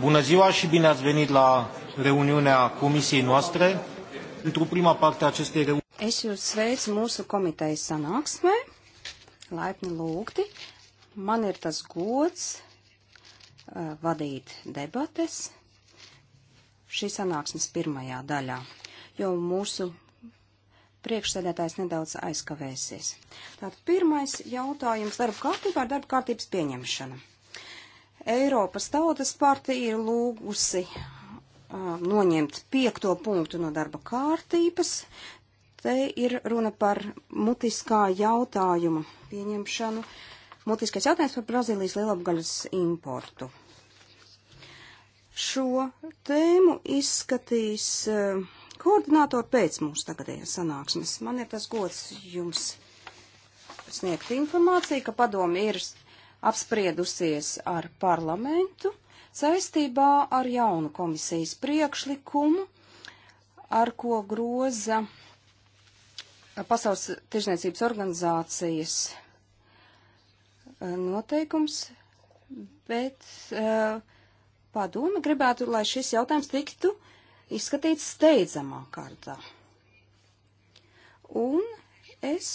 Bună ziua și bine ați venit la reuniunea comisiei noastre. Pentru prima parte a acestei reuniuni. Es jūs sveicu mūsu komitejas sanāksmē. Laipni lūgti. Man ir tas gods uh, vadīt debates šīs sanāksmes pirmajā daļā, jo mūsu priekšsēdētājs nedaudz aizkavēsies. Tātad pirmais jautājums darba kārtībā ir darba kārtības pieņemšana. Eiropas Tautas partija ir lūgusi uh, noņemt piekto punktu no darba kārtības. Te ir runa par mutiskā jautājuma pieņemšanu. Mutiskais jautājums par Brazīlijas lielapgaļas importu. Šo tēmu izskatīs uh, koordinātori pēc mūsu tagadējās sanāksmes. Man ir tas gods jums sniegt informāciju, ka padomi ir apspriedusies ar parlamentu saistībā ar jaunu komisijas priekšlikumu, ar ko groza Pasaules tirzniecības organizācijas e, noteikums, bet uh, padome gribētu, lai šis jautājums tiktu izskatīts steidzamā kārtā. Un es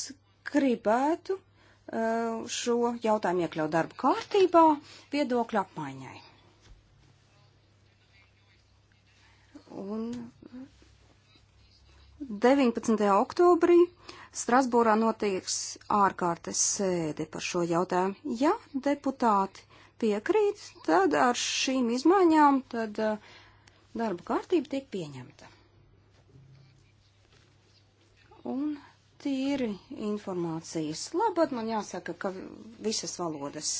gribētu Uh, šo jautājumu iekļaut darba kārtībā viedokļu apmaiņai. Un 19. oktobrī Strasbūrā notieks ārkārtas sēde par šo jautājumu. Ja deputāti piekrīt, tad ar šīm izmaiņām tad uh, darba kārtība tiek pieņemta. Un tīri informācijas labad, man jāsaka, ka visas valodas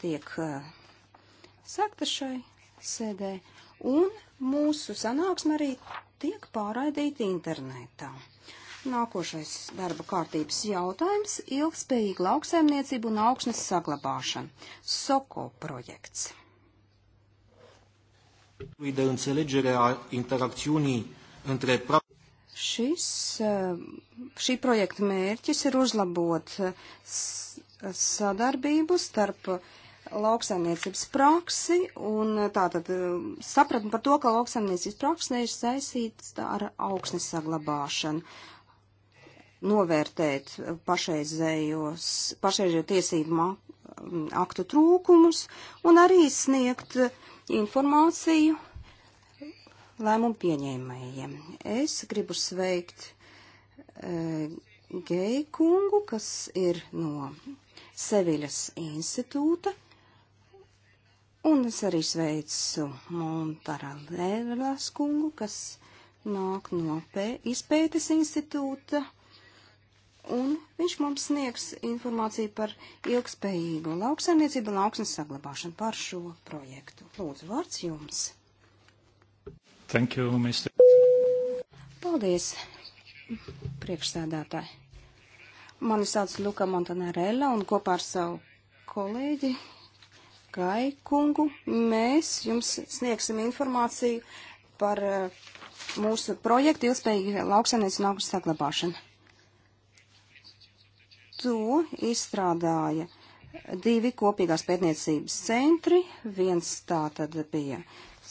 tiek uh, sakta šai sēdē, un mūsu sanāksme arī tiek pārraidīta internetā. Nākošais darba kārtības jautājums - ilgspējīga lauksaimniecība un augsnes saglabāšana - SOKO projekts. De înțelegere a interacțiunii între Šis, eh, šī projekta mērķis ir uzlabot sadarbību starp lauksaimniecības praksi un eh, tātad eh, sapratni par to, ka lauksaimniecības praksne ir saistīts ar augsnes saglabāšanu, novērtēt pašreizējos, pašreizējo tiesību aktu trūkumus un arī sniegt informāciju lēmumu pieņēmējiem. Es gribu sveikt e, eh, Geju kungu, kas ir no Seviļas institūta, un es arī sveicu Montara Lēvelas kungu, kas nāk no P izpētes institūta, un viņš mums sniegs informāciju par ilgspējīgu lauksaimniecību un lauksnes saglabāšanu par šo projektu. Lūdzu, vārds jums! Thank you, Mr. Paldies, priekšstādātāji. Mani sauc Luka Montanarella un kopā ar savu kolēģi Gai Kungu mēs jums sniegsim informāciju par eh, mūsu projektu ilgspējīgi lauksainiec un augstu saglabāšanu. To izstrādāja divi kopīgās pētniecības centri. Viens tā tad bija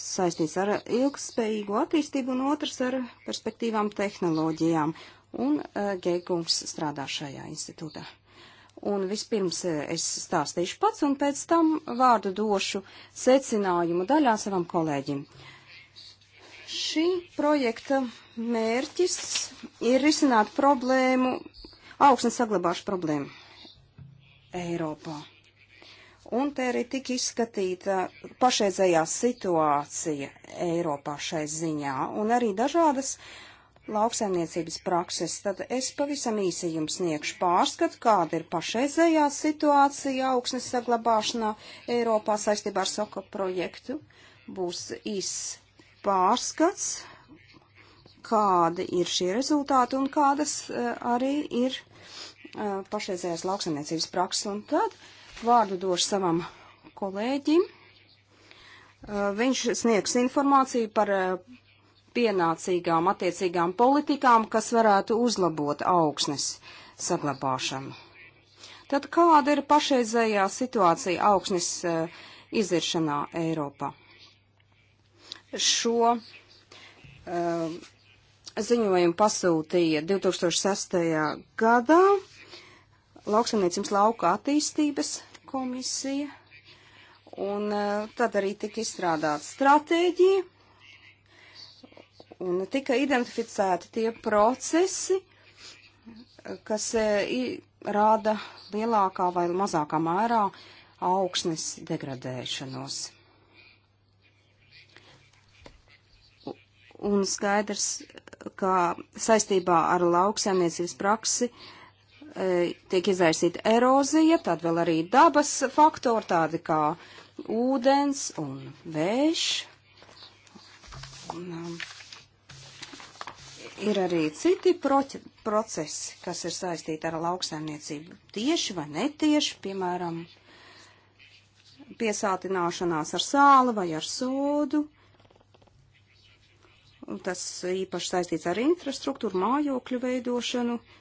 saistīts ar ilgspējīgu attīstību un otrs ar perspektīvām tehnoloģijām. Un uh, Geigungs strādā šajā institūtā. Un vispirms eh, es stāstīšu pats un pēc tam vārdu došu secinājumu daļā savam kolēģim. Šī projekta mērķis ir risināt problēmu, augstnes saglabāšu problēmu Eiropā. Un te arī tika izskatīta pašreizējā situācija Eiropā šai ziņā un arī dažādas lauksaimniecības prakses. Tad es pavisam īsi jums sniegšu pārskatu, kāda ir pašreizējā situācija augsnes saglabāšanā Eiropā saistībā ar soka projektu. Būs īss pārskats, kādi ir šie rezultāti un kādas uh, arī ir uh, pašreizējās lauksaimniecības prakses. Un tad uh, Vārdu došu savam kolēģim. Uh, viņš sniegs informāciju par uh, pienācīgām attiecīgām politikām, kas varētu uzlabot augsnes saglabāšanu. Tad kāda ir pašreizējā situācija augsnes uh, iziršanā Eiropā? Šo uh, ziņojumu pasūtīja 2006. gadā lauksaimniecības lauka attīstības komisija, un eh, tad arī tika izstrādāta stratēģija, un tika identificēti tie procesi, kas eh, rāda lielākā vai mazākā mērā augsnes degradēšanos. Un skaidrs, ka saistībā ar lauksaimniecības praksi uh, E, tiek izraisīta erozija, tad vēl arī dabas faktori, tādi kā ūdens un vējš. Un, um, ir arī citi proķi, procesi, kas ir saistīti ar lauksaimniecību. Tieši vai netieši, piemēram, piesātināšanās ar sāli vai ar sodu. Un tas īpaši saistīts ar infrastruktūru, mājokļu veidošanu, uh,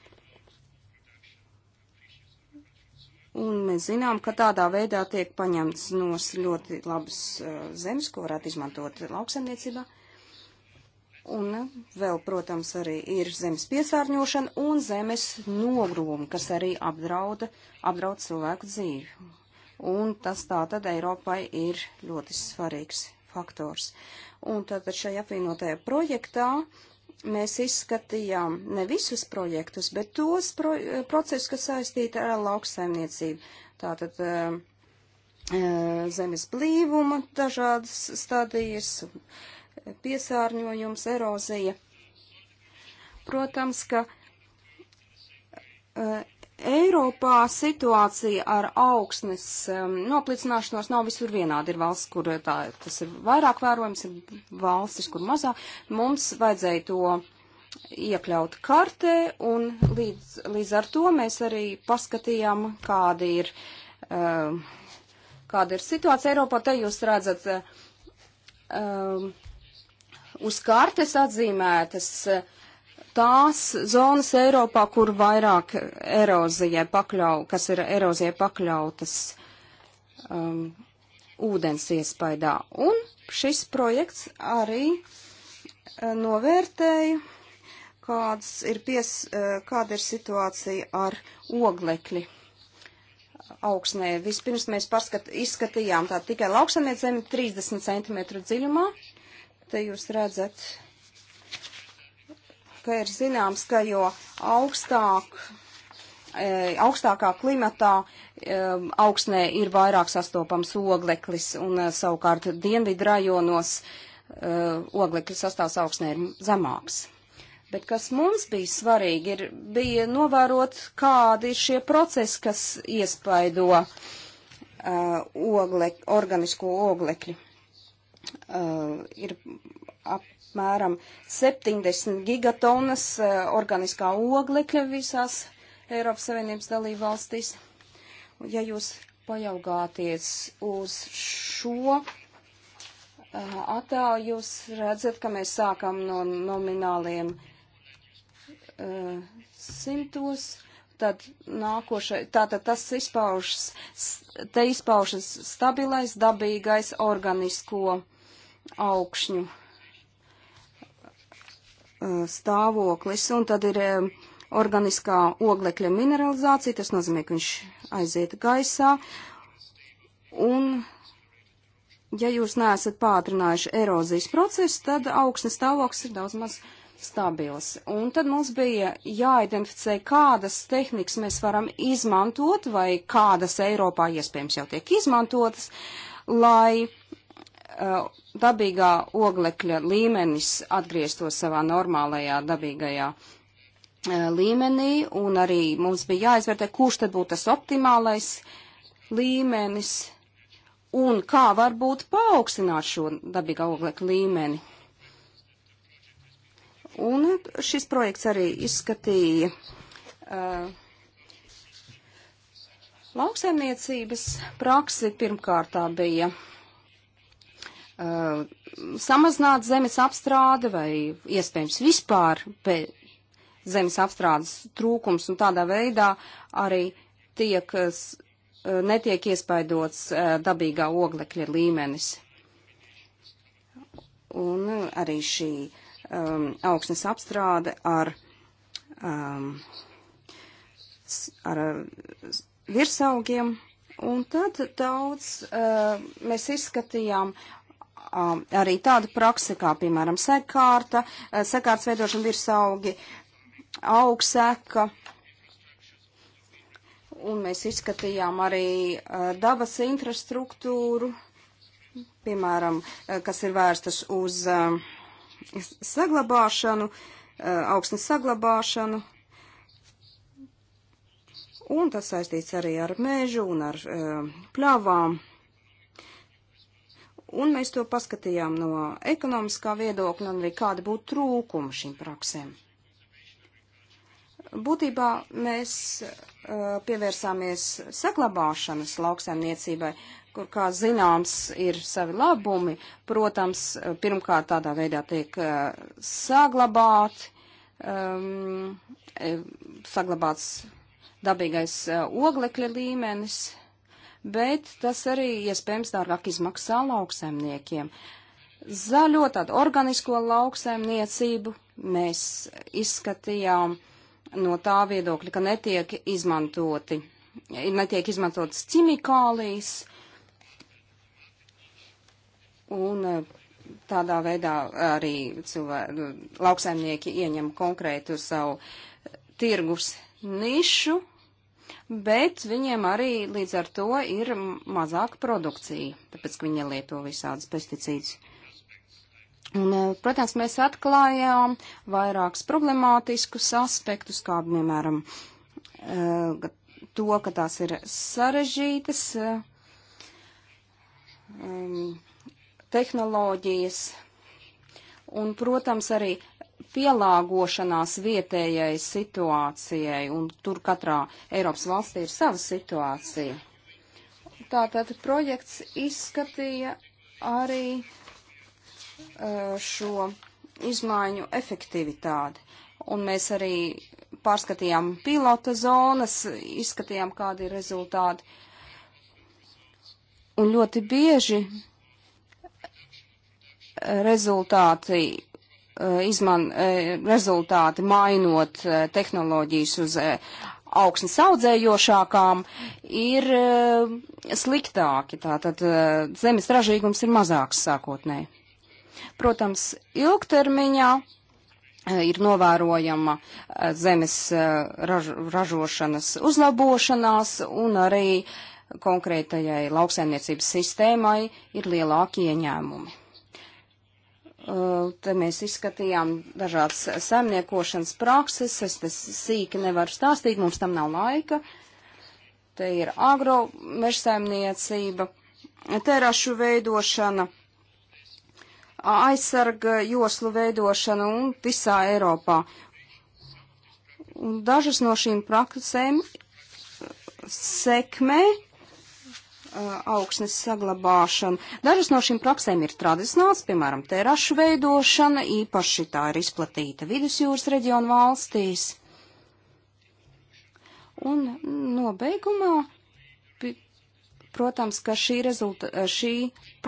Un mēs zinām, ka tādā veidā tiek paņemts no ļoti labas uh, zemes, ko varētu izmantot lauksaimniecībā. Un eh, vēl, protams, arī ir zemes piesārņošana un zemes nogrūma, kas arī apdrauda, apdraud cilvēku dzīvi. Un tas tā tad Eiropai ir ļoti svarīgs faktors. Un tātad šajā apvienotajā projektā uh, mēs izskatījām ne visus projektus, bet tos pro, eh, procesus, kas saistīti ar lauksaimniecību. Tātad eh, eh, zemes blīvuma dažādas stadijas, piesārņojums, erozija. Protams, ka Eiropā situācija ar augsnes um, noplicināšanos nav visur vienāda. Ir valsts, kur tā, tas ir vairāk vērojams, ir valstis, kur mazāk. Mums vajadzēja to iekļaut kartē, un līdz, līdz ar to mēs arī paskatījām, kāda ir, um, kāda ir situācija Eiropā. Te jūs redzat um, uz kartes atzīmētas. Uh, tās zonas Eiropā, kur vairāk erozijai pakļau, kas ir erozijai pakļautas um, ūdens iespaidā. Un šis projekts arī uh, novērtēja, kāds ir pies, uh, kāda ir situācija ar oglekļi augsnē. Vispirms mēs pārskat, izskatījām tā tikai lauksamniecēm 30 cm dziļumā. Te jūs redzat ka ir zināms, ka jo augstāk, e, augstākā klimatā e, augsnē ir vairāk sastopams ogleklis un e, savukārt dienvidu rajonos e, oglekļa sastāvs augsnē ir zemāks. Bet kas mums bija svarīgi, ir, bija novērot, kādi ir šie procesi, kas iespaido uh, e, oglek, organisko oglekļu. Uh, e, ir ap, apmēram 70 gigatonas eh, organiskā oglekļa visās Eiropas Savienības dalību valstīs. Ja jūs pajaugāties uz šo eh, attēlu, jūs redzat, ka mēs sākam no nomināliem eh, simtos, tad nākošais, tātad tas izpaužas, te izpaužas stabilais, dabīgais, organisko augšņu stāvoklis, un tad ir organiskā oglekļa mineralizācija, tas nozīmē, ka viņš aiziet gaisā, un ja jūs neesat pātrinājuši erozijas procesu, tad augsnes stāvoklis ir daudz maz stabils. Un tad mums bija jāidentificē, kādas tehnikas mēs varam izmantot vai kādas Eiropā iespējams jau tiek izmantotas, lai Eh, dabīgā oglekļa līmenis atgrieztos savā normālajā dabīgajā eh, līmenī, un arī mums bija jāizvērtē, kurš tad būtu tas optimālais līmenis un kā varbūt paaugstināt šo dabīgā oglekļa līmeni. Un šis projekts arī izskatīja uh, lauksaimniecības praksi. Pirmkārt tā bija uh, samazināt zemes apstrādi vai iespējams vispār zemes apstrādes trūkums un tādā veidā arī tiek, uh, netiek iespaidots uh, dabīgā oglekļa līmenis. Un uh, arī šī um, augsnes apstrāde ar, um, ar virsaugiem. Un tad daudz uh, mēs izskatījām Um, arī tāda praksa, kā piemēram sekārta, uh, sekārts veidošana virsaugi, augseka. Un mēs izskatījām arī uh, dabas infrastruktūru, piemēram, uh, kas ir vērstas uz um, saglabāšanu, augsnes saglabāšanu. Un tas saistīts arī ar mežu un ar pļāvām. Uh, Un mēs to paskatījām no ekonomiskā viedokļa un arī kāda būtu trūkuma šīm praksēm. Būtībā mēs uh, pievērsāmies saglabāšanas lauksaimniecībai, kur, kā zināms, ir savi labumi. Protams, pirmkārt tādā veidā tiek uh, saglabāti, um, e, saglabāts dabīgais uh, oglekļa līmenis, bet tas arī iespējams dārgāk izmaksā lauksaimniekiem. Zaļo tādu organisko lauksaimniecību mēs izskatījām no tā viedokļa, ka netiek izmantoti, netiek izmantotas ķimikālijas un eh, tādā veidā arī cilvēki, lauksaimnieki ieņem konkrētu savu eh, tirgus nišu bet viņiem arī līdz ar to ir mazāka produkcija, tāpēc, ka viņi lieto visādas pesticīdus. Un, eh, protams, mēs atklājām vairākus problemātiskus aspektus, kā, piemēram, eh, to, ka tās ir sarežģītas eh, um, tehnoloģijas, un, protams, arī pielāgošanās vietējai situācijai, un tur katrā Eiropas valstī ir sava situācija. Tātad projekts izskatīja arī šo izmaiņu efektivitāti, un mēs arī pārskatījām pilota zonas, izskatījām, kādi ir rezultāti. Un ļoti bieži rezultāti Eh, izman, eh, rezultāti mainot eh, tehnoloģijas uz augsnes audzējošākām ir sliktāki, tātad zemes ražīgums ir mazāks sākotnēji. Protams, ilgtermiņā ir novērojama zemes raž, ražošanas uzlabošanās un arī konkrētajai lauksaimniecības sistēmai ir lielāki ieņēmumi. Uh, te mēs izskatījām dažādas saimniekošanas prakses, es te sīki nevaru stāstīt, mums tam nav laika. Te ir agro mežsaimniecība, terašu veidošana, aizsarga joslu veidošana un visā Eiropā. Un dažas no šīm praksēm sekmē Uh, augsnes saglabāšanu. Dažas no šīm praksēm ir tradicionāls, piemēram, terašu veidošana, īpaši tā ir izplatīta vidusjūras reģionu valstīs. Un nobeigumā, protams, ka šī, rezulta, šī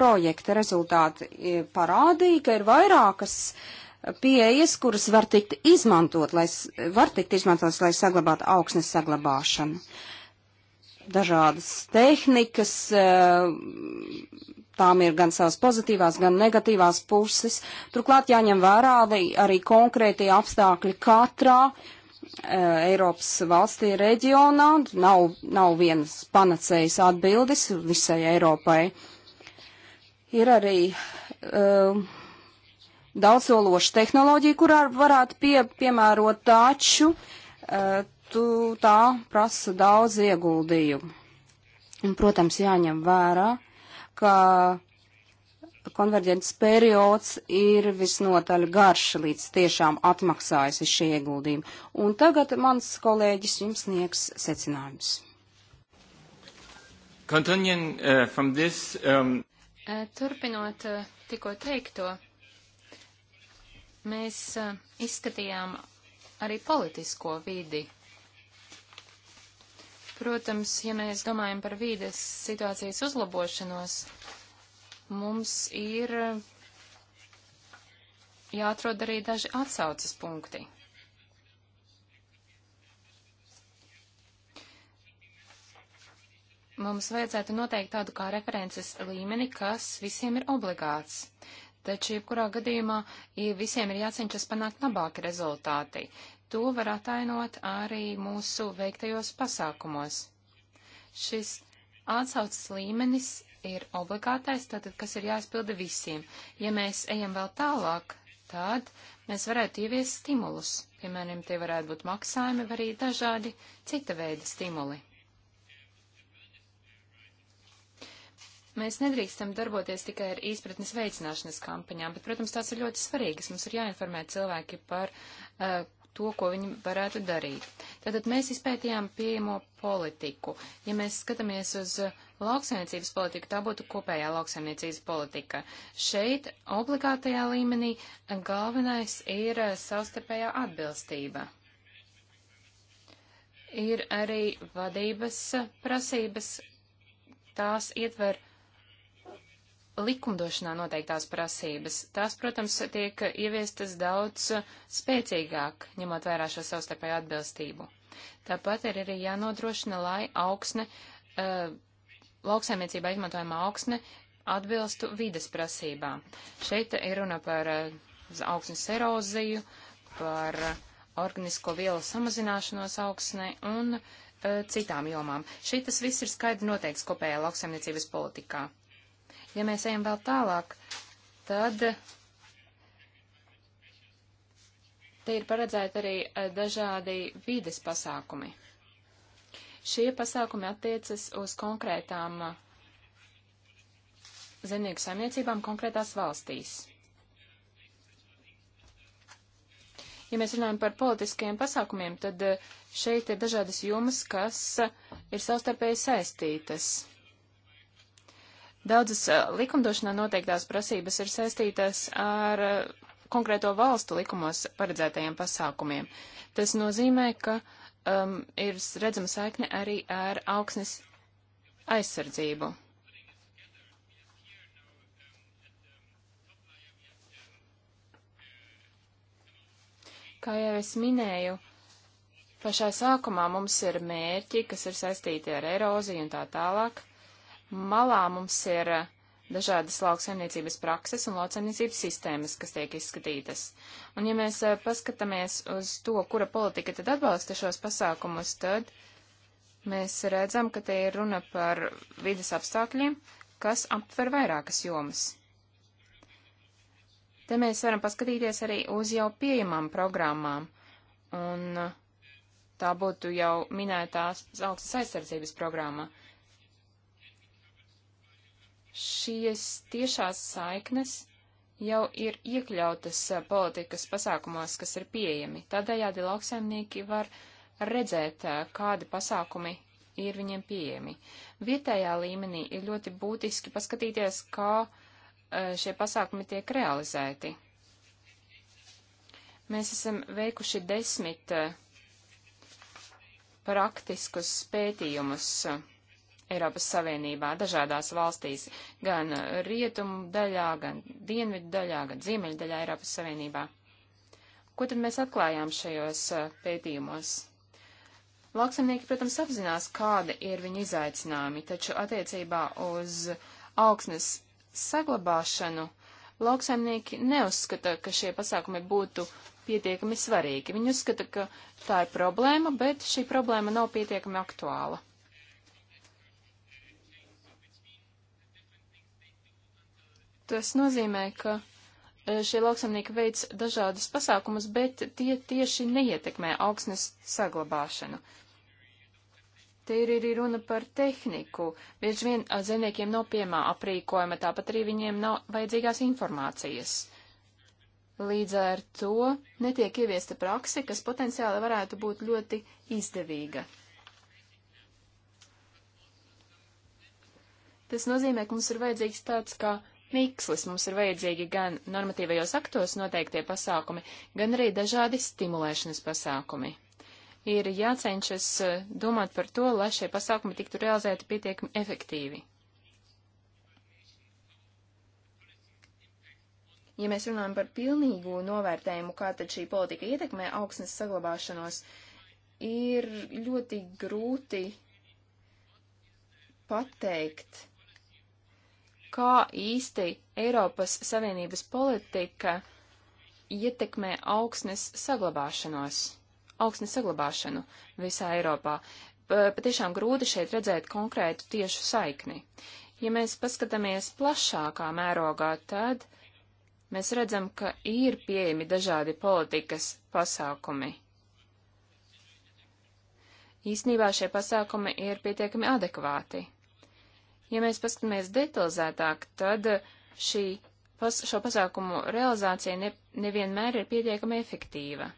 projekta rezultāti e, parādīja, ka ir vairākas e, pieejas, kuras var tikt izmantot, lai, var tikt izmantotas, lai saglabātu augsnes saglabāšanu. Uh, dažādas tehnikas, eh, tām ir gan savas pozitīvās, gan negatīvās puses. Turklāt jāņem vērā arī konkrētie apstākļi katrā eh, Eiropas valstī reģionā. Nav, nav vienas panacējas atbildes visai Eiropai. Ir arī uh, daudzsološa tehnoloģija, kurā varētu pie, piemērot taču. Uh, tu tā prasa daudz ieguldījumu. Un, protams, jāņem vērā, ka konverģents periods ir visnotaļ garš, līdz tiešām atmaksājas uz šie ieguldījumi. Un tagad mans kolēģis jums sniegs secinājumus. Uh, this, um... Uh, turpinot uh, tikko teikto, mēs uh, izskatījām arī politisko vidi Protams, ja mēs domājam par vīdes situācijas uzlabošanos, mums ir jāatrod arī daži atsaucas punkti. Mums vajadzētu noteikt tādu kā references līmeni, kas visiem ir obligāts. Taču, jebkurā gadījumā, ja visiem ir jācenšas panākt labāki rezultāti to var atainot arī mūsu veiktajos pasākumos. Šis atsaucas līmenis ir obligātais, tātad kas ir jāizpilda visiem. Ja mēs ejam vēl tālāk, tad mēs varētu ieviest stimulus. Piemēram, tie varētu būt maksājumi, vai arī dažādi cita veida stimuli. Mēs nedrīkstam darboties tikai ar izpratnes veicināšanas kampaņām, bet, protams, tās ir ļoti svarīgas. Mums ir jāinformē cilvēki par uh, to, ko viņi varētu darīt. Tātad mēs izpētījām pieejamo politiku. Ja mēs skatāmies uz lauksaimniecības politiku, tā būtu kopējā lauksaimniecības politika. Šeit obligātajā līmenī galvenais ir savstarpējā atbilstība. Ir arī vadības prasības, tās ietver likumdošanā noteiktās prasības. Tās, protams, tiek ieviestas daudz spēcīgāk, ņemot vērā šo savstarpēju atbilstību. Tāpat ir arī jānodrošina, lai augsne, uh, eh, lauksaimniecībā izmantojama augsne atbilstu vides prasībām. Šeit ir runa par uh, augsnes eroziju, par uh, organisko vielu samazināšanos augsnē un citām jomām. Šī tas viss ir skaidri noteikts kopējā lauksaimniecības politikā. Ja mēs ejam vēl tālāk, tad te ir paredzēti arī eh, dažādi vides pasākumi. Šie pasākumi attiecas uz konkrētām eh, zemnieku saimniecībām konkrētās valstīs. ja mēs runājam par politiskajiem pasākumiem, tad eh, šeit ir dažādas jomas, kas ir savstarpēji saistītas. Daudzas likumdošanā noteiktās prasības ir saistītas ar konkrēto valstu likumos paredzētajiem pasākumiem. Tas nozīmē, ka um, ir redzama saikne arī ar augsnes aizsardzību. Kā jau es minēju, pašā sākumā mums ir mērķi, kas ir saistīti ar eroziju un tā tālāk malā mums ir eh, dažādas lauksaimniecības prakses un lauksaimniecības sistēmas, kas tiek izskatītas. Un ja mēs eh, paskatāmies uz to, kura politika tad atbalsta šos pasākumus, tad mēs redzam, ka te ir runa par vidas apstākļiem, kas aptver vairākas jomas. Te mēs varam paskatīties arī uz jau pieejamām programmām, un eh, tā būtu jau minētās augstas aizsardzības programma. Šīs tiešās saiknes jau ir iekļautas eh, politikas pasākumos, kas ir pieejami. Tādējādi lauksaimnieki var redzēt, eh, kādi pasākumi ir viņiem pieejami. Vietējā līmenī ir ļoti būtiski paskatīties, kā eh, šie pasākumi tiek realizēti. Mēs esam veikuši desmit praktiskus pētījumus Eiropas Savienībā dažādās valstīs, gan uh, rietumu daļā, gan dienvidu daļā, gan ziemeļu daļā Eiropas Savienībā. Ko tad mēs atklājām šajos uh, pētījumos? Lauksamnieki, protams, apzinās, kāda ir viņu izaicinājumi, taču attiecībā uz augsnes saglabāšanu lauksaimnieki neuzskata, ka šie pasākumi būtu pietiekami svarīgi. Viņi uzskata, ka tā ir problēma, bet šī problēma nav pietiekami aktuāla. Tas nozīmē, ka e, šie lauksamnieki veic dažādus pasākumus, bet tie tieši neietekmē augsnes saglabāšanu. Te ir arī runa par tehniku. Bieži vien zemniekiem nav piemā aprīkojuma, tāpat arī viņiem nav vajadzīgās informācijas. Līdz ar to netiek ieviesta prakse, kas potenciāli varētu būt ļoti izdevīga. Tas nozīmē, ka mums ir vajadzīgs tāds kā mikslis. Mums ir vajadzīgi gan normatīvajos aktos noteiktie pasākumi, gan arī dažādi stimulēšanas pasākumi. Ir jācenšas eh, domāt par to, lai šie pasākumi tiktu realizēti pietiekami efektīvi. Ja mēs runājam par pilnīgu novērtējumu, kā tad šī politika ietekmē augsnes saglabāšanos, ir ļoti grūti pateikt, kā īsti Eiropas Savienības politika ietekmē augsnes saglabāšanos, augsnes saglabāšanu visā Eiropā. Patiešām grūti šeit redzēt konkrētu tiešu saikni. Ja mēs paskatāmies plašākā mērogā, tad mēs redzam, ka ir pieejami dažādi politikas pasākumi. Īsnībā šie pasākumi ir pietiekami adekvāti. Ja mēs paskatāmies detalizētāk, tad šī, pas, šo pasākumu realizācija ne, nevienmēr ir pietiekami efektīva.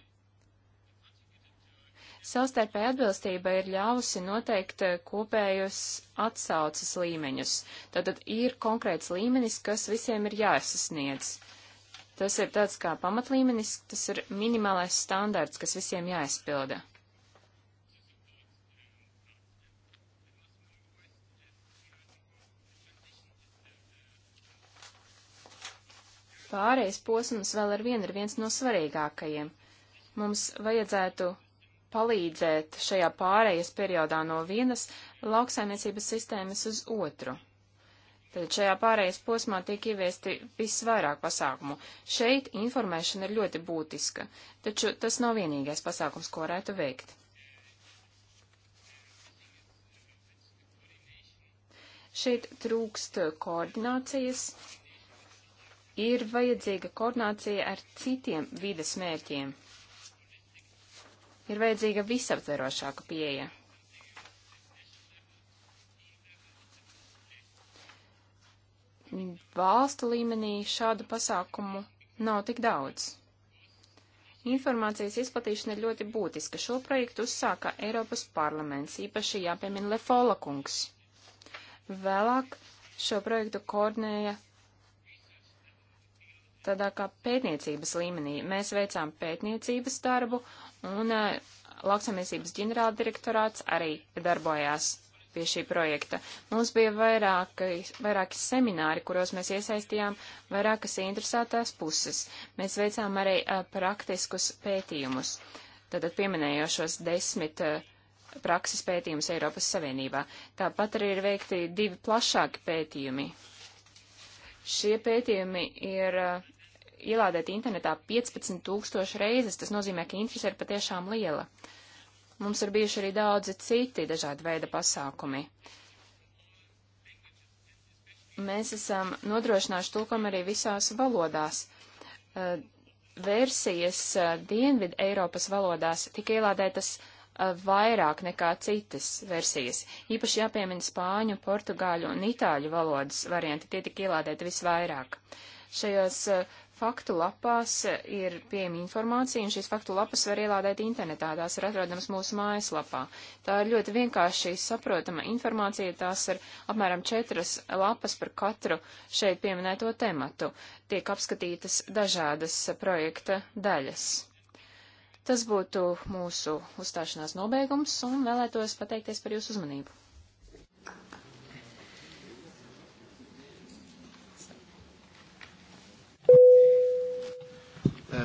Savstarpēja atbilstība ir ļāvusi noteikt kopējos atsaucas līmeņus. Tātad ir konkrēts līmenis, kas visiem ir jāsasniedz. Tas ir tāds kā pamatlīmenis, tas ir minimālais standarts, kas visiem jāizpilda. pārējais posms vēl ar vienu ir viens no svarīgākajiem. Mums vajadzētu palīdzēt šajā pārējais periodā no vienas lauksainiecības sistēmas uz otru. Tad šajā pārējais posmā tiek ieviesti visvairāk pasākumu. Šeit informēšana ir ļoti būtiska, taču tas nav vienīgais pasākums, ko varētu veikt. Šeit trūkst koordinācijas, ir vajadzīga koordinācija ar citiem vides mērķiem. Ir vajadzīga visaptverošāka pieeja. Valstu līmenī šādu pasākumu nav tik daudz. Informācijas izplatīšana ir ļoti būtiska. Šo projektu uzsāka Eiropas parlaments, īpaši jāpiemina Lefola kungs. Vēlāk šo projektu koordinēja tādā kā pētniecības līmenī. Mēs veicām pētniecības darbu, un eh, lauksamniecības ģenerāldirektorāts arī darbojās pie šī projekta. Mums bija vairāki, vairāki semināri, kuros mēs iesaistījām vairākas interesētās puses. Mēs veicām arī uh, praktiskus pētījumus. Tātad pieminējošos desmit uh, prakses pētījumus Eiropas Savienībā. Tāpat arī ir veikti divi plašāki pētījumi. Šie pētījumi ir uh, ielādēti internetā 15 tūkstoši reizes. Tas nozīmē, ka interese ir patiešām liela. Mums ir bijuši arī daudzi citi dažādi veida pasākumi. Mēs esam nodrošinājuši tulkumu arī visās valodās. Versijas Dienvidu Eiropas valodās tika ielādētas vairāk nekā citas versijas. Īpaši jāpiemina spāņu, portugāļu un itāļu valodas varianti, tie tika ielādēti visvairāk. Šajos uh, faktu lapās ir pieejama informācija, un šīs faktu lapas var ielādēt internetā, tās ir atrodamas mūsu mājaslapā. Tā ir ļoti vienkārši saprotama informācija, tās ir apmēram četras lapas par katru šeit pieminēto tematu. Tiek apskatītas dažādas projekta daļas. Tas būtu mūsu uzstāšanās nobeigums, un vēlētos pateikties par jūsu uzmanību.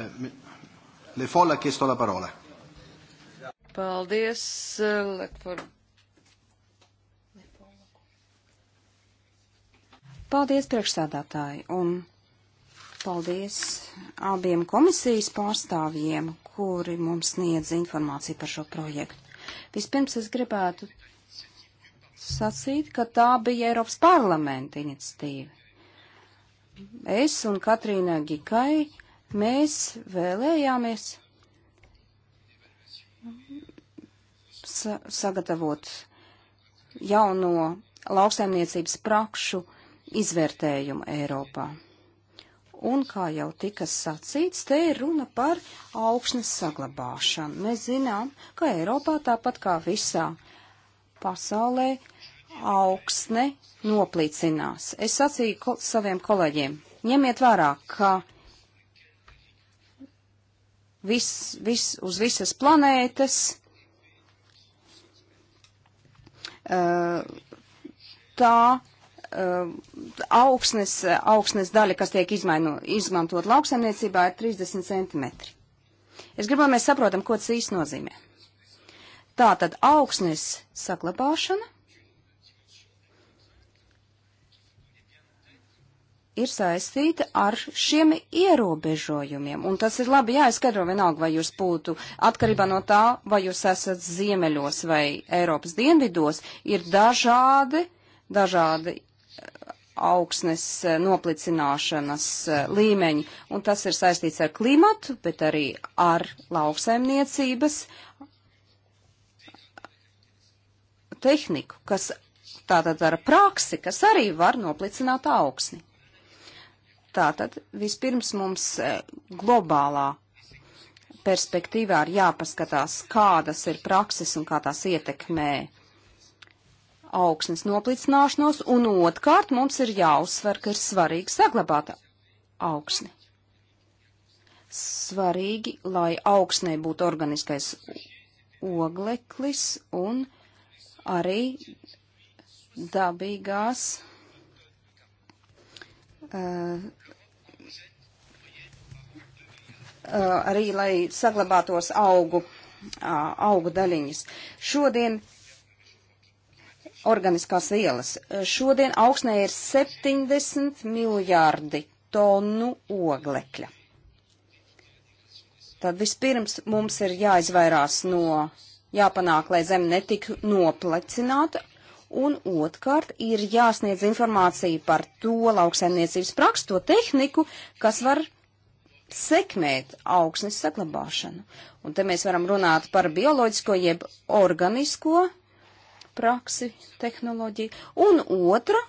Eh, Le Foll ha chiesto la parola. Paldies, eh, Lekfor. Paldies, priekšsēdētāji, un paldies abiem komisijas pārstāvjiem, kuri mums sniedz informāciju par šo projektu. Vispirms es gribētu sacīt, ka tā bija Eiropas parlamenta iniciatīva. Es un Katrīna Gikai Mēs vēlējāmies sa sagatavot jauno lauksaimniecības prakšu izvērtējumu Eiropā. Un, kā jau tika sacīts, te ir runa par augšnes saglabāšanu. Mēs zinām, ka Eiropā, tāpat kā visā pasaulē, augsne noplīcinās. Es sacīju ko saviem kolēģiem, ņemiet vērā, ka vis, vis, uz visas planētas. Eh, tā eh, augsnes, augsnes daļa, kas tiek izmaino, izmantot lauksaimniecībā, ir 30 centimetri. Es gribu, lai mēs saprotam, ko tas īsti nozīmē. Tā tad augsnes saglabāšana ir saistīta ar šiem ierobežojumiem. Un tas ir labi jāizskaidro vienalga, vai jūs būtu atkarībā no tā, vai jūs esat ziemeļos vai Eiropas dienvidos, ir dažādi, dažādi eh, augsnes eh, noplicināšanas eh, līmeņi. Un tas ir saistīts ar klimatu, bet arī ar lauksaimniecības tehniku, kas tātad ar praksi, kas arī var noplicināt augsni. Tātad vispirms mums e, globālā perspektīvā ir jāpaskatās, kādas ir prakses un kā tās ietekmē augsnes noplicināšanos, un otrkārt mums ir jāuzsver, ka ir svarīgi saglabāt augsni. Svarīgi, lai augsnē būtu organiskais ogleklis un arī dabīgās Eh, arī, lai saglabātos augu, augu daļiņas. Šodien organiskās vielas. Šodien augsnē ir 70 miljārdi tonu oglekļa. Tad vispirms mums ir jāizvairās no, jāpanāk, lai zeme netiktu noplecināta, Un otrkārt ir jāsniedz informācija par to lauksaimniecības praksu, to tehniku, kas var sekmēt augsnes saglabāšanu. Un te mēs varam runāt par bioloģisko jeb organisko praksi, tehnoloģiju. Un otra,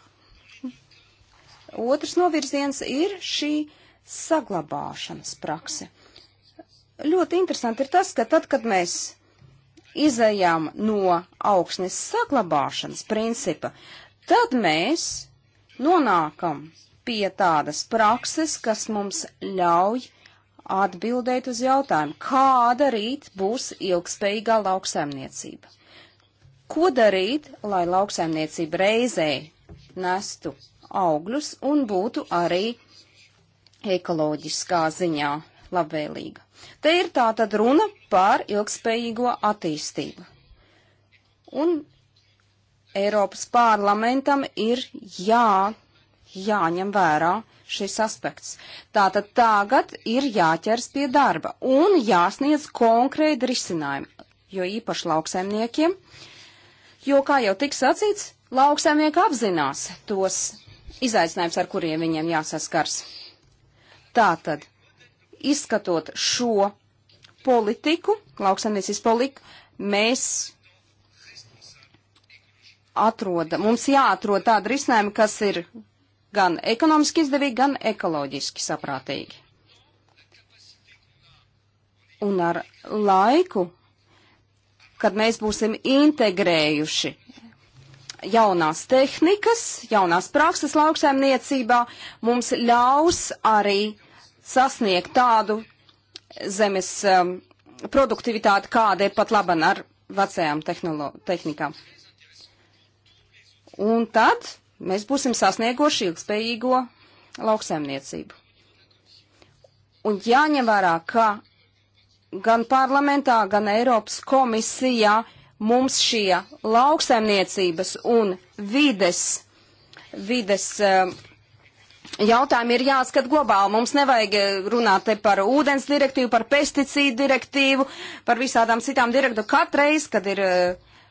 otrs novirziens ir šī saglabāšanas prakse. Ļoti interesanti ir tas, ka tad, kad mēs izējām no augsnes saglabāšanas principa, tad mēs nonākam pie tādas prakses, kas mums ļauj atbildēt uz jautājumu, kāda rīt būs ilgspējīgā lauksaimniecība. Ko darīt, lai lauksaimniecība reizē nestu augļus un būtu arī ekoloģiskā ziņā labvēlīga? Te ir tā tad runa par ilgspējīgo attīstību. Un Eiropas parlamentam ir jā, jāņem vērā šis aspekts. Tātad tagad ir jāķers pie darba un jāsniedz konkrēti risinājumi, jo īpaši lauksaimniekiem, jo, kā jau tik sacīts, lauksaimnieki apzinās tos izaicinājums, ar kuriem viņiem jāsaskars. Tātad izskatot šo politiku, lauksaimniecības politiku, mēs atroda, mums jāatrod tāda risinājuma, kas ir gan ekonomiski izdevīgi, gan ekoloģiski saprātīgi. Un ar laiku, kad mēs būsim integrējuši jaunās tehnikas, jaunās prakses lauksaimniecībā, mums ļaus arī sasniegt tādu zemes um, produktivitāti, kāda ir pat laban ar vecajām tehnikām. Un tad mēs būsim sasnieguši ilgspējīgo lauksaimniecību. Un jāņem vērā, ka gan parlamentā, gan Eiropas komisijā mums šie lauksaimniecības un vides, vides uh, jautājumi ir jāskat globāli. Mums nevajag eh, runāt te par ūdens direktīvu, par pesticīdu direktīvu, par visādām citām direktīvām. Katreiz, kad ir eh,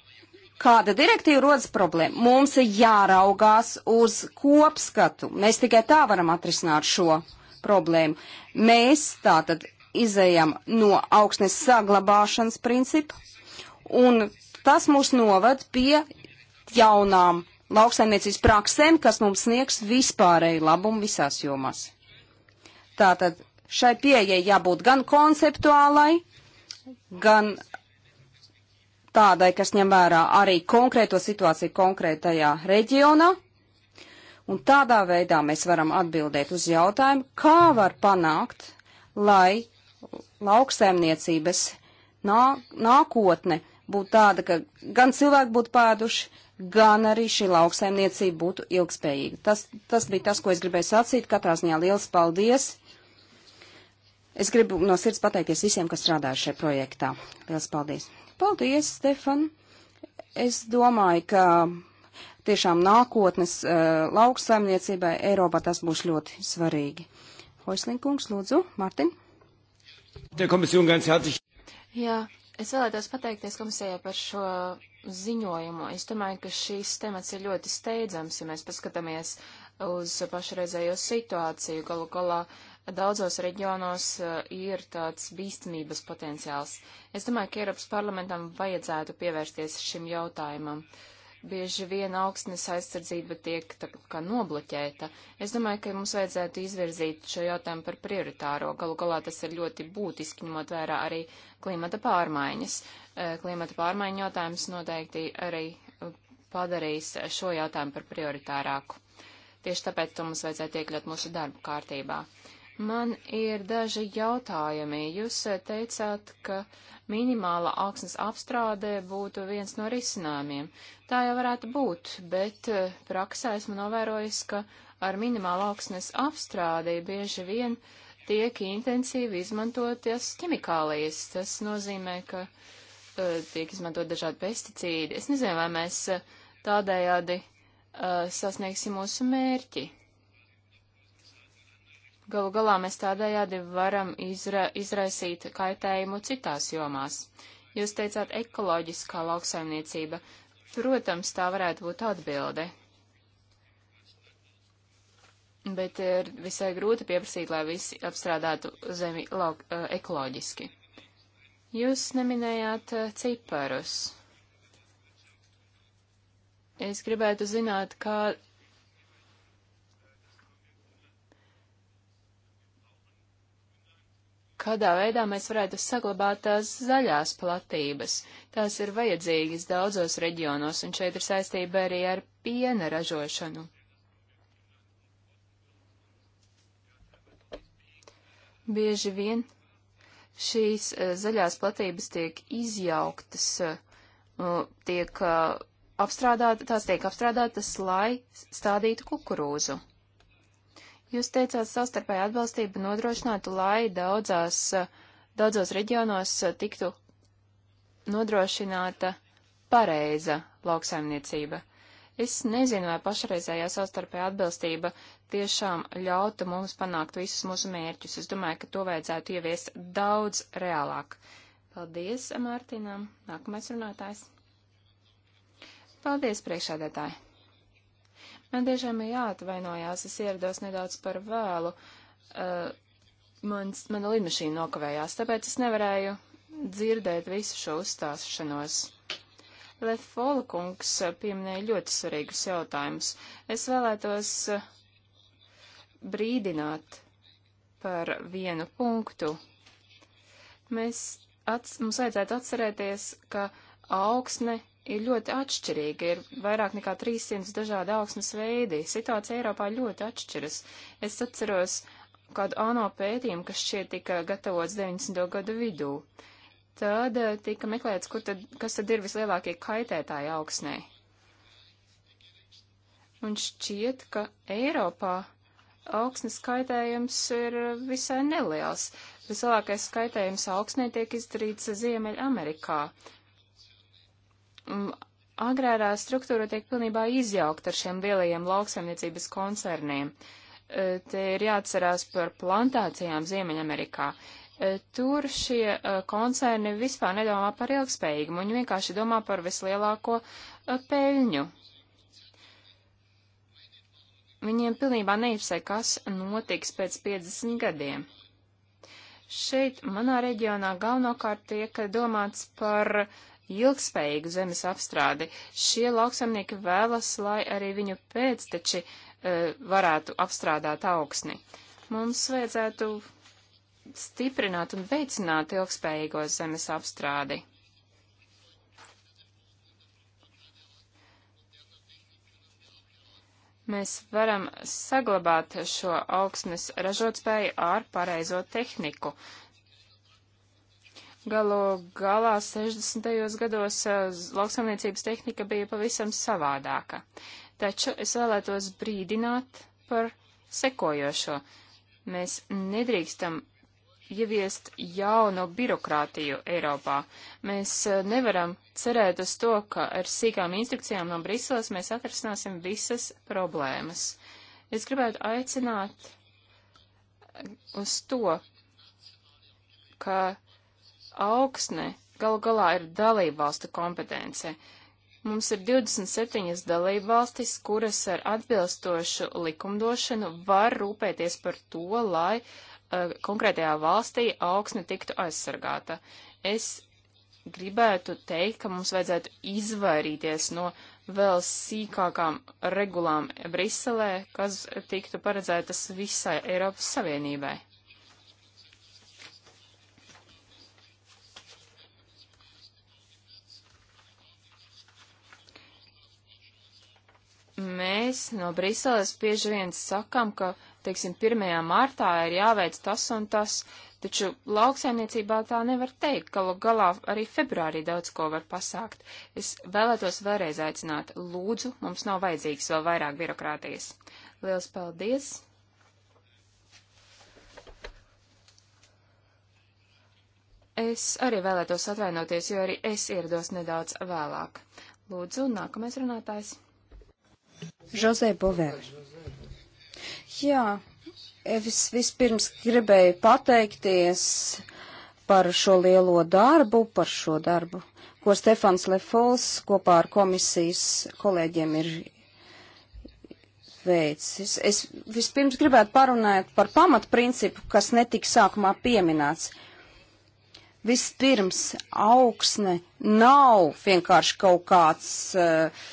kāda direktīva, rodas problēma. Mums ir jāraugās uz kopskatu. Mēs tikai tā varam atrisināt šo problēmu. Mēs tātad izējam no augsnes saglabāšanas principa, un tas mūs novad pie jaunām lauksaimniecības praksēm, kas mums sniegs vispārēju labumu visās jomās. Tātad šai pieejai jābūt gan konceptuālai, gan tādai, kas ņem vērā arī konkrēto situāciju konkrētajā reģionā. Un tādā veidā mēs varam atbildēt uz jautājumu, kā var panākt, lai lauksēmniecības nā, nākotne būtu tāda, ka gan cilvēki būtu pēduši, gan arī šī lauksaimniecība būtu ilgspējīga. Tas, tas bija tas, ko es gribēju sacīt. Katrā ziņā liels paldies! Es gribu no sirds pateikties visiem, kas strādāja šajā projektā. Liels paldies! Paldies, Stefan! Es domāju, ka tiešām nākotnes uh, lauksaimniecībai Eiropā tas būs ļoti svarīgi. Hoislinkungs, lūdzu, Martin. Jā, es vēlētos pateikties komisijai par šo ziņojumu. Es domāju, ka šīs temats ir ļoti steidzams, ja mēs paskatāmies uz pašreizējo situāciju. Galu galā daudzos reģionos eh, ir tāds bīstamības potenciāls. Es domāju, ka Eiropas parlamentam vajadzētu pievērsties šim jautājumam. Bieži vien augstnes aizsardzība tiek tā kā nobloķēta. Es domāju, ka mums vajadzētu izvirzīt šo jautājumu par prioritāro. Galu galā tas ir ļoti būtiski, ņemot vērā arī klimata pārmaiņas. Eh, klimata pārmaiņu jautājums noteikti arī eh, padarīs eh, šo jautājumu par prioritārāku. Tieši tāpēc to mums vajadzētu iekļaut mūsu darbu kārtībā. Man ir daži jautājumi. Jūs teicāt, ka minimāla augsnes apstrāde būtu viens no risinājumiem. Tā jau varētu būt, bet praksē esmu novērojis, ka ar minimālu augsnes apstrādi bieži vien tiek intensīvi izmantoties ķemikālijas. Tas nozīmē, ka uh, tiek izmantot dažādi pesticīdi. Es nezinu, vai mēs eh, tādējādi eh, sasniegsim mūsu mērķi. Galu galā mēs tādējādi varam izra izraisīt kaitējumu citās jomās. Jūs teicāt ekoloģiskā lauksaimniecība. Protams, tā varētu būt atbilde. Bet ir visai grūti pieprasīt, lai visi apstrādātu zemi lauk, eh, ekoloģiski. Jūs neminējāt eh, ciparus. Es gribētu zināt, kā. Kādā veidā mēs varētu saglabāt tās zaļās platības? Tās ir vajadzīgas daudzos reģionos, un šeit ir saistība arī ar piena ražošanu. Bieži vien šīs e, zaļās platības tiek izjauktas, e, tiek e, apstrādāt, tās tiek apstrādātas, lai stādītu kukurūzu. Jūs teicāt, savstarpēja atbalstība nodrošinātu, lai daudzās, daudzos reģionos tiktu nodrošināta pareiza lauksaimniecība. Es nezinu, vai pašreizējā savstarpējā atbilstība tiešām ļautu mums panākt visus mūsu mērķus. Es domāju, ka to vajadzētu ieviest daudz reālāk. Paldies, Mārtiņam. Nākamais runātājs. Paldies, priekšādētāji. Man tiešām ir jāatvainojās, es ierados nedaudz par vēlu. Uh, mans, mana lidmašīna nokavējās, tāpēc es nevarēju dzirdēt visu šo uzstāšanos. Lefola kungs pieminēja ļoti svarīgus jautājumus. Es vēlētos eh, brīdināt par vienu punktu. Mēs ats, mums vajadzētu atcerēties, ka augsne ir ļoti atšķirīga, ir vairāk nekā 300 dažādi augsnes veidi. Situācija Eiropā ļoti atšķiras. Es atceros kādu ANO pētījumu, kas šeit tika gatavots 90. gadu vidū tad eh, tika meklēts, kur tad, kas tad ir vislielākie kaitētāji augsnē. Un šķiet, ka Eiropā augsnes kaitējums ir visai neliels. Vislielākais kaitējums augsnē tiek izdarīts Ziemeļamerikā. Mm, agrārā struktūra tiek pilnībā izjaukta ar šiem lielajiem lauksaimniecības koncerniem. Eh, te ir jāatcerās par plantācijām Ziemeļamerikā. Uh, E, tur šie e, koncerni vispār nedomā par ilgspējīgumu, viņi vienkārši domā par vislielāko e, peļņu. Viņiem pilnībā neipsē, kas notiks pēc 50 gadiem. Šeit manā reģionā galvenokārt tiek domāts par ilgspējīgu zemes apstrādi. Šie lauksamnieki vēlas, lai arī viņu pēcteči e, varētu apstrādāt augsni. Mums vajadzētu stiprināt un veicināt ilgspējīgo zemes apstrādi. Mēs varam saglabāt šo augsnes ražotspēju ar pareizo tehniku. Galu galā 60. gados eh, lauksamniecības tehnika bija pavisam savādāka. Taču es vēlētos brīdināt par sekojošo. Mēs nedrīkstam ieviest jaunu birokrātiju Eiropā. Mēs eh, nevaram cerēt uz to, ka ar sīkām instrukcijām no Briseles mēs atrasināsim visas problēmas. Es gribētu aicināt eh, uz to, ka augsne galu galā ir dalībvalstu kompetence. Mums ir 27 dalībvalstis, kuras ar atbilstošu likumdošanu var rūpēties par to, lai uh, konkrētajā valstī augsne tiktu aizsargāta. Es gribētu teikt, ka mums vajadzētu izvairīties no vēl sīkākām regulām Briselē, kas tiktu paredzētas visai Eiropas Savienībai. Mēs no Briseles bieži vien sakam, ka uh, teiksim, 1. martā ir jāveic tas un tas, taču lauksaimniecībā tā nevar teikt, galu galā arī februārī daudz ko var pasākt. Es vēlētos vēlreiz aicināt, lūdzu, mums nav vajadzīgs vēl vairāk birokrātijas. Liels paldies! Es arī vēlētos atvainoties, jo arī es ierados nedaudz vēlāk. Lūdzu, nākamais runātājs. Žozē Bovēr. Jā, es vispirms gribēju pateikties par šo lielo darbu, par šo darbu, ko Stefans Lefols kopā ar komisijas kolēģiem ir veicis. Es vispirms gribētu parunāt par pamatprincipu, kas netika sākumā pieminēts. Vispirms augsne nav vienkārši kaut kāds uh,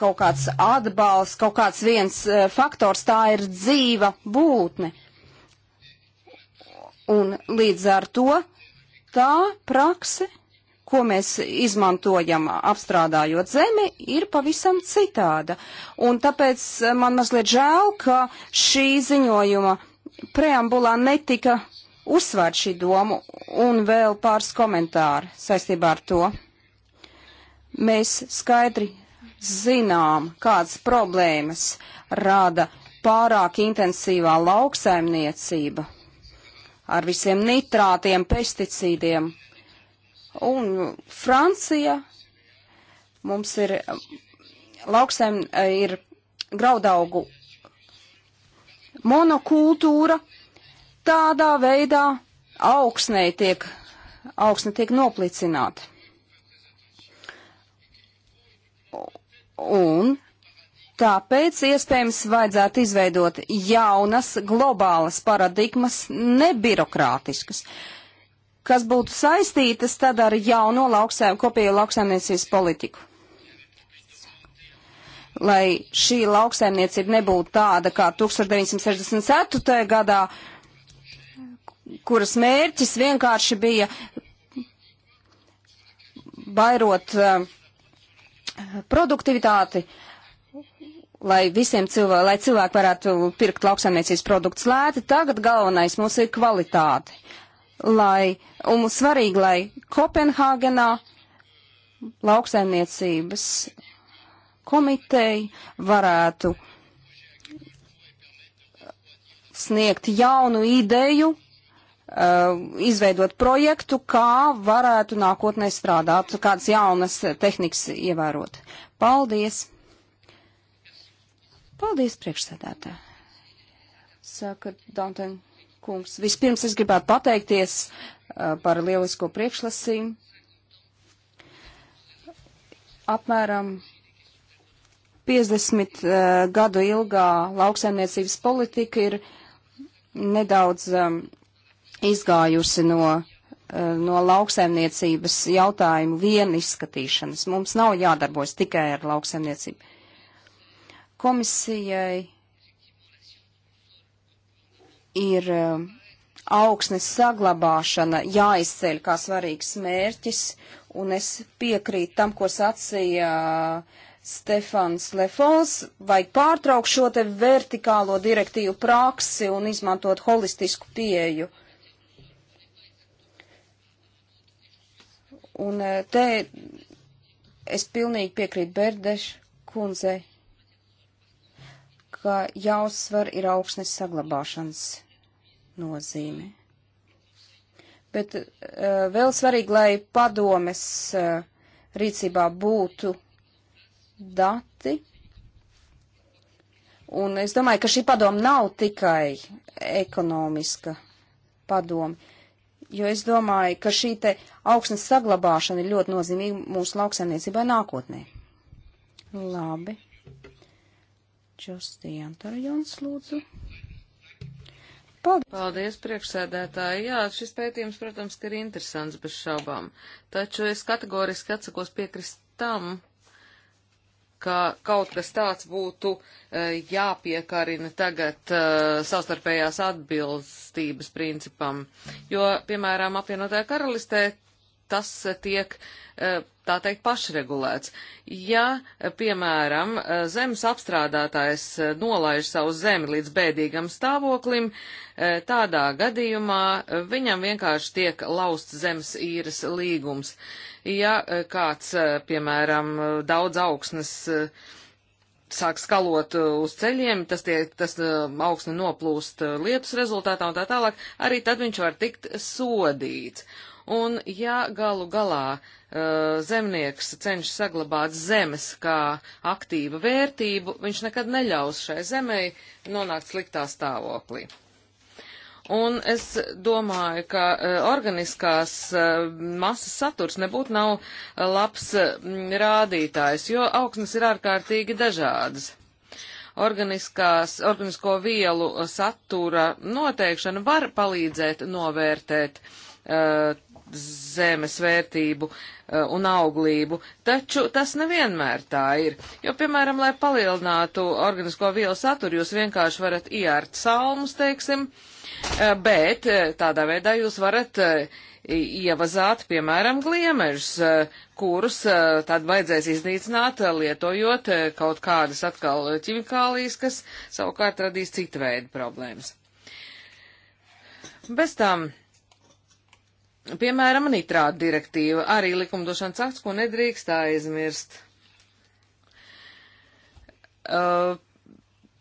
kaut kāds atbalsts, kaut kāds viens e, faktors, tā ir dzīva būtne. Un līdz ar to tā prakse, ko mēs izmantojam apstrādājot zemi, ir pavisam citāda. Un tāpēc e, man mazliet žēl, ka šī ziņojuma preambulā netika uzsvērt šī doma un vēl pāris komentāri saistībā ar to. Mēs skaidri zinām, kādas problēmas rada pārāk intensīvā lauksaimniecība ar visiem nitrātiem, pesticīdiem. Un Francija mums ir lauksaim, ir graudaugu monokultūra, tādā veidā augsnē tiek, augsne tiek noplicināta. Un tāpēc iespējams vajadzētu izveidot jaunas globālas paradigmas, nebirokrātiskas, kas būtu saistītas tad ar jauno lauksēm, kopējo lauksaimniecības politiku lai šī lauksaimniecība nebūtu tāda kā 1964. gadā, kuras mērķis vienkārši bija vairot uh, eh, produktivitāti, lai visiem cilvēki, lai cilvēki varētu pirkt lauksaimniecības produktus lēti, tagad galvenais mums ir kvalitāte. Lai, un mums svarīgi, lai Kopenhāgenā lauksaimniecības komiteja varētu sniegt jaunu ideju Uh, izveidot projektu, kā varētu nākotnē strādāt, kādas jaunas tehnikas ievērot. Paldies! Paldies, priekšsēdētā! Saka Danten kungs. Vispirms es gribētu pateikties uh, par lielisko priekšlasījumu. Apmēram 50 uh, gadu ilgā lauksaimniecības politika ir nedaudz um, izgājusi no, eh, no lauksaimniecības jautājumu vien izskatīšanas. Mums nav jādarbojas tikai ar lauksaimniecību. Komisijai ir eh, augsnes saglabāšana jāizceļ kā svarīgs mērķis, un es piekrītu tam, ko sacīja uh, Stefans Lefons, vajag pārtraukt šo te vertikālo direktīvu praksi un izmantot holistisku pieju. Uh, Un eh, te es pilnīgi piekrītu Berdešu kundzei, ka jāuzsver ir augsnes saglabāšanas nozīme. Bet uh, vēl svarīgi, lai padomes uh, rīcībā būtu dati. Un es domāju, ka šī padoma nav tikai ekonomiska padoma. Uh, jo es domāju, ka šī te augsnes saglabāšana ir ļoti nozīmīga mūsu lauksaimniecībai nākotnē. Labi. Čustijam Tarjons, lūdzu. Paldies. Paldies, priekšsēdētāji. Jā, šis pētījums, protams, ka ir interesants bez šaubām. Taču es kategoriski atsakos piekrist tam, ka kaut kas tāds būtu e, jāpiekarina tagad e, savstarpējās atbilstības principam. Jo, piemēram, apvienotajā karalistē tas eh, tiek, eh, tā teikt, pašregulēts. Ja, eh, piemēram, zemes apstrādātājs nolaiž savu zemi līdz bēdīgam stāvoklim, tādā gadījumā viņam vienkārši tiek lausts zemes īres līgums. Ja kāds, piemēram, daudz augsnes sāk skalot uz ceļiem, tas, tie, tas augsne noplūst lietus rezultātā un tā tālāk, arī tad viņš var tikt sodīts. Un ja galu galā uh, zemnieks cenšas saglabāt zemes kā aktīvu vērtību, viņš nekad neļaus šai zemei nonākt sliktā stāvoklī. Un es domāju, ka uh, organiskās uh, masas saturs nebūtu nav uh, labs mm, rādītājs, jo augsnes ir ārkārtīgi dažādas organiskās, organisko vielu satura noteikšana var palīdzēt novērtēt uh, zemes vērtību eh, un auglību, taču tas nevienmēr tā ir, jo, piemēram, lai palielinātu organisko vielu saturu, jūs vienkārši varat iērt salmus, teiksim, eh, bet eh, tādā veidā jūs varat ievazāt, piemēram, gliemežus, kurus tad vajadzēs iznīcināt, lietojot kaut kādas atkal ķimikālijas, kas savukārt radīs citu veidu problēmas. Bez tam Piemēram, nitrāta direktīva arī likumdošanas akts, ko nedrīkst aizmirst. Uh,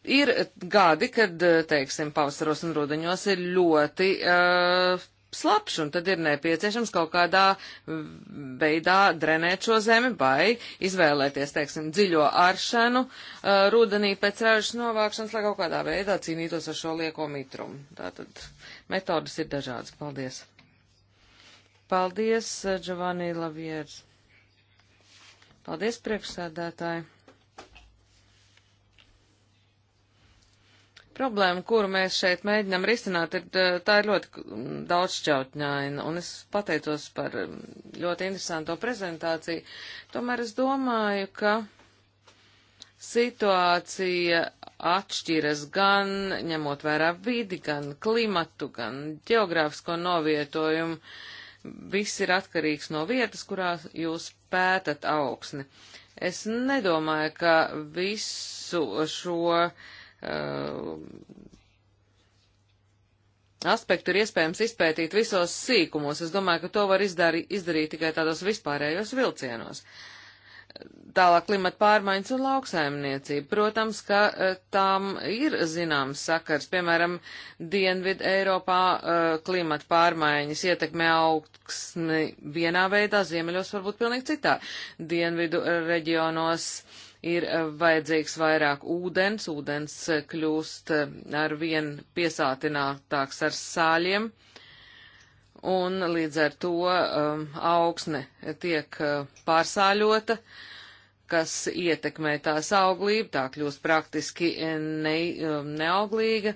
ir gadi, kad, eh, teiksim, pavasaros un rudeņos ir ļoti uh, slapš, un tad ir nepieciešams kaut kādā veidā drenēt šo zemi vai izvēlēties, teiksim, dziļo aršanu uh, rudenī pēc ražas novākšanas, lai kaut kādā veidā cīnītos ar šo lieko mitrumu. Tātad metodas ir dažādas. Paldies! Paldies, eh, Giovanni Laviers. Paldies, priekšsēdētāji. Problēma, kuru mēs šeit mēģinām risināt, ir eh, tā ir ļoti daudzšķautņaina, un es pateicos par ļoti interesanto prezentāciju. Tomēr es domāju, ka situācija atšķiras gan ņemot vērā vidi, gan klimatu, gan geogrāfisko novietojumu. Uh, viss ir atkarīgs no vietas, kurā jūs pētat augsni. Es nedomāju, ka visu šo uh, aspektu ir iespējams izpētīt visos sīkumos. Es domāju, ka to var izdari, izdarīt tikai tādos vispārējos vilcienos. Uh, Tālāk klimata pārmaiņas un lauksaimniecība. Protams, ka e, tām ir zināms sakars. Piemēram, Dienvidu Eiropā e, klimata pārmaiņas ietekmē augsni vienā veidā, ziemeļos varbūt pilnīgi citā. Dienvidu reģionos ir e, vajadzīgs vairāk ūdens, ūdens kļūst ar vien piesātinātāks ar sāļiem. Uh, un līdz ar to um, augsne tiek uh, pārsāļota, kas ietekmē tās auglību, tā kļūst praktiski ne, um, neauglīga,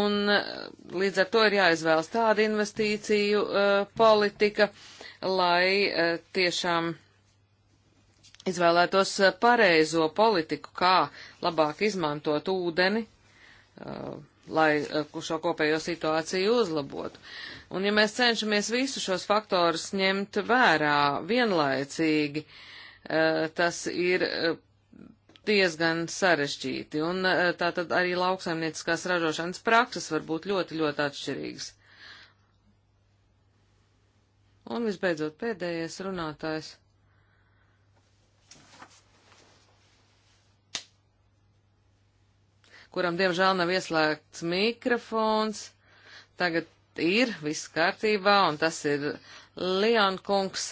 un uh, līdz ar to ir jāizvēlas tāda investīciju uh, politika, lai uh, tiešām izvēlētos uh, pareizo politiku, kā labāk izmantot ūdeni, uh, lai eh, šo kopējo situāciju uzlabotu. Un ja mēs cenšamies visus šos faktorus ņemt vērā vienlaicīgi, eh, tas ir eh, diezgan sarežģīti. Un tātad arī lauksaimnieciskās ražošanas prakses var būt ļoti, ļoti atšķirīgas. Un visbeidzot pēdējais runātājs. kuram diemžēl nav ieslēgts mikrofons. Tagad ir viss kārtībā, un tas ir Leon Kungs.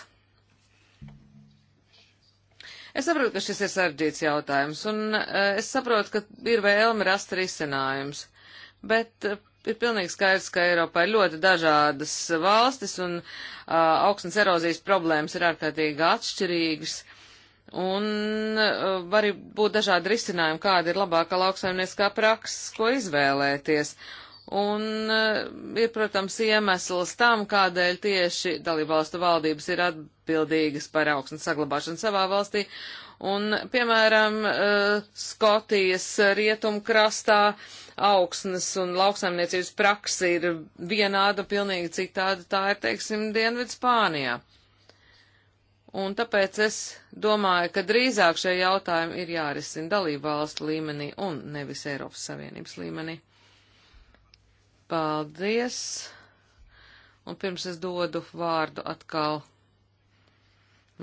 Es saprotu, ka šis ir sarežģīts jautājums, un uh, es saprotu, ka ir vēlme rast risinājums, bet uh, ir pilnīgi skaidrs, ka Eiropā ir ļoti dažādas valstis, un uh, augsnes erozijas problēmas ir ārkārtīgi atšķirīgas. Uh, Un eh, var būt dažādi risinājumi, kāda ir labākā lauksaimnieciskā praksa, ko izvēlēties. Un eh, ir, protams, iemesls tam, kādēļ tieši dalībvalstu valdības ir atbildīgas par augstnes saglabāšanu savā valstī. Un, piemēram, eh, Skotijas rietumkrastā augsnes un lauksaimniecības praksa ir vienāda, pilnīgi citāda, tā ir, teiksim, Dienvidspānijā. Spānijā un tāpēc es domāju, ka drīzāk šie jautājumi ir jārisina dalību valstu līmenī un nevis Eiropas Savienības līmenī. Paldies! Un pirms es dodu vārdu atkal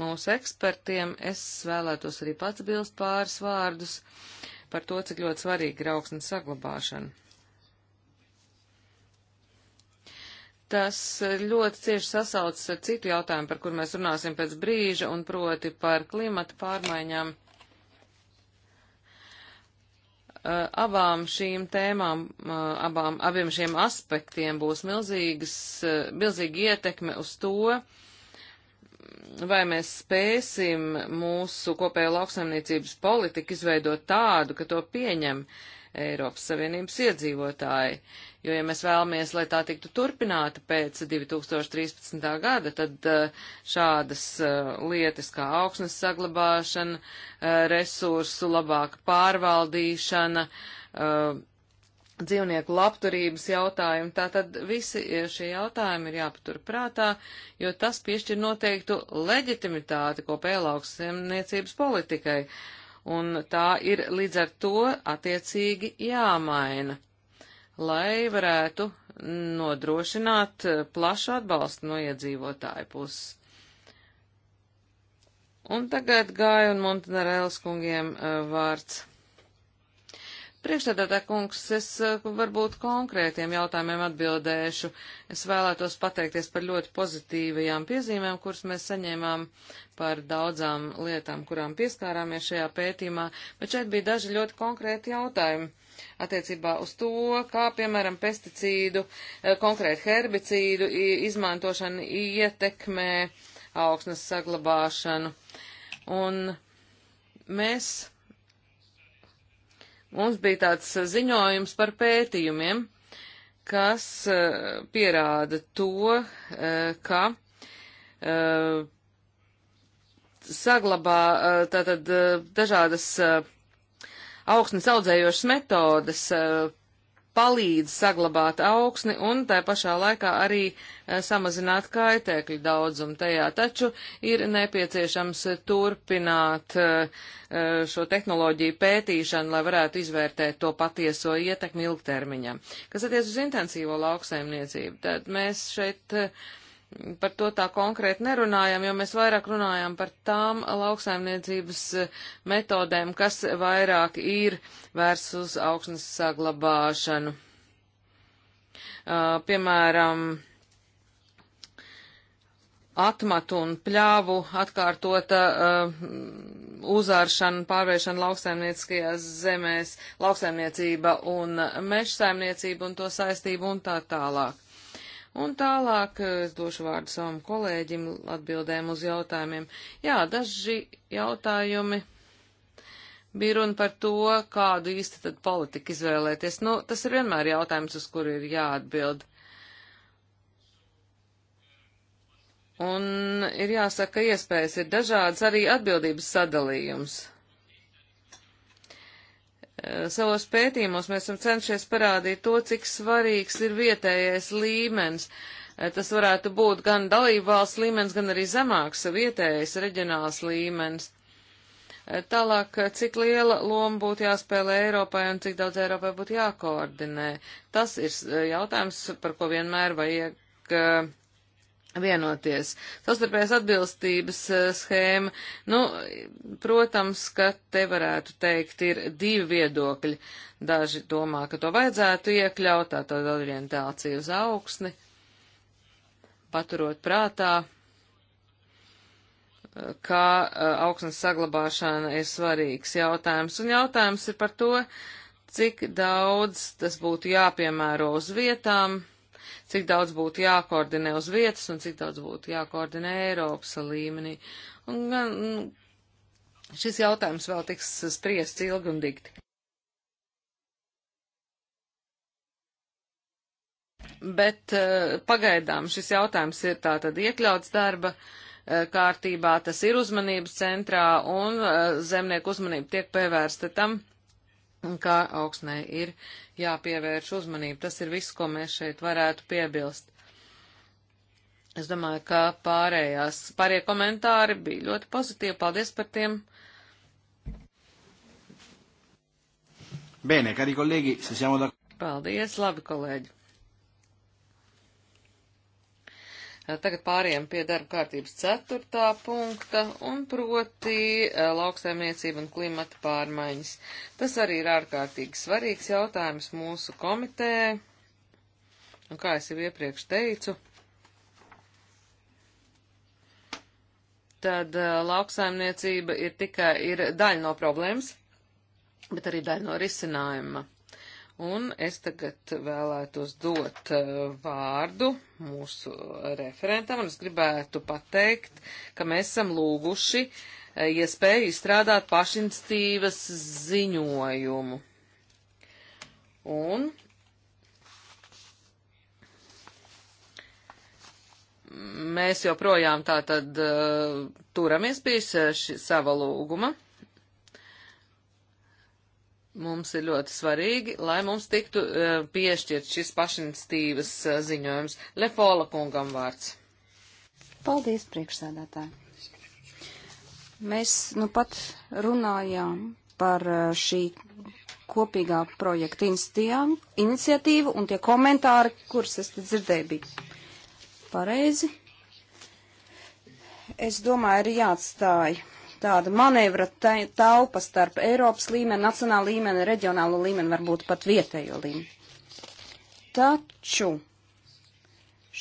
mūsu ekspertiem, es vēlētos arī pats bilst pāris vārdus par to, cik ļoti svarīgi ir augsnes saglabāšana. Tas ļoti cieši sasaucas ar citu jautājumu, par kur mēs runāsim pēc brīža, un proti par klimata pārmaiņām. Eh, abām šīm tēmām, eh, abām, abiem šiem aspektiem būs milzīgas, eh, milzīga ietekme uz to, vai mēs spēsim mūsu kopējo lauksaimniecības politiku izveidot tādu, ka to pieņem Eiropas Savienības iedzīvotāji. Uh, jo, ja mēs vēlamies, lai tā tiktu turpināta pēc 2013. gada, tad eh, šādas eh, lietas kā augsnes saglabāšana, eh, resursu labāka pārvaldīšana, dzīvnieku labturības jautājumi, tātad visi šie jautājumi ir jāpatur prātā, jo tas piešķir noteiktu leģitimitāti kopējā lauksaimniecības politikai, un tā ir līdz ar to attiecīgi jāmaina lai varētu nodrošināt plašu atbalstu no iedzīvotāju puses. Un tagad Gāja un Montanarēlas kungiem eh, vārds. Priekšstādātā kungs, es eh, varbūt konkrētiem jautājumiem atbildēšu. Es vēlētos pateikties par ļoti pozitīvajām piezīmēm, kuras mēs saņēmām par daudzām lietām, kurām pieskārāmies šajā pētījumā, bet šeit bija daži ļoti konkrēti jautājumi attiecībā uz to, kā, piemēram, pesticīdu, e, konkrēti herbicīdu izmantošana ietekmē augsnes saglabāšanu. Un mēs, mums bija tāds ziņojums par pētījumiem, kas e, pierāda to, e, ka saglabā tātad dažādas augsnes audzējošas metodas eh, palīdz saglabāt augsni un tā pašā laikā arī eh, samazināt kaitēkļu daudzumu tajā. Taču ir nepieciešams turpināt eh, šo tehnoloģiju pētīšanu, lai varētu izvērtēt to patieso ietekmi ilgtermiņā. Kas attiec uz intensīvo lauksaimniecību, tad mēs šeit uh, par to tā konkrēti nerunājam, jo mēs vairāk runājam par tām lauksaimniecības eh, metodēm, kas vairāk ir vērs uz augsnes saglabāšanu. Uh, piemēram, atmatu un pļāvu atkārtota uh, uzāršana, pārvēršana lauksaimnieciskajās zemēs, lauksaimniecība un mežsaimniecība un to saistību un tā tālāk. Un tālāk eh, es došu vārdu savam kolēģim atbildēm uz jautājumiem. Jā, daži jautājumi bija runa par to, kādu īsti tad politiku izvēlēties. Nu, tas ir vienmēr jautājums, uz kuru ir jāatbild. Un ir jāsaka, ka iespējas ir dažādas, arī atbildības sadalījums savos pētījumos mēs esam cenšies parādīt to, cik svarīgs ir vietējais līmenis. Eh, tas varētu būt gan dalību valsts līmenis, gan arī zemāks vietējais reģionāls līmenis. Eh, tālāk, eh, cik liela loma būtu jāspēlē Eiropai un cik daudz Eiropai būtu jākoordinē. Tas ir jautājums, par ko vienmēr vajag vienoties. Savstarpējās atbilstības e, schēma, nu, protams, ka te varētu teikt ir divi viedokļi. Daži domā, ka to vajadzētu iekļaut, tātad orientācija uz augsni, paturot prātā, e, ka e, augsnes saglabāšana ir svarīgs jautājums, un jautājums ir par to, cik daudz tas būtu jāpiemēro uz vietām, cik daudz būtu jākoordinē uz vietas un cik daudz būtu jākoordinē Eiropas līmenī. Un gan nu, šis jautājums vēl tiks spriests ilgi un dikti. Bet eh, pagaidām šis jautājums ir tātad iekļauts darba eh, kārtībā, tas ir uzmanības centrā un eh, zemnieku uzmanība tiek pievērsta tam, kā augsnē ir jāpievērš uzmanība. Tas ir viss, ko mēs šeit varētu piebilst. Es domāju, ka pārējās, pārējie komentāri bija ļoti pozitīvi. Paldies par tiem. Bene, cari colleghi, se siamo da... Paldies, labi, kolēģi. Tagad pāriem pie darba kārtības ceturtā punkta un proti lauksaimniecība un klimata pārmaiņas. Tas arī ir ārkārtīgi svarīgs jautājums mūsu komitē. Un kā es jau iepriekš teicu, tad lauksaimniecība ir tikai ir daļa no problēmas, bet arī daļa no risinājuma. Un es tagad vēlētos dot eh, vārdu mūsu referentam, un es gribētu pateikt, ka mēs esam lūguši eh, iespēju ja izstrādāt pašinstīvas ziņojumu. Un mēs joprojām tā tad eh, turamies pie sava lūguma mums ir ļoti svarīgi, lai mums tiktu uh, piešķirt šis pašinstīvas uh, ziņojums. Lefola kungam vārds. Paldies, priekšsēdētāji. Mēs nu pat runājām par uh, šī kopīgā projekta instijām, iniciatīvu, un tie komentāri, kurus es te dzirdēju, bija pareizi. Es domāju, ir jāatstāja tāda manevra telpa starp Eiropas līmeni, nacionālu līmeni, reģionālu līmeni, varbūt pat vietējo līmeni. Taču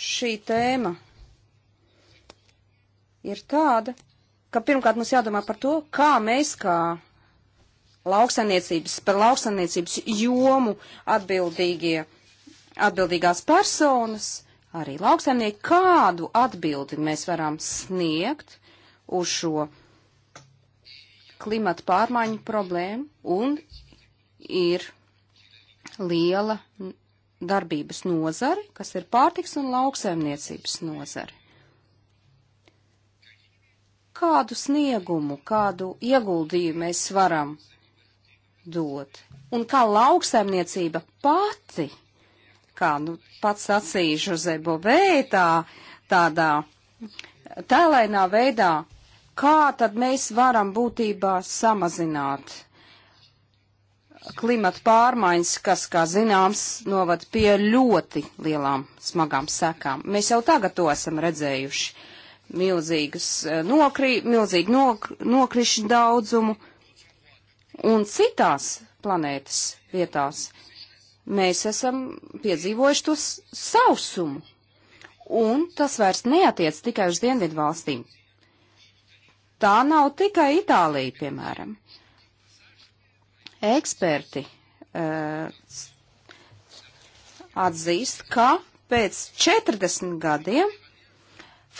šī tēma ir tāda, ka pirmkārt mums jādomā par to, kā mēs kā lauksaimniecības, par lauksaimniecības jomu atbildīgie, atbildīgās personas, arī lauksaimnieki, kādu atbildi mēs varam sniegt uz šo klimata pārmaiņu problēmu un ir liela darbības nozari, kas ir pārtiks un lauksaimniecības nozari. Kādu sniegumu, kādu ieguldījumu mēs varam dot? Un kā lauksaimniecība pati, kā nu, pats sacīja Žozebo Vētā, tādā tēlēnā veidā kā tad mēs varam būtībā samazināt klimata pārmaiņas, kas, kā zināms, novad pie ļoti lielām smagām sekām. Mēs jau tagad to esam redzējuši. Milzīgas eh, nokri, milzīgi nok, nokrišņu daudzumu un citās planētas vietās mēs esam piedzīvojuši to sausumu. Un tas vairs neatiec tikai uz dienvidu valstīm tā nav tikai Itālija, piemēram. Eksperti uh, atzīst, ka pēc 40 gadiem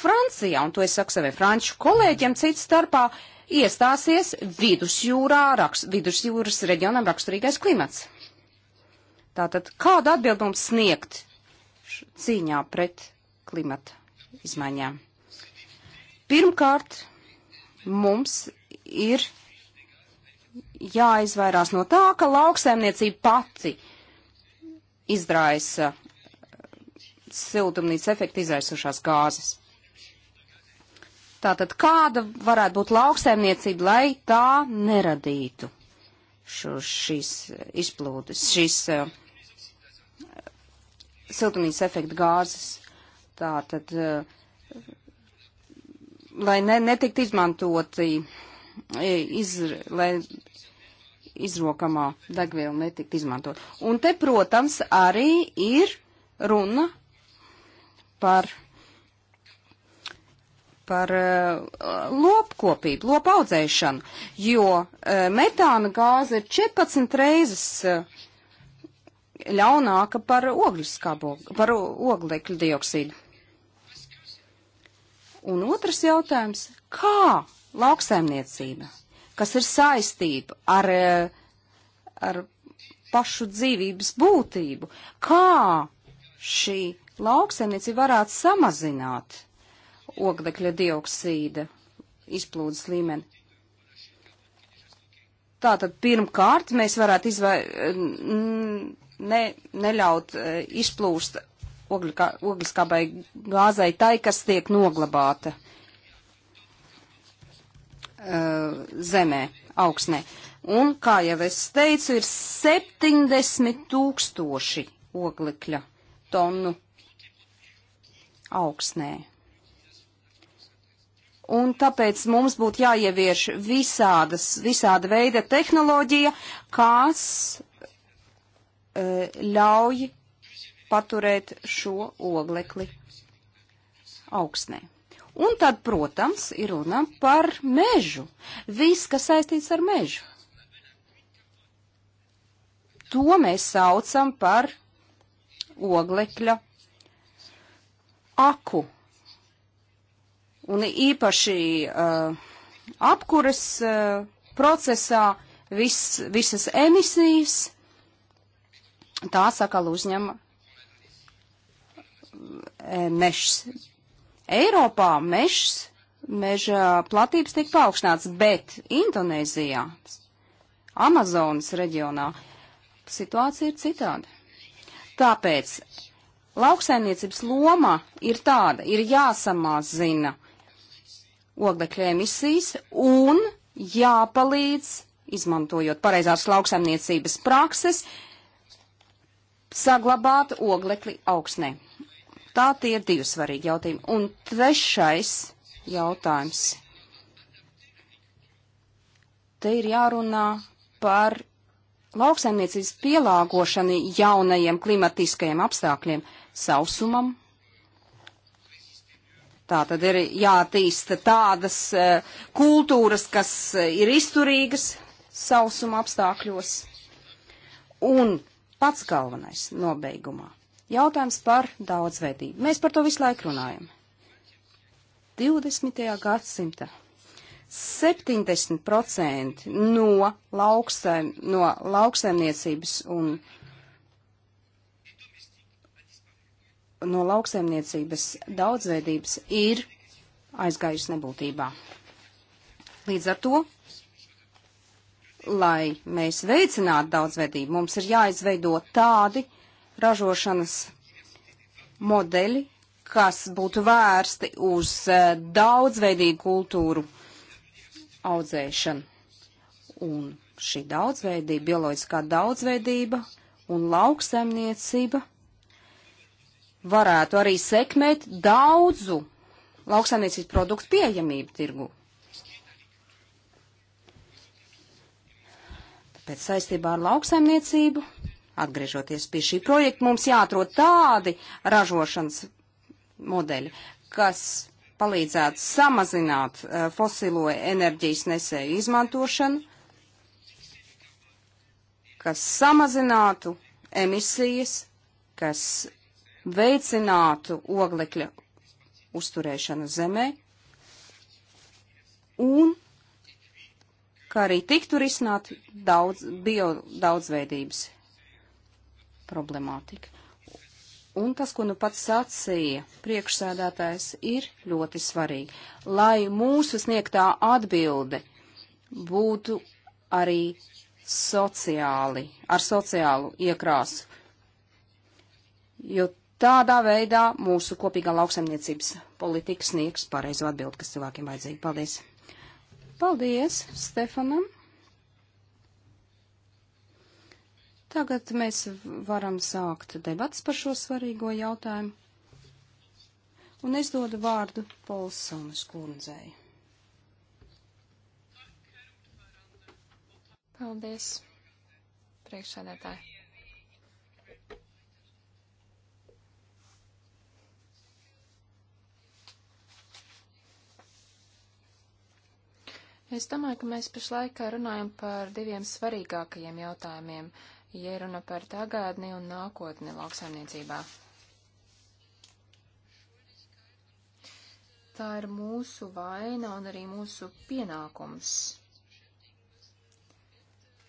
Francijā, un to es saku saviem franču kolēģiem cits starpā, iestāsies vidusjūrā, rakst, vidusjūras reģionam raksturīgais klimats. Tātad, kādu atbildu mums sniegt cīņā pret klimata izmaiņām? Pirmkārt, mums ir jāizvairās no tā, ka lauksēmniecība pati izraisa uh, siltumnīca efekta izraisušās gāzes. Tātad kāda varētu būt lauksēmniecība, lai tā neradītu šo, šīs izplūdes, šīs uh, siltumnīca efekta gāzes? Tātad uh, lai ne, netikt izmantoti, e, iz, lai izrokamā degviela netikt izmantot. Un te, protams, arī ir runa par, par uh, lopkopību, lopaudzēšanu, jo uh, metāna gāze ir 14 reizes uh, ļaunāka par, par oglekļu dioksīdu. Un otrs jautājums, kā lauksaimniecība, kas ir saistība ar, eh, ar pašu dzīvības būtību, kā šī lauksaimniecība varētu samazināt oglekļa dioksīda izplūdes līmeni. Tātad pirmkārt mēs varētu izvai, ne, neļaut eh, izplūst ogliskabai gāzai tai, kas tiek noglabāta uh, zemē, augsnē. Un, kā jau es teicu, ir 70 tūkstoši oglekļa tonu augsnē. Un tāpēc mums būtu jāievieš visādas, visāda veida tehnoloģija, kas eh, ļauj paturēt šo oglekli augstnē. Un tad, protams, ir runa par mežu. Viss, kas saistīts ar mežu. To mēs saucam par oglekļa aku. Un īpaši uh, apkures uh, procesā vis, visas emisijas tā sakal uzņem E, mežs. Eiropā mežs, meža platības tika paaugstināts, bet Indonēzijā, Amazonas reģionā, situācija ir citāda. Tāpēc lauksaimniecības loma ir tāda, ir jāsamazina oglekļa emisijas un jāpalīdz, izmantojot pareizās lauksaimniecības prakses, saglabāt oglekli augsnē. Tā tie ir divi svarīgi jautājumi. Un trešais jautājums. Te ir jārunā par lauksaimniecības pielāgošanu jaunajiem klimatiskajiem apstākļiem sausumam. Tā tad ir jātīsta tādas e, kultūras, kas e, ir izturīgas sausuma apstākļos. Un pats galvenais nobeigumā Jautājums par daudzveidību. Mēs par to visu laiku runājam. 20. gadsimta 70% no, lauksaim, no lauksaimniecības un no lauksaimniecības daudzveidības ir aizgājusi nebūtībā. Līdz ar to, lai mēs veicinātu daudzveidību, mums ir jāizveido tādi ražošanas modeļi, kas būtu vērsti uz e, daudzveidīgu kultūru audzēšanu. Un šī daudzveidība, bioloģiskā daudzveidība un lauksaimniecība varētu arī sekmēt daudzu lauksaimniecības produktu pieejamību tirgu. Tāpēc saistībā ar lauksaimniecību Atgriežoties pie šī projekta, mums jāatrod tādi ražošanas modeļi, kas palīdzētu samazināt uh, fosilo enerģijas nesēju izmantošanu, kas samazinātu emisijas, kas veicinātu oglekļa uzturēšanu zemē un ka arī tiktu risināt daudz, bio daudzveidības problemātika. Un tas, ko nu pats sacīja priekšsēdētājs, ir ļoti svarīgi, lai mūsu sniegtā atbilde būtu arī sociāli, ar sociālu iekrāsu. Jo tādā veidā mūsu kopīgā lauksaimniecības politika sniegs pareizo atbildi, kas cilvēkiem vajadzīga. Paldies! Paldies Stefanam! Tagad mēs varam sākt debats par šo svarīgo jautājumu. Un es dodu vārdu Polsonas kundzei. Paldies, priekšsēdētāji. Es domāju, ka mēs pašlaik runājam par diviem svarīgākajiem jautājumiem ja runa par tagadni un nākotni lauksaimniecībā. Tā ir mūsu vaina un arī mūsu pienākums.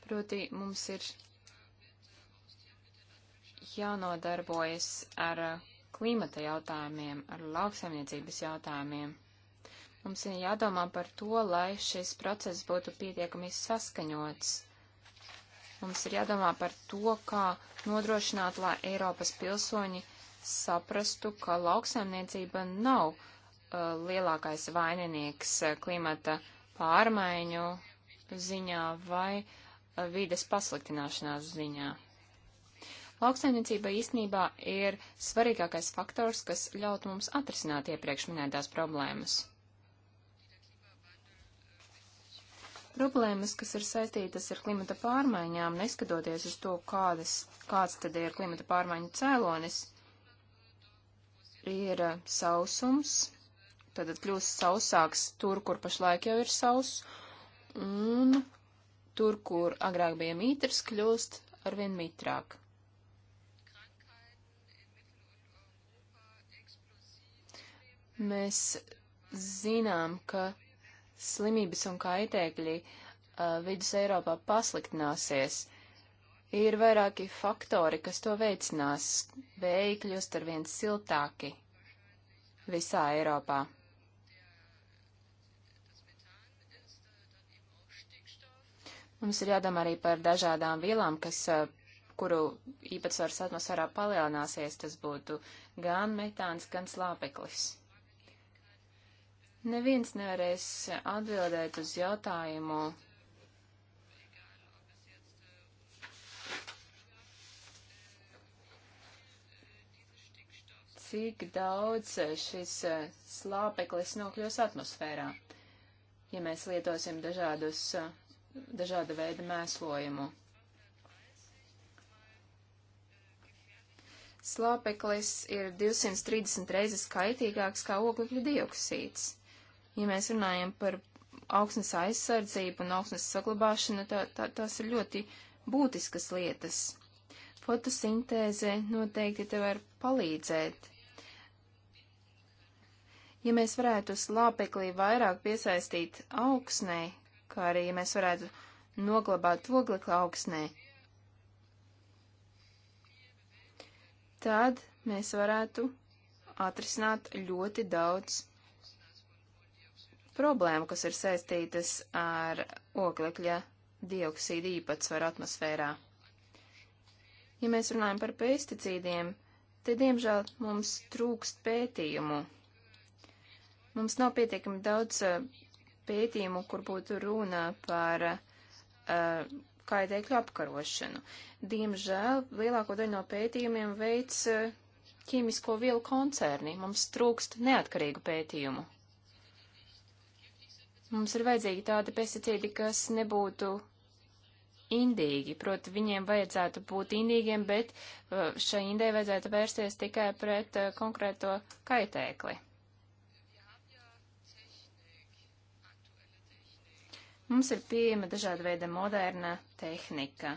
Proti mums ir jānodarbojas ar klimata jautājumiem, ar lauksaimniecības jautājumiem. Mums ir jādomā par to, lai šis process būtu pietiekami saskaņots Mums ir jādomā par to, kā nodrošināt, lai Eiropas pilsoņi saprastu, ka lauksaimniecība nav uh, lielākais vaininieks uh, klimata pārmaiņu ziņā vai uh, vides pasliktināšanās ziņā. Lauksaimniecība īstenībā ir svarīgākais faktors, kas ļaut mums atrisināt iepriekš minētās problēmas. Problēmas, kas ir saistītas ar klimata pārmaiņām, neskatoties uz to, kādas, kāds tad ir klimata pārmaiņu cēlonis, ir eh, sausums, tad kļūst sausāks tur, kur pašlaik jau ir saus, un tur, kur agrāk bija mitrs, kļūst arvien mitrāk. Mēs zinām, ka slimības un kaitēkļi uh, vidus Eiropā pasliktināsies. Ir vairāki faktori, kas to veicinās. Vēji kļūst ar vien siltāki visā Eiropā. Mums ir jādomā arī par dažādām vielām, kas, uh, kuru īpatsvars atmosfērā palielināsies. Tas būtu gan metāns, gan slāpeklis. Neviens nevarēs atbildēt uz jautājumu. Cik daudz šis eh, slāpeklis nokļūs atmosfērā, ja mēs lietosim dažādus, eh, dažāda veida mēslojumu? Slāpeklis ir 230 reizes kaitīgāks kā oglekļa dioksīds. Ja mēs runājam par augsnes aizsardzību un augsnes saglabāšanu, tā, tā, tās ir ļoti būtiskas lietas. Fotosintēze noteikti te var palīdzēt. Ja mēs varētu slāpeklī vairāk piesaistīt augsnē, kā arī ja mēs varētu noglabāt oglekli augsnē, tad mēs varētu atrisināt ļoti daudz problēmu, kas ir saistītas ar oglekļa dioksīdu īpatsvaru atmosfērā. Ja mēs runājam par pesticīdiem, tad, diemžēl, mums trūkst pētījumu. Mums nav pietiekami daudz eh, pētījumu, kur būtu runa par uh, kaitēkļu apkarošanu. Diemžēl lielāko daļu no pētījumiem veids eh, ķīmisko vielu koncerni. Mums trūkst neatkarīgu pētījumu. Mums ir vajadzīgi tādi pesticīdi, kas nebūtu indīgi, proti viņiem vajadzētu būt indīgiem, bet uh, šai indē vajadzētu vērsties tikai pret uh, konkrēto kaitēkli. Mums ir pieejama dažāda veida moderna tehnika.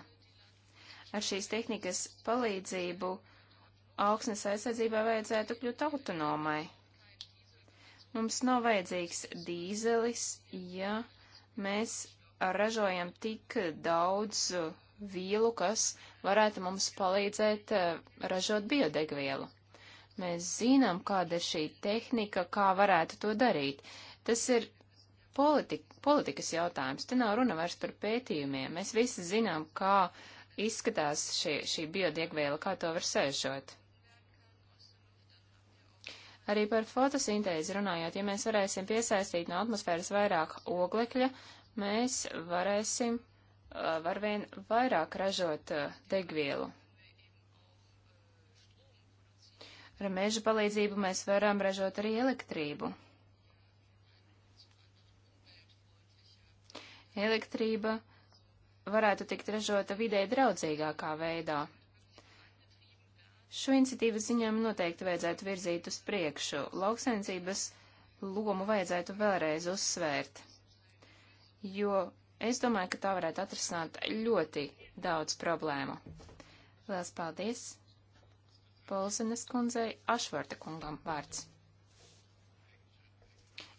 Ar šīs tehnikas palīdzību augsnes aizsardzībai vajadzētu kļūt autonomai. Mums nav vajadzīgs dīzelis, ja mēs ražojam tik daudz uh, vielu, kas varētu mums palīdzēt uh, ražot biodegvielu. Mēs zinām, kāda ir šī tehnika, kā varētu to darīt. Tas ir politika, politikas jautājums. Te nav runa vairs par pētījumiem. Mēs visi zinām, kā izskatās šie, šī biodegviela, kā to var sēžot. Arī par fotosintēzi runājot, ja mēs varēsim piesaistīt no atmosfēras vairāk oglekļa, mēs varēsim varvien vairāk ražot degvielu. Ar meža palīdzību mēs varam ražot arī elektrību. Elektrība varētu tikt ražota vidē draudzīgākā veidā. Šo iniciatīvas ziņām noteikti vajadzētu virzīt uz priekšu. Lauksaimniecības lomu vajadzētu vēlreiz uzsvērt, jo es domāju, ka tā varētu atrisināt ļoti daudz problēmu. Lielas paldies! Polzenes kundzei Ašvarta kungam vārds.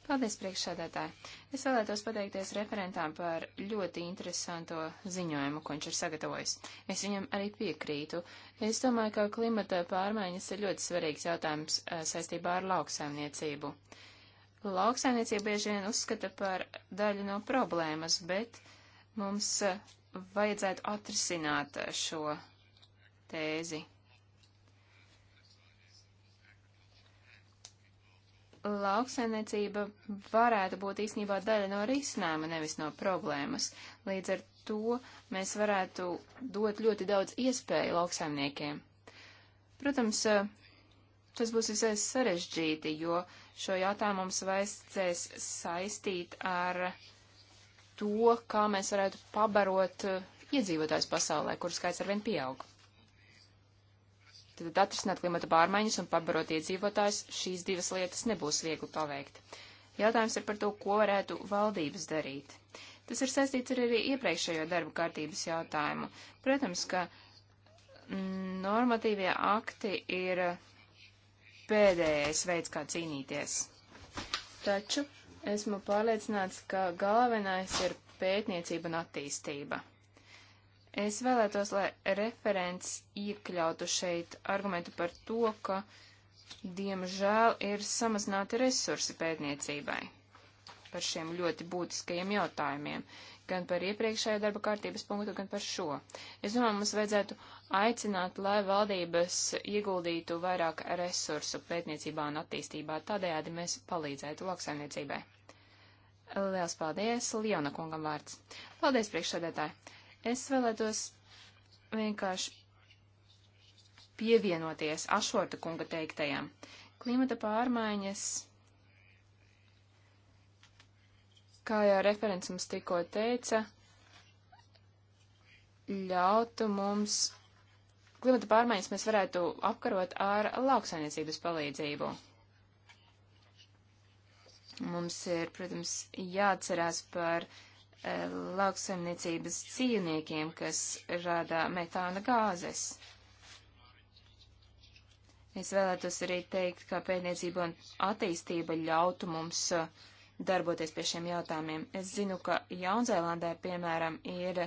Paldies, priekšsēdētāji. Es vēlētos pateikties referentām par ļoti interesanto ziņojumu, ko viņš ir sagatavojis. Es viņam arī piekrītu. Es domāju, ka klimata pārmaiņas ir ļoti svarīgs jautājums eh, saistībā ar lauksaimniecību. Lauksaimniecība bieži vien uzskata par daļu no problēmas, bet mums eh, vajadzētu atrisināt eh, šo tēzi. lauksainiecība varētu būt īstenībā daļa no risinājuma, nevis no problēmas. Līdz ar to mēs varētu dot ļoti daudz iespēju lauksainiekiem. Protams, tas būs visai sarežģīti, jo šo jautājumu mums vajadzēs saistīt ar to, kā mēs varētu pabarot iedzīvotājs pasaulē, kur skaits arvien pieaug. Tad atrisināt klimata pārmaiņas un pabarot iedzīvotājs šīs divas lietas nebūs viegli paveikt. Jautājums ir par to, ko varētu valdības darīt. Tas ir saistīts ar arī iepriekšējo darbu kārtības jautājumu. Protams, ka mm, normatīvie akti ir pēdējais veids, kā cīnīties. Taču esmu pārliecināts, ka galvenais ir pētniecība un attīstība. Es vēlētos, lai referents iekļautu šeit argumentu par to, ka, diemžēl, ir samazināti resursi pētniecībai par šiem ļoti būtiskajiem jautājumiem, gan par iepriekšējo darba kārtības punktu, gan par šo. Es domāju, mums vajadzētu aicināt, lai valdības ieguldītu vairāk resursu pētniecībā un attīstībā, tādējādi mēs palīdzētu lauksaimniecībai. Liels paldies, Liona kungam vārds. Paldies, priekšsēdētāji! Es vēlētos vienkārši pievienoties Ašorta kunga teiktajam. Klimata pārmaiņas, kā jau referents mums tikko teica, ļautu mums, klimata pārmaiņas mēs varētu apkarot ar lauksainiecības palīdzību. Mums ir, protams, jāatcerās par uh, E, lauksaimniecības dzīvniekiem, kas rada metāna gāzes. Es vēlētos arī teikt, ka pētniecība un attīstība ļautu mums e, darboties pie šiem jautājumiem. Es zinu, ka Jaunzēlandē, piemēram, ir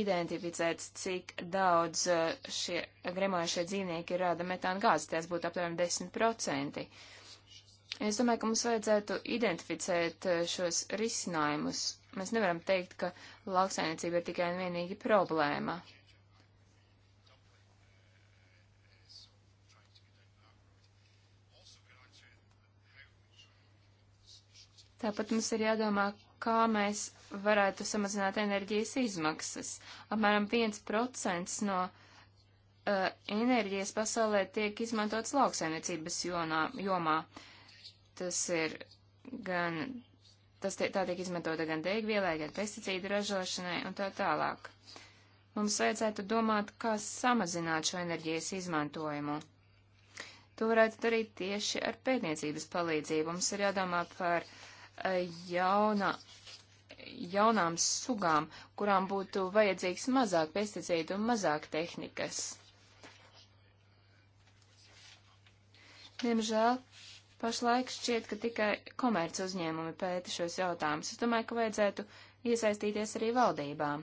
identificēts, cik daudz e, šie gremojušie dzīvnieki rada metāna gāzes, tās būtu aptuveni 10%. Es domāju, ka mums vajadzētu identificēt eh, šos risinājumus. Mēs nevaram teikt, ka lauksainiecība ir tikai un vienīgi problēma. Tāpat mums ir jādomā, kā mēs varētu samazināt enerģijas izmaksas. Apmēram 1% no uh, enerģijas pasaulē tiek izmantots lauksainicības jomā. Tas ir gan, tas tie, tā tiek izmantota gan degvielai, gan pesticīdu ražošanai un tā tālāk. Mums vajadzētu domāt, kā samazināt šo enerģijas izmantojumu. To varētu darīt tieši ar pētniecības palīdzību. Mums ir jādomā par eh, jauna, jaunām sugām, kurām būtu vajadzīgs mazāk pesticīdu un mazāk tehnikas. Diemžēl Pašlaik šķiet, ka tikai komerc uzņēmumi pēta šos jautājumus. Es domāju, ka vajadzētu iesaistīties arī valdībām.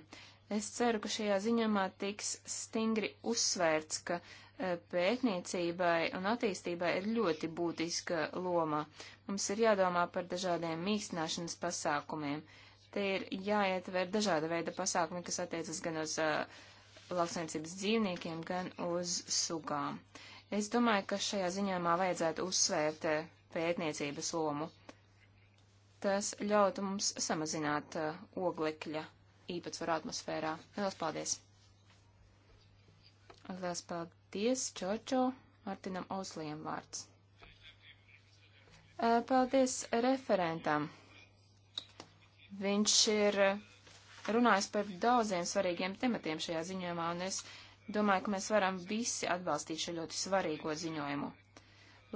Es ceru, ka šajā ziņojumā tiks stingri uzsvērts, ka e, pētniecībai un attīstībai ir ļoti būtiska loma. Mums ir jādomā par dažādiem mīkstināšanas pasākumiem. Te ir jāietver dažāda veida pasākumi, kas attiecas gan uz uh, lauksaimniecības dzīvniekiem, gan uz sugām. Uh, Es domāju, ka šajā ziņojumā vajadzētu uzsvērt eh, pētniecības lomu. Tas ļautu mums samazināt eh, oglekļa īpatsvaru atmosfērā. Lielas paldies! Lielas paldies, Čorčo, Martinam Osliem vārds. Eh, paldies referentam. Viņš ir runājis par daudziem svarīgiem tematiem šajā ziņojumā, un es Domāju, ka mēs varam visi atbalstīt šo ļoti svarīgo ziņojumu.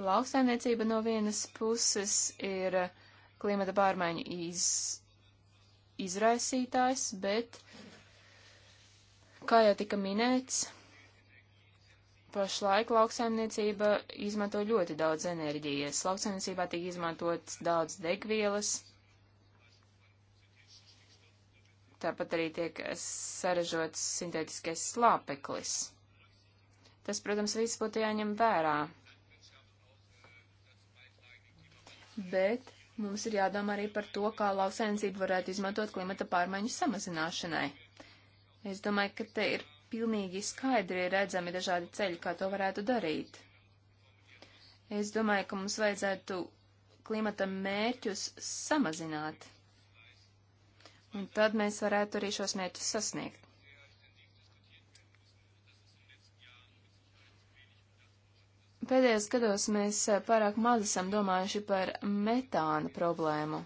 Lauksaimniecība no vienas puses ir klimata pārmaiņu iz, izraisītājs, bet, kā jau tika minēts, pašlaik lauksaimniecība izmanto ļoti daudz enerģijas. Lauksaimniecībā tiek izmantots daudz degvielas, Tāpat arī tiek saražots sintētiskais slāpeklis. Tas, protams, viss būtu jāņem vērā. Bet mums ir jādomā arī par to, kā lauksainicību varētu izmantot klimata pārmaiņu samazināšanai. Es domāju, ka te ir pilnīgi skaidri redzami dažādi ceļi, kā to varētu darīt. Es domāju, ka mums vajadzētu klimata mērķus samazināt. Un tad mēs varētu arī šos mērķus sasniegt. Pēdējos gados mēs eh, pārāk maz esam domājuši par metāna problēmu.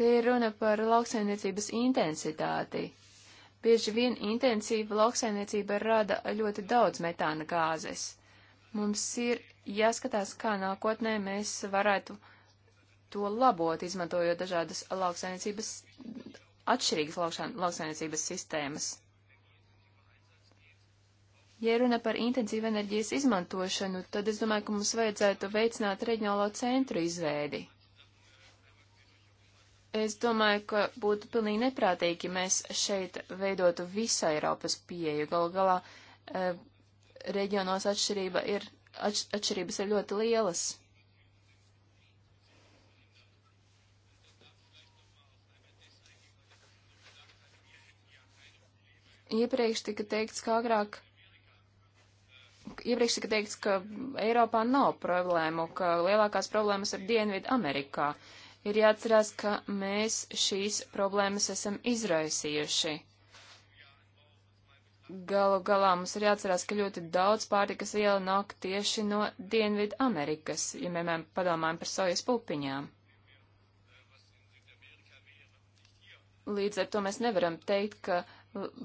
Te ir runa par lauksaimniecības intensitāti. Bieži vien intensīva lauksaimniecība rada ļoti daudz metāna gāzes. Mums ir jāskatās, kā nākotnē mēs varētu to labot, izmantojot dažādas lauksainiecības, atšķirīgas lauksainiecības sistēmas. Ja runa par intensīvu enerģijas izmantošanu, tad es domāju, ka mums vajadzētu veicināt reģionālo centru izveidi. Es domāju, ka būtu pilnīgi neprātīgi, ja mēs šeit veidotu visu Eiropas pieeju. Galu galā e, reģionos atšķirība ir, atš, atšķirības ir ļoti lielas. Iepriekš tika teikts, ka agrāk, iepriekš tika teikts, ka Eiropā nav problēmu, ka lielākās problēmas ir Dienvidu Amerikā. Ir jāatcerās, ka mēs šīs problēmas esam izraisījuši. Galu galā mums ir jāatcerās, ka ļoti daudz pārtikas viela nāk tieši no Dienvidu Amerikas, ja mēs padomājam par sojas pupiņām. Līdz ar to mēs nevaram teikt, ka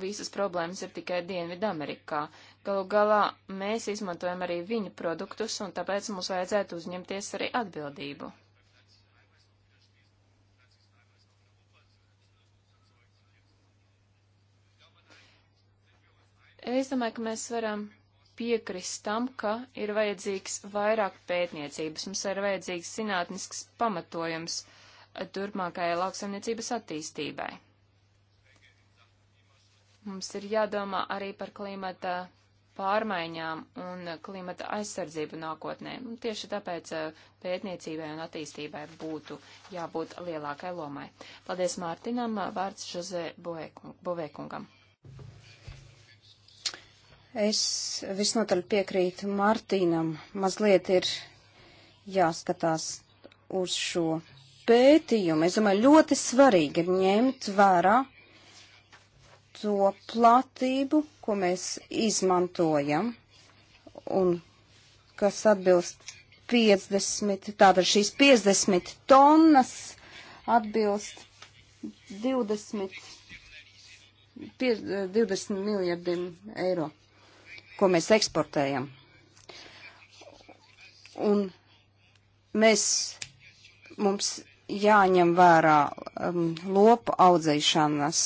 visas problēmas ir tikai Dienvidu Amerikā. Galu galā mēs izmantojam arī viņu produktus, un tāpēc mums vajadzētu uzņemties arī atbildību. Es domāju, ka mēs varam piekrist tam, ka ir vajadzīgs vairāk pētniecības, mums ir vajadzīgs zinātnisks pamatojums turpmākajai lauksaimniecības attīstībai. Mums ir jādomā arī par klimata pārmaiņām un klimata aizsardzību nākotnē. Un tieši tāpēc eh, pētniecībai un attīstībai būtu jābūt lielākai lomai. Paldies Mārtinam, vārds Žozē Bovēkungam. Bovē Es visnotaļ piekrītu Martīnam. Mazliet ir jāskatās uz šo pētījumu. Es domāju, ļoti svarīgi ir ņemt vērā to platību, ko mēs izmantojam un kas atbilst 50, tātad šīs 50 tonnas atbilst 20, 50, 20 miljardiem eiro ko mēs eksportējam. Un mēs, mums jāņem vērā um, lopu audzēšanas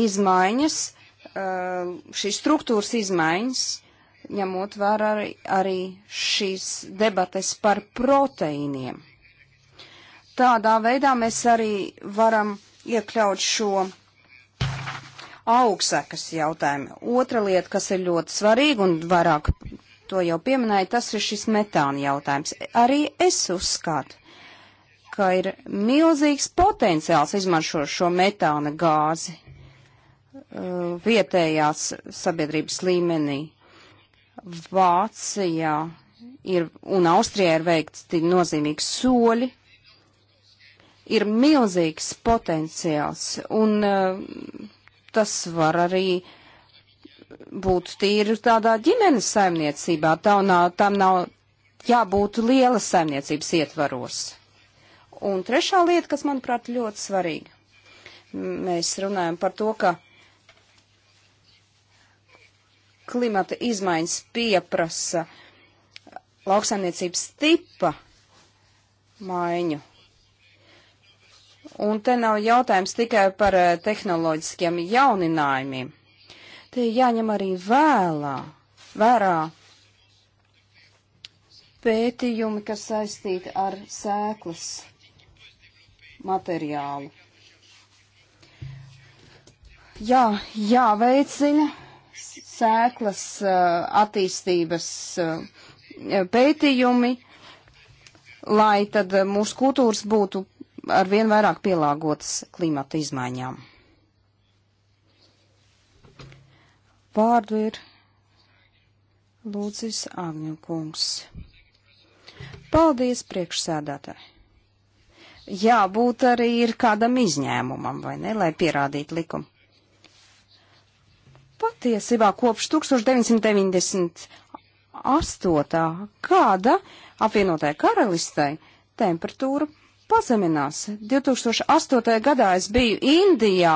izmaiņas, uh, šīs struktūras izmaiņas, ņemot vērā arī, arī šīs debates par proteīniem. Tādā veidā mēs arī varam iekļaut šo augsekas jautājumi. Otra lieta, kas ir ļoti svarīga un vairāk to jau pieminēja, tas ir šis metāna jautājums. Arī es uzskatu, ka ir milzīgs potenciāls izmantot šo metāna gāzi uh, vietējās sabiedrības līmenī. Vācijā ir, un Austrijā ir veikti nozīmīgi soļi, ir milzīgs potenciāls, un uh, tas var arī būt tīri tādā ģimenes saimniecībā. Tam nav, tam nav jābūt lielas saimniecības ietvaros. Un trešā lieta, kas manuprāt ļoti svarīga. Mēs runājam par to, ka klimata izmaiņas pieprasa lauksaimniecības tipa maiņu Un te nav jautājums tikai par eh, tehnoloģiskiem jauninājumiem. Te jāņem arī vēlā, vērā pētījumi, kas saistīti ar sēklas materiālu. Jā, jāveicina sēklas eh, attīstības eh, pētījumi, lai tad mūsu kultūras būtu ar vien vairāk pielāgotas klimata izmaiņām. Vārdu ir Lūdzis Agņukungs. Paldies priekšsēdētāji. Jābūt arī ir kādam izņēmumam, vai ne, lai pierādītu likumu. Patiesībā kopš 1998. kāda apvienotāja karalistei temperatūra pazeminās. 2008. gadā es biju Indijā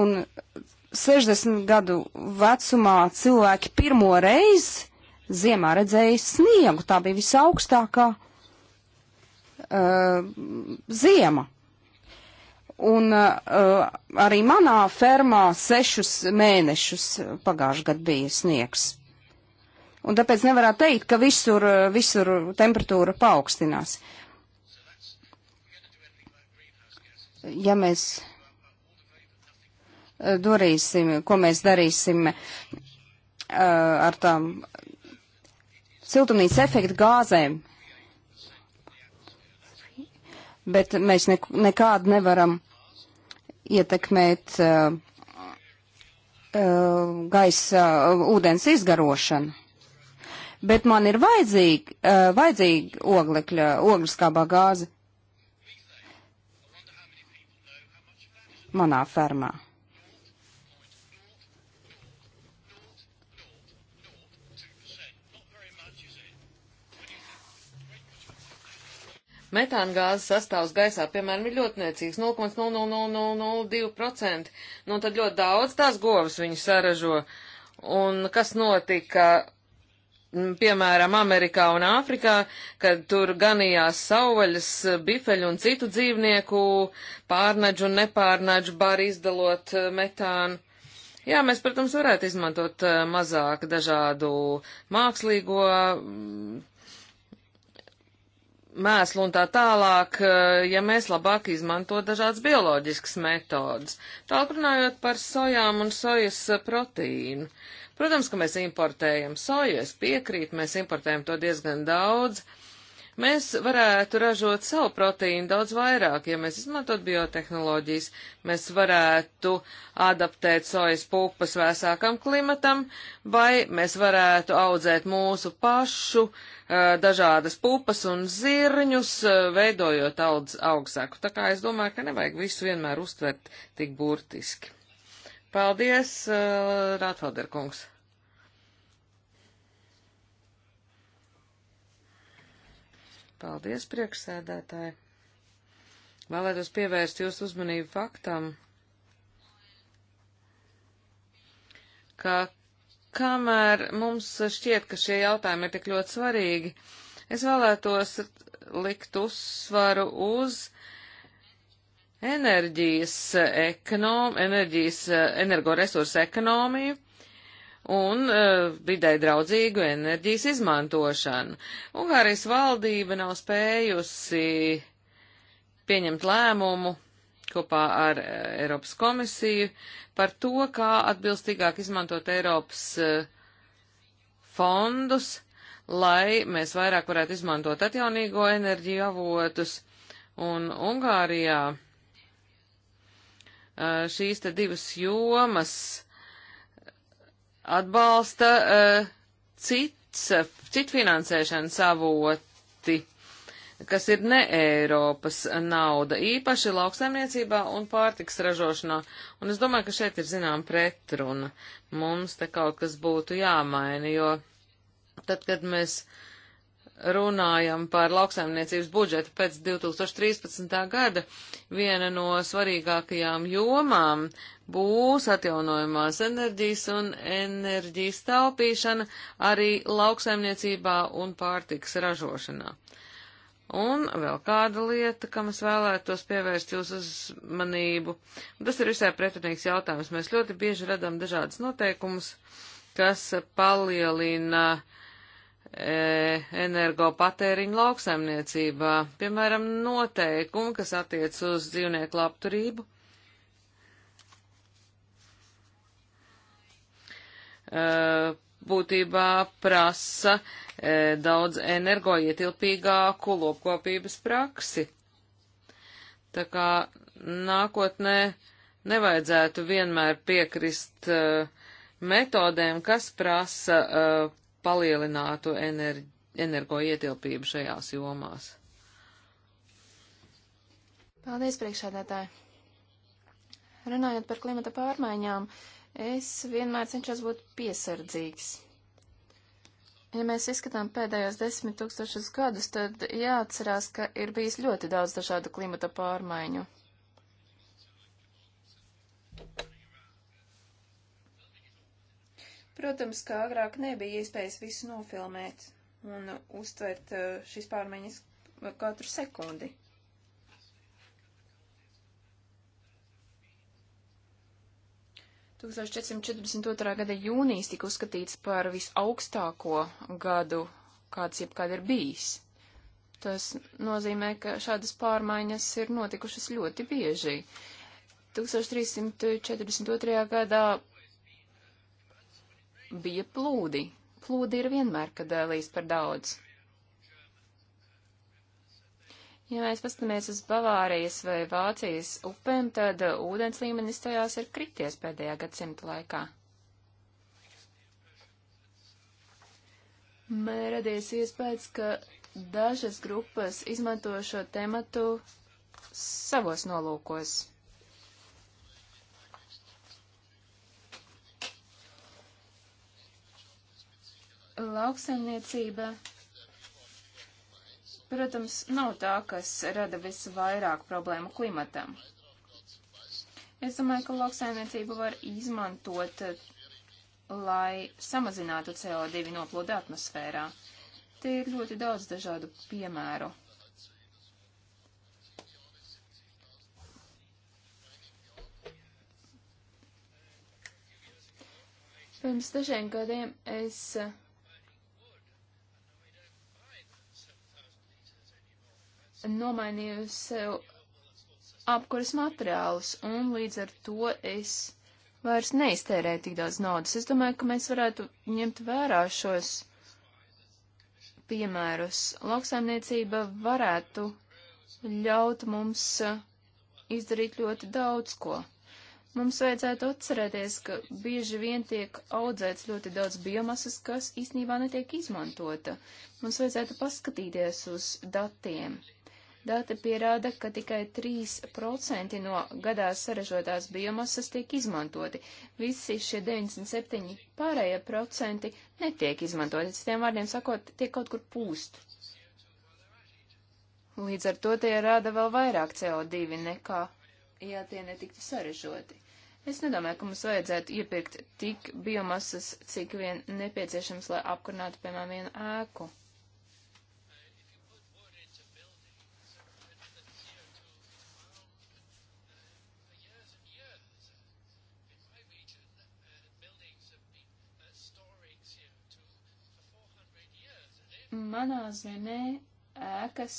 un 60 gadu vecumā cilvēki pirmo reizi ziemā redzēja sniegu. Tā bija visaugstākā uh, ziema. Un uh, arī manā fermā sešus mēnešus pagājušajā gadā bija sniegs. Un tāpēc nevarētu teikt, ka visur, uh, visur temperatūra paaugstinās. ja mēs eh, darīsim, ko mēs darīsim eh, ar tām siltumnīca efektu gāzēm, bet mēs ne, nekādu nevaram ietekmēt uh, uh, gaisa uh, ūdens izgarošanu. Bet man ir vajadzīga uh, vajadzīg oglekļa, ogliskābā gāze. manā fermā. Metāngāzes sastāvs gaisā, piemēram, ir ļoti niecīgs - 0,00002%. Nu, tad ļoti daudz tās govas viņi saražo. Un kas notika Mm, piemēram, Amerikā un Āfrikā, kad tur ganījās sauvaļas, bifeļu un citu dzīvnieku pārnaģu un nepārnaģu bari izdalot eh, metānu. Jā, mēs, protams, varētu izmantot eh, mazāk dažādu mākslīgo mm, mēslu un tā tālāk, eh, ja mēs labāk izmanto dažādas bioloģiskas metodas. Tālāk runājot par sojām un sojas proteīnu. Uh, Protams, ka mēs importējam soju, es piekrītu, mēs importējam to diezgan daudz. Mēs varētu ražot savu proteīnu daudz vairāk, ja mēs izmantot biotehnoloģijas. Mēs varētu adaptēt sojas pupas vēsākam klimatam, vai mēs varētu audzēt mūsu pašu eh, dažādas pupas un zirņus, eh, veidojot augsts augstāku. Tā kā es domāju, ka nevajag visu vienmēr uztvert tik burtiski. Paldies, uh, Rātvalderkungs. Paldies, priekšsēdētāji. Vēlētos pievērst jūsu uzmanību faktam, ka kamēr mums šķiet, ka šie jautājumi ir tik ļoti svarīgi, es vēlētos likt uzsvaru uz uh, enerģijas, eh, ekonom, enerģijas eh, energoresursu ekonomiju un uh, vidē draudzīgu enerģijas izmantošanu. Ungārijas valdība nav spējusi pieņemt lēmumu kopā ar uh, Eiropas komisiju par to, kā atbilstīgāk izmantot Eiropas uh, fondus, lai mēs vairāk varētu izmantot atjaunīgo enerģiju avotus. Un Ungārijā Eh, šīs te divas jomas atbalsta eh, cits, citfinansēšanas avoti kas ir ne Eiropas nauda, īpaši lauksaimniecībā un pārtiks ražošanā. Un es domāju, ka šeit ir zinām pretruna. Mums te kaut kas būtu jāmaina, jo tad, kad mēs uh, runājam par lauksaimniecības budžetu pēc 2013. gada, viena no svarīgākajām jomām būs atjaunojumās enerģijas un enerģijas taupīšana arī lauksaimniecībā un pārtiks ražošanā. Un vēl kāda lieta, kam es vēlētos pievērst jūsu uzmanību. Tas ir visai pretrunīgs jautājums. Mēs ļoti bieži redam dažādas noteikumus, kas palielina uh, E, energopatēriņu lauksaimniecībā, piemēram, noteikumi, kas attiec uz dzīvnieku labturību. E, būtībā prasa e, daudz energoietilpīgāku lopkopības praksi. Tā kā nākotnē nevajadzētu vienmēr piekrist metodēm, kas prasa palielinātu enerģiju energo ietilpību šajās jomās. Paldies, priekšādātāji! Runājot par klimata pārmaiņām, es vienmēr cenšos būt piesardzīgs. Ja mēs izskatām pēdējos desmit tūkstošus gadus, tad jāatcerās, ka ir bijis ļoti daudz dažādu klimata pārmaiņu. Protams, kā agrāk nebija iespējas visu nofilmēt un uztvert eh, šīs pārmaiņas katru sekundi. gada jūnijas tika uzskatīts par visaugstāko gadu, kāds jebkad ir bijis. Tas nozīmē, ka šādas pārmaiņas ir notikušas ļoti bieži. 1342. gadā bija plūdi. Plūdi ir vienmēr, kad līdz par daudz. Ja mēs paskatāmies uz Bavārijas vai Vācijas upēm, tad ūdens līmenis tajās ir krities pēdējā gadsimta laikā. Man radies iespējas, ka dažas grupas izmanto šo tematu savos nolūkos. Lauksaimniecība, protams, nav tā, kas rada visvairāk problēmu klimatam. Es domāju, ka lauksaimniecību var izmantot, lai samazinātu CO2 noplūdu atmosfērā. Te ir ļoti daudz dažādu piemēru. Pirms dažiem gadiem es nomainījusi sev apkuras materiālus, un līdz ar to es vairs neiztērēju tik daudz naudas. Es domāju, ka mēs varētu ņemt vērā šos piemērus. Lauksaimniecība varētu ļaut mums eh, izdarīt ļoti daudz ko. Mums vajadzētu atcerēties, ka bieži vien tiek audzēts ļoti daudz biomasas, kas īstenībā netiek izmantota. Mums vajadzētu paskatīties uz datiem. Dati pierāda, ka tikai 3% no gadā saražotās biomasas tiek izmantoti. Visi šie 97 pārējie procenti netiek izmantoti. Citiem vārdiem sakot, tiek kaut kur pūst. Līdz ar to tie rāda vēl vairāk CO2 nekā, ja tie netiktu saražoti. Es nedomāju, ka mums vajadzētu iepirkt tik biomasas, cik vien nepieciešams, lai apkurinātu, piemēram, vienu ēku. manā zemē ēkas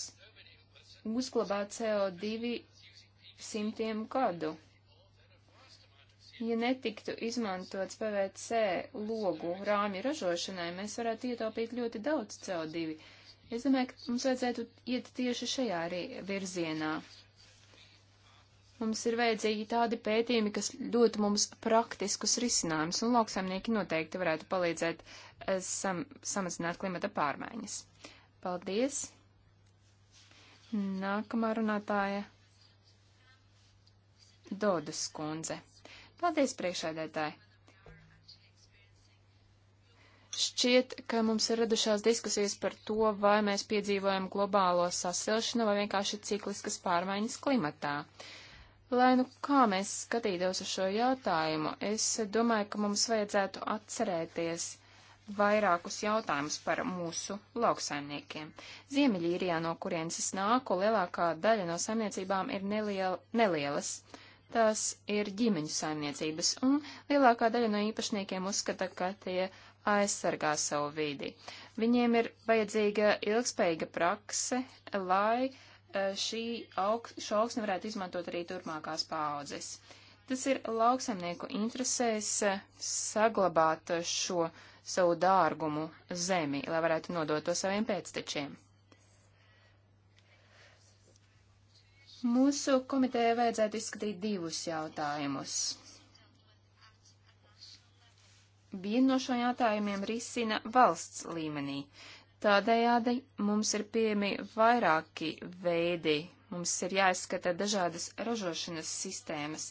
uzglabā CO2 simtiem gadu. Ja netiktu izmantots PVC logu rāmju ražošanai, mēs varētu ietaupīt ļoti daudz CO2. Es domāju, ka mums vajadzētu iet tieši šajā arī virzienā. Mums ir vajadzīgi tādi pētījumi, kas dotu mums praktiskus risinājumus, un lauksaimnieki noteikti varētu palīdzēt eh, sam samazināt klimata pārmaiņas. Paldies! Nākamā runātāja - Dodas kundze. Paldies, priekšēdētāji! Šķiet, ka mums ir radušās diskusijas par to, vai mēs piedzīvojam globālo sasilšanu vai vienkārši cikliskas pārmaiņas klimatā. Lai nu kā mēs skatītos uz šo jautājumu, es domāju, ka mums vajadzētu atcerēties, vairākus jautājumus par mūsu lauksaimniekiem. Ziemeļīrijā, no kurienes es nāku, lielākā daļa no saimniecībām ir neliel, nelielas. Tās ir ģimeņu saimniecības, un lielākā daļa no īpašniekiem uzskata, ka tie aizsargā savu vidi. Viņiem ir vajadzīga ilgspējīga prakse, lai e, šī aug, šo augsni varētu izmantot arī turpmākās paaudzes. Tas ir lauksaimnieku interesēs e, saglabāt šo uh, savu dārgumu zemi, lai varētu nodot to saviem pēctečiem. Mūsu komitejai vajadzētu izskatīt divus jautājumus. Vienu no šo jautājumiem risina valsts līmenī. Tādējādi mums ir pieejami vairāki veidi. Mums ir jāizskata dažādas ražošanas sistēmas,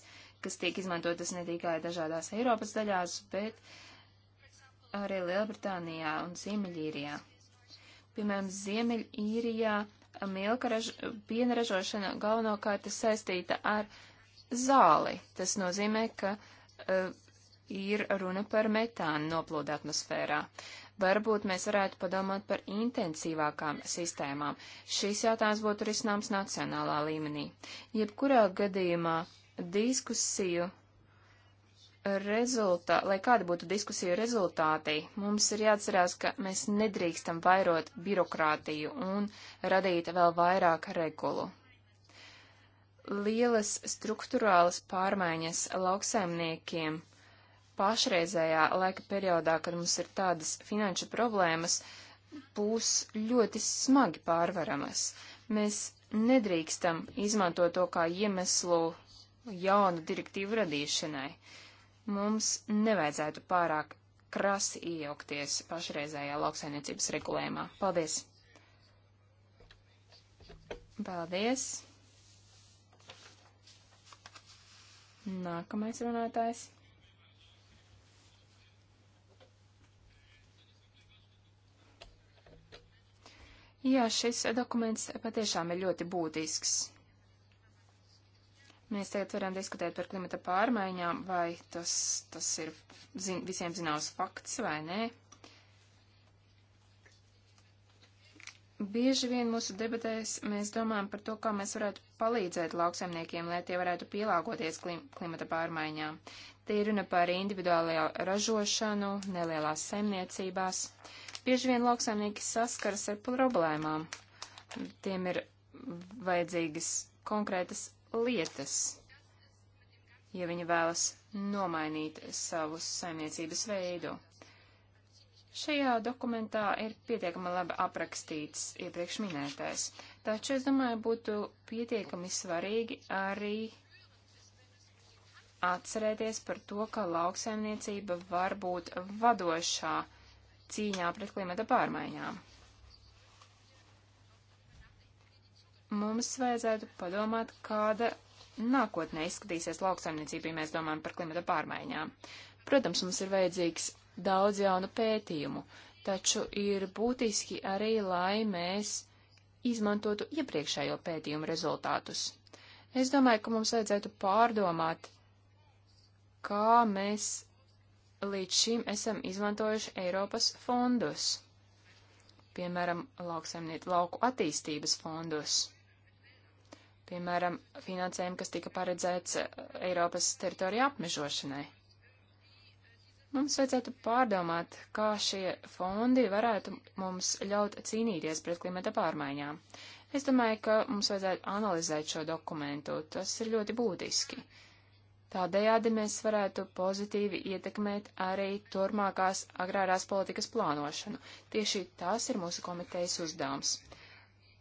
kas tiek izmantotas ne tikai dažādās Eiropas daļās, bet uh, arī Lielbritānijā un Ziemeļīrijā. Piemēram, Ziemeļīrijā milka raž piena ražošana galvenokārt ir saistīta ar zāli. Tas nozīmē, ka uh, ir runa par metānu noplūdu atmosfērā. Varbūt mēs varētu padomāt par intensīvākām sistēmām. Šīs jautājums būtu risināms nacionālā līmenī. Jebkurā gadījumā diskusiju rezultāti, lai kāda būtu diskusija rezultāti, mums ir jāatcerās, ka mēs nedrīkstam vairot birokrātiju un radīt vēl vairāk regulu. Lielas struktūrālas pārmaiņas lauksaimniekiem pašreizējā laika periodā, kad mums ir tādas finanšu problēmas, būs ļoti smagi pārvaramas. Mēs nedrīkstam izmantot to kā iemeslu jaunu direktīvu radīšanai. Uh, mums nevajadzētu pārāk krasi iejaukties pašreizējā lauksainiecības regulējumā. Paldies! Paldies! Nākamais runātājs. Jā, šis dokuments patiešām ir ļoti būtisks. Mēs tagad varam diskutēt par klimata pārmaiņām, vai tas, tas ir zin, visiem zināms fakts vai nē. Bieži vien mūsu debatēs mēs domājam par to, kā mēs varētu palīdzēt lauksaimniekiem, lai tie varētu pielāgoties klim, klimata pārmaiņām. Tie ir runa par individuālajā ražošanu, nelielās saimniecībās. Bieži vien lauksaimnieki saskaras ar problēmām. Tiem ir vajadzīgas konkrētas lietas, ja viņa vēlas nomainīt savu saimniecības veidu. Šajā dokumentā ir pietiekami labi aprakstīts iepriekš minētais, taču es domāju, būtu pietiekami svarīgi arī atcerēties par to, ka lauksaimniecība var būt vadošā cīņā pret klimata pārmaiņām. mums vajadzētu padomāt, kāda nākotnē izskatīsies lauksaimniecība, ja mēs domājam par klimata pārmaiņām. Protams, mums ir vajadzīgs daudz jaunu pētījumu, taču ir būtiski arī, lai mēs izmantotu iepriekšējo pētījumu rezultātus. Es domāju, ka mums vajadzētu pārdomāt, kā mēs līdz šim esam izmantojuši Eiropas fondus, piemēram, lauksaimnieku lauku attīstības fondus piemēram, finansējumu, kas tika paredzēts eh, Eiropas teritorija apmežošanai. Mums vajadzētu pārdomāt, kā šie fondi varētu mums ļaut cīnīties pret klimata pārmaiņām. Es domāju, ka mums vajadzētu analizēt šo dokumentu, tas ir ļoti būtiski. Tādējādi mēs varētu pozitīvi ietekmēt arī turmākās agrārās politikas plānošanu. Tieši tas ir mūsu komitejas uzdevums.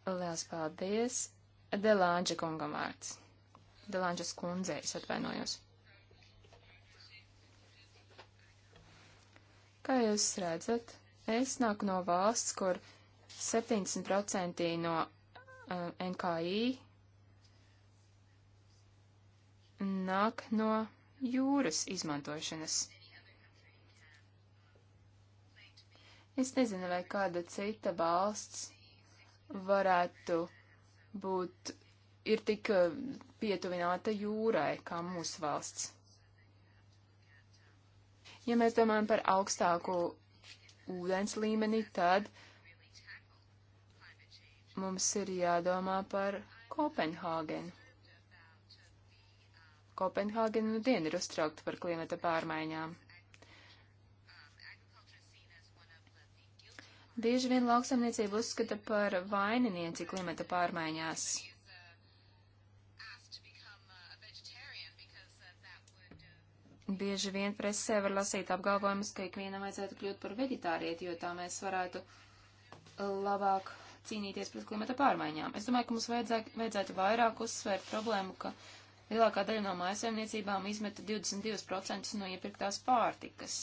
Lielas paldies! Delāņģa kungam vārds. Delāņģas kundzei, es atvainojos. Kā jūs redzat, es nāku no valsts, kur 70% no uh, eh, NKI nāk no jūras izmantošanas. Es nezinu, vai kāda cita valsts varētu būt, ir tik eh, pietuvināta jūrai kā mūsu valsts. Ja mēs domājam par augstāku ūdens līmeni, tad mums ir jādomā par Kopenhāgenu. Kopenhāgena nu dien ir uztraukta par klimata pārmaiņām. bieži vien lauksaimniecību uzskata par vaininieci klimata pārmaiņās. Bieži vien presē var lasīt apgalvojumus, ka ikvienam vajadzētu kļūt par veģetārieti, jo tā mēs varētu labāk cīnīties pret klimata pārmaiņām. Es domāju, ka mums vajadzētu, vajadzētu vairāk uzsvērt problēmu, ka lielākā daļa no mājasemniecībām izmeta 22% no iepirktās pārtikas.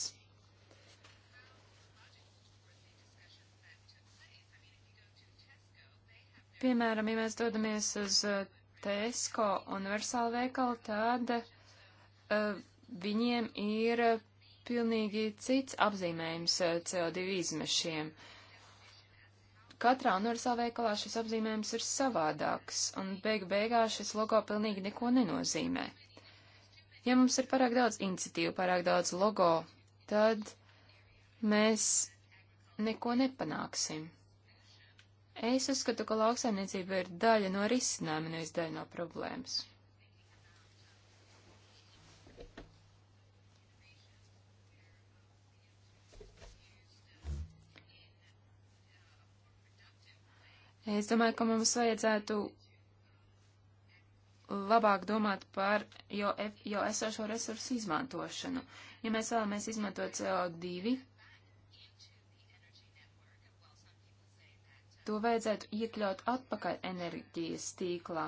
Piemēram, ja mēs dodamies uz eh, Tesco universālu veikalu, tad uh, viņiem ir eh, pilnīgi cits apzīmējums CO2 izmešiem. Katrā universālā veikalā šis apzīmējums ir savādāks, un beigu beigās šis logo pilnīgi neko nenozīmē. Ja mums ir pārāk daudz iniciatīvu, pārāk daudz logo, tad mēs neko nepanāksim. Es uzskatu, ka lauksaimniecība ir daļa no risinājuma, nevis daļa no problēmas. Es domāju, ka mums vajadzētu labāk domāt par jau, jau esošo resursu izmantošanu. Ja mēs vēlamies izmantot CO2, To vajadzētu iekļaut atpakaļ enerģijas tīklā.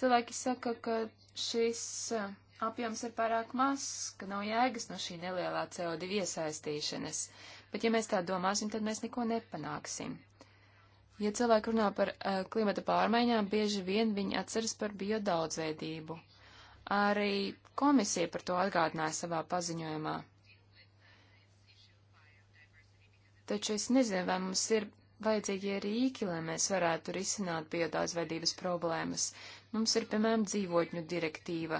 Cilvēki saka, ka šis uh, apjoms ir pārāk mazs, ka nav jēgas no šī nelielā CO2 iesaistīšanas, bet ja mēs tā domāsim, tad mēs neko nepanāksim. Ja cilvēki runā par uh, klimata pārmaiņām, bieži vien viņi atceras par biodaudzveidību. Arī komisija par to atgādināja savā paziņojumā. Taču es nezinu, vai mums ir vajadzīgie rīki, lai mēs varētu risināt biodāzveidības problēmas. Mums ir, piemēram, dzīvotņu direktīva.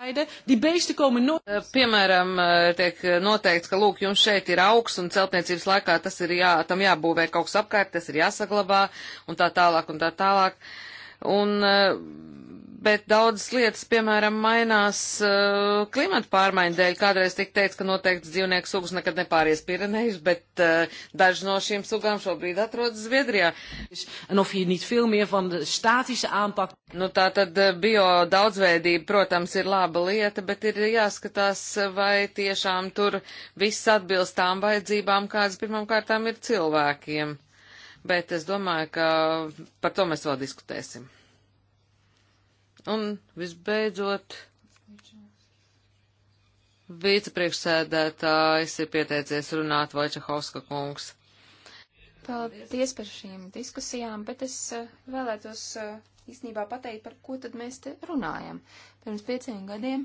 Eh, piemēram, eh, tiek eh, noteikts, ka lūk, jums šeit ir augs un celtniecības laikā tas ir jā, tam jābūvē kaut kas apkārt, tas ir jāsaglabā un tā tālāk un tā tālāk. Uh, Un, eh, bet daudzas lietas, piemēram, mainās uh, klimata pārmaiņu dēļ. Kādreiz tika teikts, ka noteikts dzīvnieku sugas nekad nepāries Pirenejus, bet uh, daži no šīm sugām šobrīd atrodas Zviedrijā. Nu, tā tad bio daudzveidība, protams, ir laba lieta, bet ir jāskatās, vai tiešām tur viss atbilst tām vajadzībām, kādas pirmām kārtām ir cilvēkiem bet es domāju, ka par to mēs vēl diskutēsim. Un visbeidzot, vicepriekšsēdētājs ir pieteicies runāt Vojčahovska kungs. Paldies par šīm diskusijām, bet es eh, vēlētos eh, īstenībā pateikt, par ko tad mēs te runājam. Pirms pieciem gadiem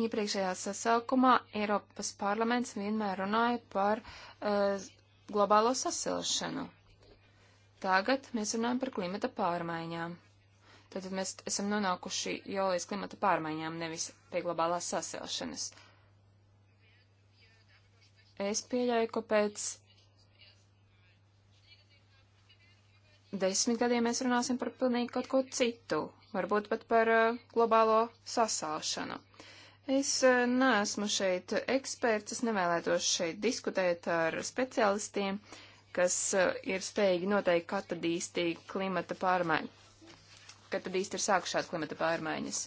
iepriekšējā sasaukumā Eiropas parlaments vienmēr runāja par uh, globālo sasilšanu. Tagad mēs runājam par klimata pārmaiņām. Tātad mēs esam nonākuši jau līdz klimata pārmaiņām, nevis pie globālās sasilšanas. Es pieļauju, ka pēc desmit gadiem mēs runāsim par pilnīgi kaut ko citu, varbūt pat par uh, globālo sasāšanu. Uh, Es eh, neesmu šeit eksperts, es nevēlētos šeit diskutēt ar speciālistiem, kas eh, ir spējīgi noteikt, kad tad īsti klimata pārmaiņa, kad tad īsti ir sākušās klimata pārmaiņas.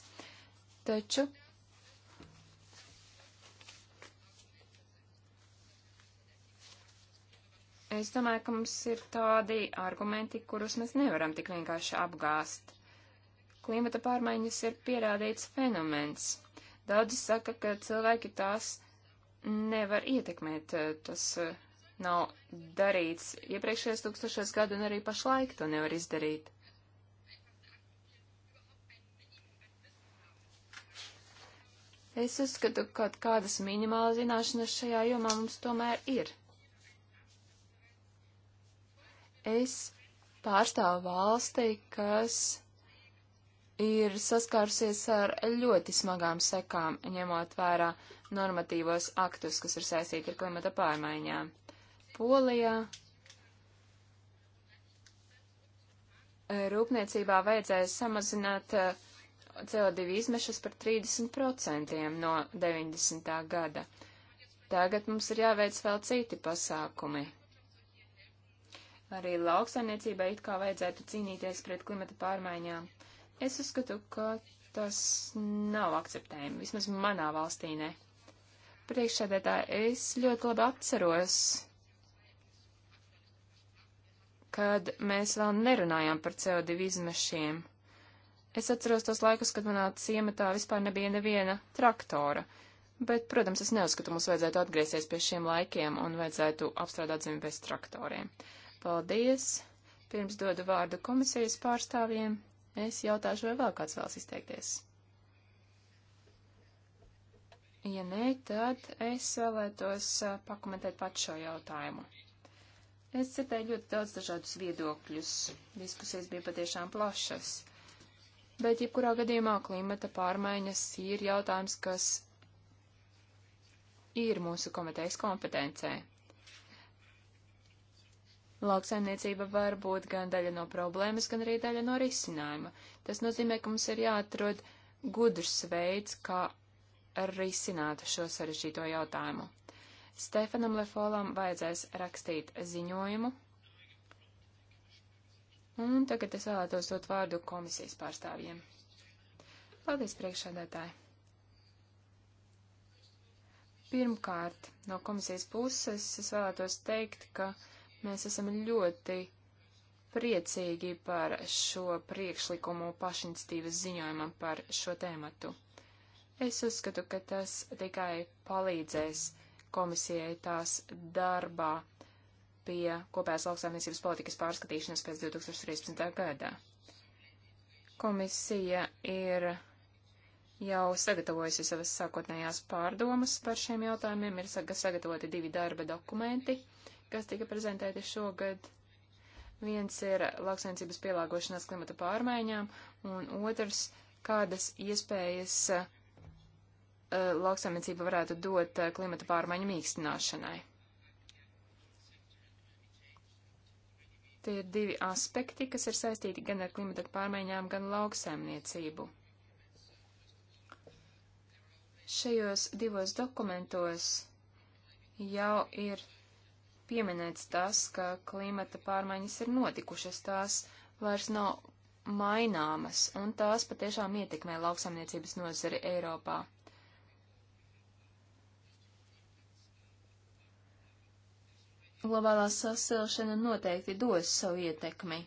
Taču es domāju, ka mums ir tādi argumenti, kurus mēs nevaram tik vienkārši apgāst. Klimata pārmaiņas ir pierādīts fenomens Daudzi saka, ka cilvēki tās nevar ietekmēt. Tas eh, nav darīts iepriekšējos tūkstošos gadu un arī pašlaik to nevar izdarīt. Es uzskatu, ka kaut kādas minimālas zināšanas šajā jomā mums tomēr ir. Es pārstāvu valstī, kas ir saskārusies ar ļoti smagām sekām, ņemot vērā normatīvos aktus, kas ir saistīti ar klimata pārmaiņām. Polijā rūpniecībā vajadzēja samazināt eh, CO2 izmešas par 30% no 90. gada. Tagad mums ir jāveic vēl citi pasākumi. Arī lauksaimniecībai it kā vajadzētu cīnīties pret klimata pārmaiņām. Uh, Es uzskatu, ka tas nav akceptējami, vismaz manā valstī ne. Priekšsēdētāji, es ļoti labi atceros, kad mēs vēl nerunājām par CO2 izmešiem. Es atceros tos laikus, kad manā ciematā vispār nebija neviena traktora, bet, protams, es neuzskatu, mums vajadzētu atgriezties pie šiem laikiem un vajadzētu apstrādāt zemi bez traktoriem. Paldies! Pirms dodu vārdu komisijas pārstāvjiem. Es jautāšu, vai vēl kāds vēlas izteikties. Ja nē, tad es vēlētos uh, pakomentēt pats šo jautājumu. Es citēju ļoti daudz dažādus viedokļus. Diskusijas bija patiešām plašas. Bet, jebkurā gadījumā, klimata pārmaiņas ir jautājums, kas ir mūsu komitejas kompetencē. Lauksaimniecība var būt gan daļa no problēmas, gan arī daļa no risinājuma. Tas nozīmē, ka mums ir jāatrod gudrs veids, kā risināt šo sarežģīto jautājumu. Stefanam Lefolam vajadzēs rakstīt ziņojumu. Un tagad es vēlētos dot vārdu komisijas pārstāvjiem. Paldies, priekšādātāji! Pirmkārt, no komisijas puses es vēlētos teikt, ka uh, Mēs esam ļoti priecīgi par šo priekšlikumu pašinstīvas ziņojumam par šo tēmatu. Es uzskatu, ka tas tikai palīdzēs komisijai tās darbā pie kopējās lauksaimniecības politikas pārskatīšanas pēc 2013. gadā. Komisija ir jau sagatavojusi savas sākotnējās pārdomas par šiem jautājumiem, ir sagatavoti divi darba dokumenti kas tika prezentēti šogad. Viens ir lauksainicības pielāgošanās klimata pārmaiņām, un otrs, kādas iespējas uh, eh, lauksainicība varētu dot uh, klimata pārmaiņu mīkstināšanai. Tie ir divi aspekti, kas ir saistīti gan ar klimata pārmaiņām, gan lauksaimniecību. Šajos divos dokumentos jau ir pieminēts tas, ka klimata pārmaiņas ir notikušas, tās vairs nav maināmas, un tās patiešām ietekmē lauksamniecības nozari Eiropā. Globālā sasilšana noteikti dos savu ietekmi.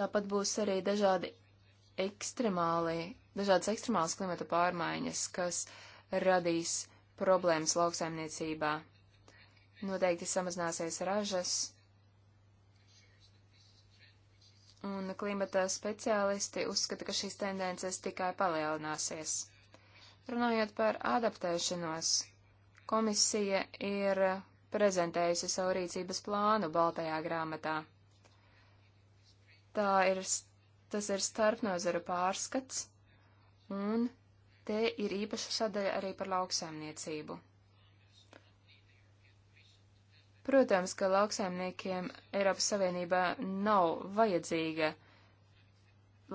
Tāpat būs arī dažādi ekstremāli, dažādas ekstremālas klimata pārmaiņas, kas radīs problēmas lauksaimniecībā noteikti samazināsies ražas. Un klimata speciālisti uzskata, ka šīs tendences tikai palielināsies. Runājot par adaptēšanos, komisija ir prezentējusi savu rīcības plānu Baltajā grāmatā. Tā ir, tas ir starpnozaru pārskats, un te ir īpaša sadaļa arī par lauksaimniecību. Protams, ka lauksaimniekiem Eiropas Savienībā nav vajadzīga.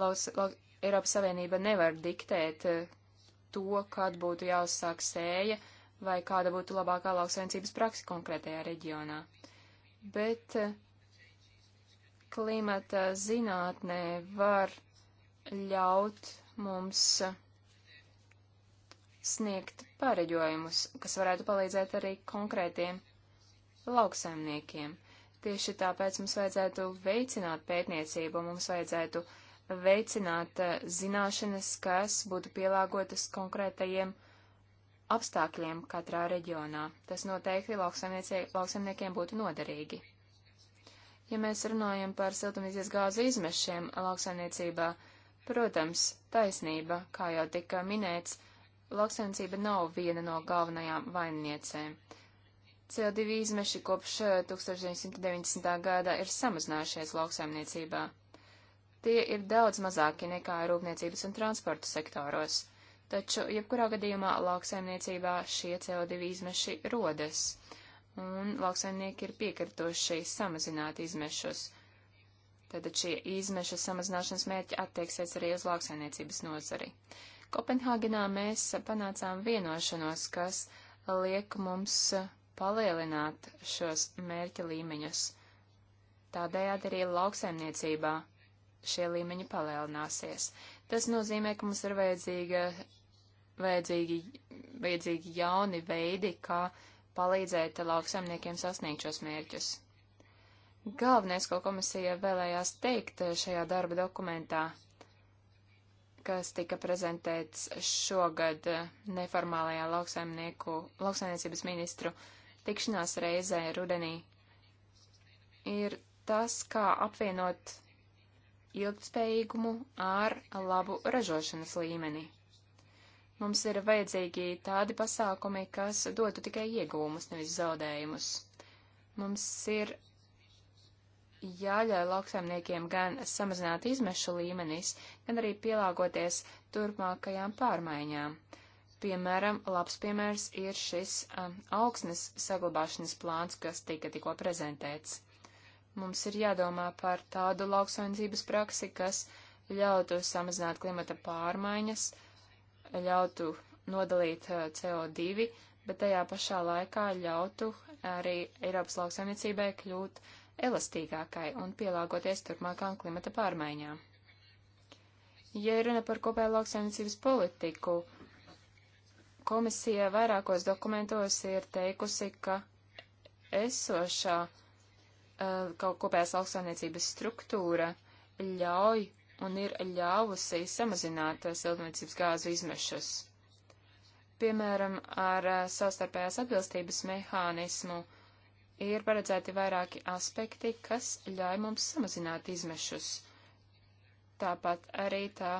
Laus, la, Eiropas Savienība nevar diktēt eh, to, kad būtu jāuzsāk sēja vai kāda būtu labākā lauksaimniecības praksa konkrētajā reģionā. Bet eh, klimata zinātnē var ļaut mums sniegt pareģojumus, kas varētu palīdzēt arī konkrētiem lauksaimniekiem. Tieši tāpēc mums vajadzētu veicināt pētniecību, mums vajadzētu veicināt eh, zināšanas, kas būtu pielāgotas konkrētajiem apstākļiem katrā reģionā. Tas noteikti lauksaimniekiem būtu noderīgi. Ja mēs runājam par siltumizjas gāzu izmešiem lauksaimniecībā, protams, taisnība, kā jau tika minēts, lauksaimniecība nav viena no galvenajām vainniecēm. CO2 izmeši kopš 1990. Eh, gada ir samazinājušies lauksaimniecībā. Tie ir daudz mazāki nekā rūpniecības un transporta sektoros, taču jebkurā gadījumā lauksaimniecībā šie CO2 izmeši rodas, un lauksaimnieki ir piekartoši samazināt izmešus. Tātad šie izmeša samazināšanas mērķi attieksies arī uz lauksaimniecības nozari. Kopenhāgenā mēs panācām vienošanos, kas liek mums palielināt šos mērķa līmeņus. Tādējādi arī lauksaimniecībā šie līmeņi palielināsies. Tas nozīmē, ka mums ir vajadzīga, vajadzīgi, vajadzīgi jauni veidi, kā palīdzēt lauksaimniekiem sasniegt šos mērķus. Galvenais, ko komisija vēlējās teikt šajā darba dokumentā, kas tika prezentēts šogad neformālajā lauksaimniecības ministru uh, tikšanās reizē rudenī, ir tas, kā apvienot ilgspējīgumu ar labu ražošanas līmeni. Mums ir vajadzīgi tādi pasākumi, kas dotu tikai iegūmus, nevis zaudējumus. Mums ir jāļauj lauksaimniekiem gan samazināt izmešu līmenis, gan arī pielāgoties turpmākajām pārmaiņām. Piemēram, labs piemērs ir šis um, augsnes saglabāšanas plāns, kas tika tikko prezentēts. Mums ir jādomā par tādu lauksaimniecības praksi, kas ļautu samazināt klimata pārmaiņas, ļautu nodalīt uh, CO2, bet tajā pašā laikā ļautu arī Eiropas lauksaimniecībai kļūt elastīgākai un pielāgoties turpmākām klimata pārmaiņām. Ja runa par kopēju lauksaimniecības politiku, Komisija vairākos dokumentos ir teikusi, ka esošā eh, kaut kopējās lauksaimniecības struktūra ļauj un ir ļāvusi samazināt siltumniecības gāzu izmešus. Piemēram, ar eh, savstarpējās atbilstības mehānismu ir paredzēti vairāki aspekti, kas ļauj mums samazināt izmešus. Tāpat arī tā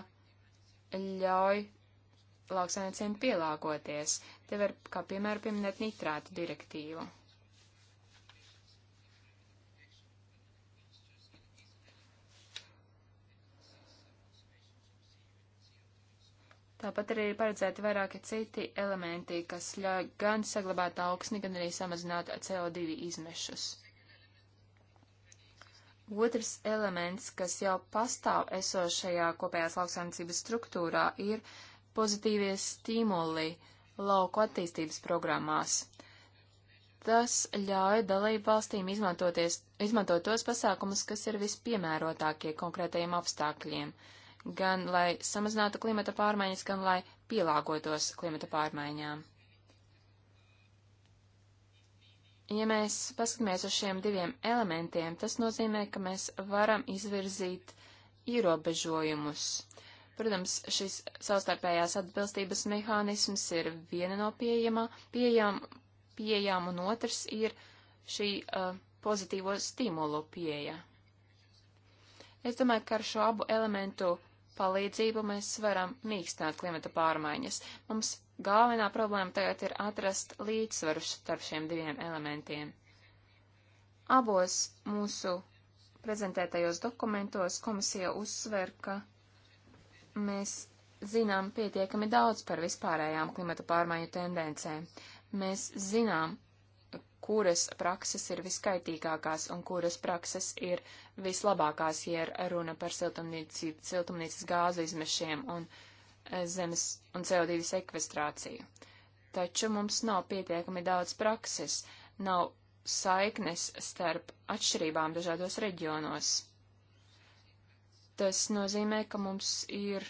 ļauj lauksainiciem pielāgoties. Te var, kā piemēru, pieminēt nitrātu direktīvu. Tāpat arī ir paredzēti vairāki citi elementi, kas ļauj gan saglabāt augsni, gan arī samazināt CO2 izmešus. Otrs elements, kas jau pastāv esošajā kopējās lauksaimniecības struktūrā, ir pozitīvie stimuli lauku attīstības programmās. Tas ļauj dalību valstīm izmantot tos pasākumus, kas ir vispiemērotākie konkrētajiem apstākļiem, gan lai samazinātu klimata pārmaiņas, gan lai pielāgotos klimata pārmaiņām. Ja mēs paskatāmies uz šiem diviem elementiem, tas nozīmē, ka mēs varam izvirzīt ierobežojumus. Protams, šis savstarpējās atbilstības mehānisms ir viena no pieejamā, pieejām, pieejām, un otrs ir šī uh, pozitīvo stimulu pieeja. Es domāju, ka ar šo abu elementu palīdzību mēs varam mīkstināt klimata pārmaiņas. Mums galvenā problēma tagad ir atrast līdzsvaru starp šiem diviem elementiem. Abos mūsu prezentētajos dokumentos komisija uzsver, ka Mēs zinām pietiekami daudz par vispārējām klimata pārmaiņu tendencēm. Mēs zinām, kuras prakses ir viskaitīgākās un kuras prakses ir vislabākās, ja ir runa par siltumnīci, siltumnīcas gāzu izmešiem un eh, zemes un CO2 sekvestrāciju. Taču mums nav pietiekami daudz prakses, nav saiknes starp atšķirībām dažādos reģionos. Tas nozīmē, ka mums ir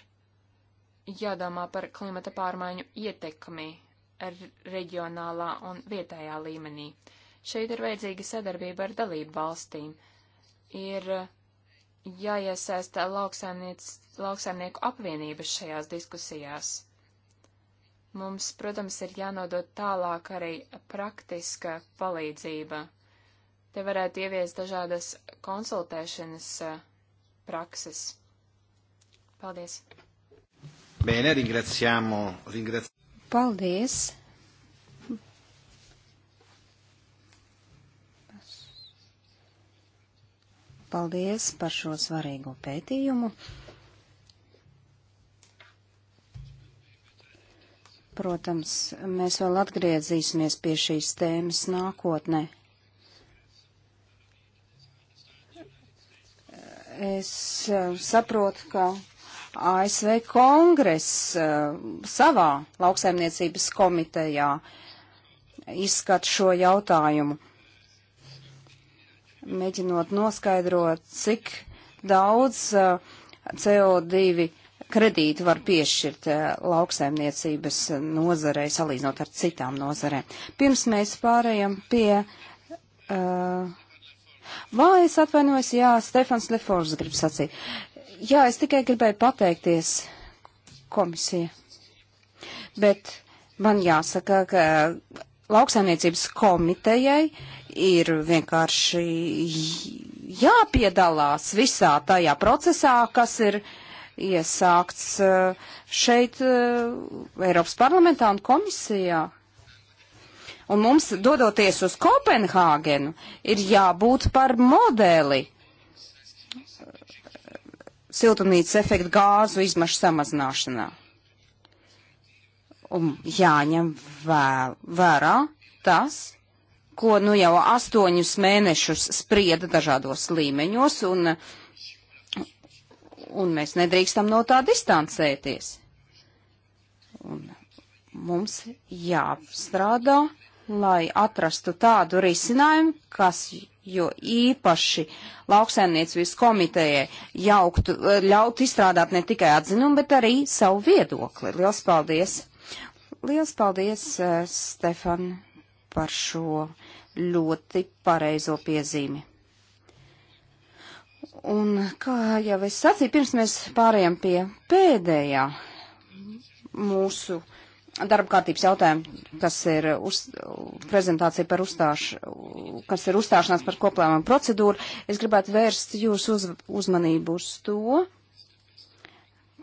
jādomā par klimata pārmaiņu ietekmi reģionālā un vietējā līmenī. Šeit ir vajadzīga sadarbība ar dalību valstīm. Ir jāiesaista lauksaimnieku apvienības šajās diskusijās. Mums, protams, ir jānodot tālāk arī praktiska palīdzība. Te varētu ieviest dažādas konsultēšanas uh, prakses. Paldies! Bene, ringraziamo, ringrazi... Paldies! Paldies par šo svarīgo pētījumu. Protams, mēs vēl atgriezīsimies pie šīs tēmas nākotnē. Es eh, saprotu, ka ASV kongress eh, savā lauksaimniecības komitejā izskat šo jautājumu, mēģinot noskaidrot, cik daudz eh, CO2 kredītu var piešķirt lauksaimniecības nozarei, salīdzinot ar citām nozarēm. Pirms mēs pārējām pie uh, Vai es atvainojos, jā, Stefans Lefors grib sacīt. Jā, es tikai gribēju pateikties komisija. Bet man jāsaka, ka lauksaimniecības komitejai ir vienkārši jāpiedalās visā tajā procesā, kas ir iesākts eh, šeit eh, Eiropas parlamentā un komisijā. Un mums, dodoties uz Kopenhāgenu, ir jābūt par modeli siltumnīcas efektu gāzu izmašu samazināšanā. Un jāņem vēl, vērā tas, ko nu jau astoņus mēnešus sprieda dažādos līmeņos, un, un mēs nedrīkstam no tā distancēties. Un mums jāstrādā lai atrastu tādu risinājumu, kas jo īpaši lauksaimniecības komitejai jauktu, ļaut izstrādāt ne tikai atzinumu, bet arī savu viedokli. Liels paldies! Liels paldies, uh, Stefan, par šo ļoti pareizo piezīmi. Un kā jau es sacīju, pirms mēs pārējām pie pēdējā mūsu darba kārtības jautājumu, kas ir uz, prezentācija par uzstāšanu, kas ir uzstāšanās par koplēmumu procedūru, es gribētu vērst jūsu uz, uzmanību uz to,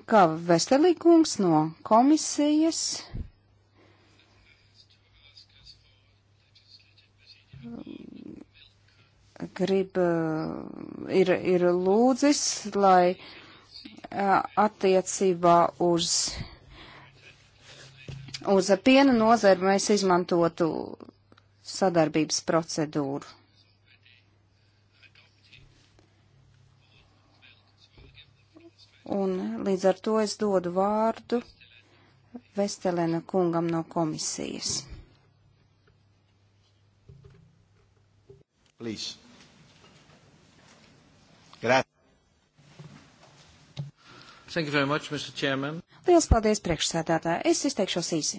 ka Veselīkungs no komisijas grib, ir, ir lūdzis, lai attiecībā uz uz piena nozari mēs izmantotu sadarbības procedūru. Un līdz ar to es dodu vārdu Vestelena kungam no komisijas. Please. Gracias. Thank you very much, Mr. Chairman. Liels paldies priekšsēdētāji. Es izteikšos īsi.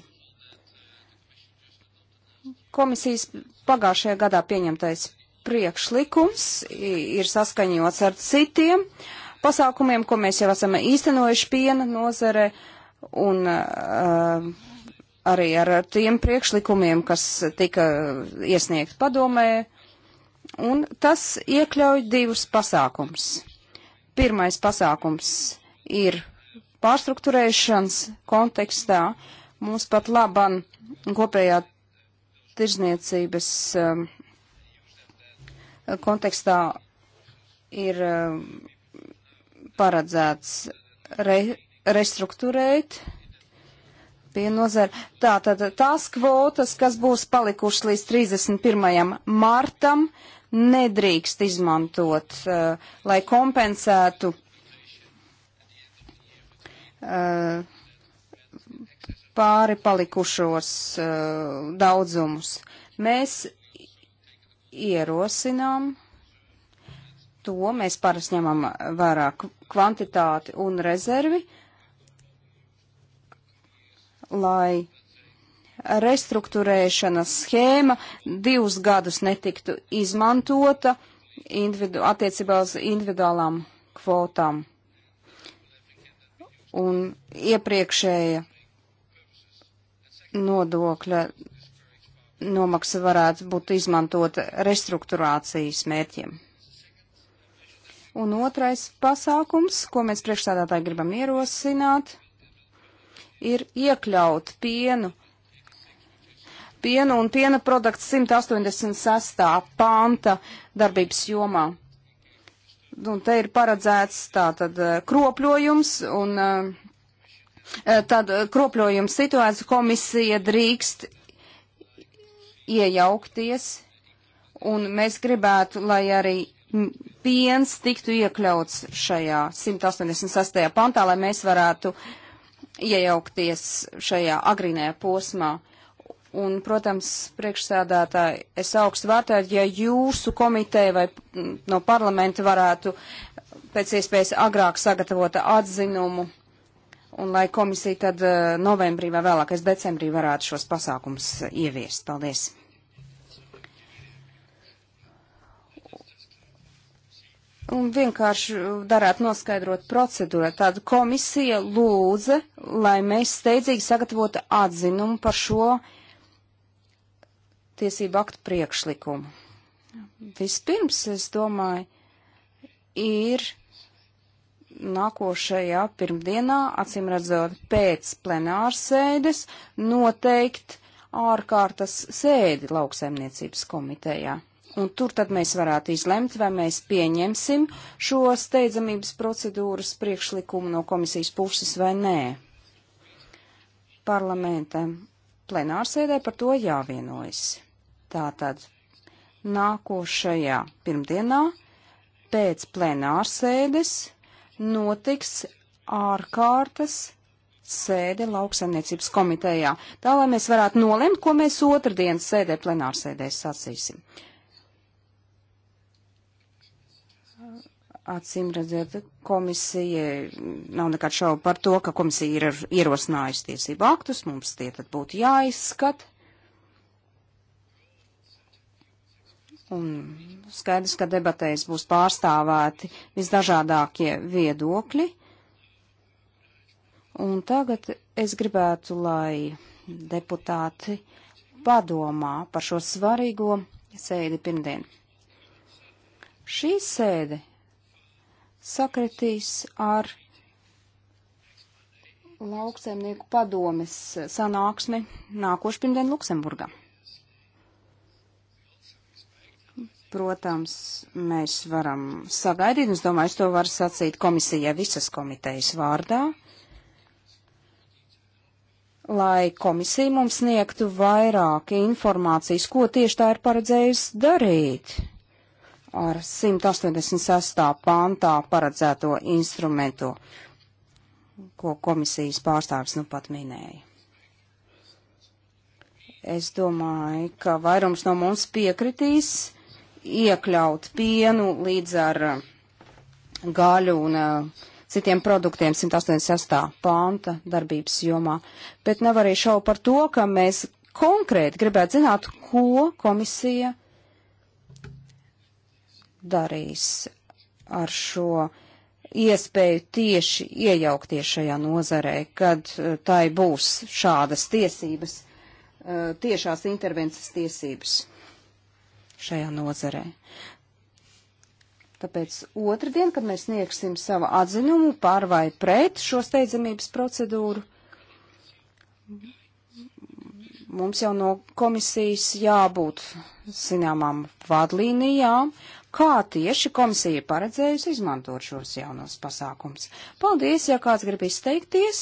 Komisijas pagājušajā gadā pieņemtais priekšlikums ir saskaņots ar citiem pasākumiem, ko mēs jau esam īstenojuši piena nozare un uh, arī ar tiem priekšlikumiem, kas tika iesniegt padomē. Un tas iekļauj divus pasākums. Pirmais pasākums ir pārstruktūrēšanas kontekstā mums pat laban kopējā tirzniecības um, kontekstā ir um, paredzēts re, restruktūrēt pienozara. Tātad tās kvotas, kas būs palikušas līdz 31. martam, nedrīkst izmantot, uh, lai kompensētu Uh, pāri palikušos uh, daudzumus. Mēs ierosinām to, mēs parasti ņemam vērā kvantitāti un rezervi, lai restruktūrēšanas schēma divus gadus netiktu izmantota attiecībā uz individuālām kvotām un iepriekšēja nodokļa nomaksa varētu būt izmantot restruktūrācijas mērķiem. Un otrais pasākums, ko mēs priekšstādātāji gribam ierosināt, ir iekļaut pienu, pienu un piena produktu 186. panta darbības jomā. Un nu, te ir paredzēts tātad eh, kropļojums un eh, eh, tad kropļojums situācija komisija drīkst iejaukties un mēs gribētu, lai arī piens tiktu iekļauts šajā 186. pantā, lai mēs varētu iejaukties šajā agrīnajā posmā. Un, protams, priekšsēdētāji, es augstu vērtētu, ja jūsu komiteja vai mm, no parlamenta varētu pēc iespējas agrāk sagatavot atzinumu, un lai komisija tad eh, novembrī vai vēlākais decembrī varētu šos pasākums ieviest. Paldies! Un vienkārši darētu noskaidrot procedūru. Tāda komisija lūdza, lai mēs steidzīgi sagatavotu atzinumu par šo tiesību aktu priekšlikumu. Vispirms, es domāju, ir nākošajā pirmdienā, acīm redzot, pēc plenārsēdes, noteikti ārkārtas sēdi lauksaimniecības komitejā. Un tur tad mēs varētu izlemt, vai mēs pieņemsim šo steidzamības procedūras priekšlikumu no komisijas puses vai nē. Parlamentam plenārsēdē par to jāvienojas. Tātad nākošajā pirmdienā pēc plenārsēdes notiks ārkārtas sēde lauksaimniecības komitejā, tā lai mēs varētu nolemt, ko mēs otrdienas sēdē plenārsēdē sacīsim. Acīm redzēt, komisija nav nekāds šaubu par to, ka komisija ir ierosinājusi tiesību aktus, mums tie tad būtu jāizskat. Un skaidrs, ka debatēs būs pārstāvēti visdažādākie viedokļi. Un tagad es gribētu, lai deputāti padomā par šo svarīgo sēdi pirmdien. Šī sēde sakritīs ar lauksaimnieku padomes sanāksmi nākošu pirmdien Luksemburgā. Protams, mēs varam sagaidīt, un es domāju, es to varu sacīt komisijai visas komitejas vārdā, lai komisija mums sniegtu vairāk informācijas, ko tieši tā ir paredzējusi darīt ar 186. pāntā paredzēto instrumentu, ko komisijas pārstāvis nu pat minēja. Es domāju, ka vairums no mums piekritīs iekļaut pienu līdz ar uh, gaļu un uh, citiem produktiem 186. panta darbības jomā. Bet nav arī šau par to, ka mēs konkrēti gribētu zināt, ko komisija darīs ar šo iespēju tieši iejaukties šajā nozarē, kad e, tai būs šādas tiesības, e, tiešās intervences tiesības šajā nozarē. Tāpēc otrdien, kad mēs sniegsim savu atzinumu par vai pret šo steidzamības procedūru, mums jau no komisijas jābūt zināmām vadlīnijām kā tieši komisija paredzējusi izmantot šos jaunos pasākums. Paldies, ja kāds grib izteikties,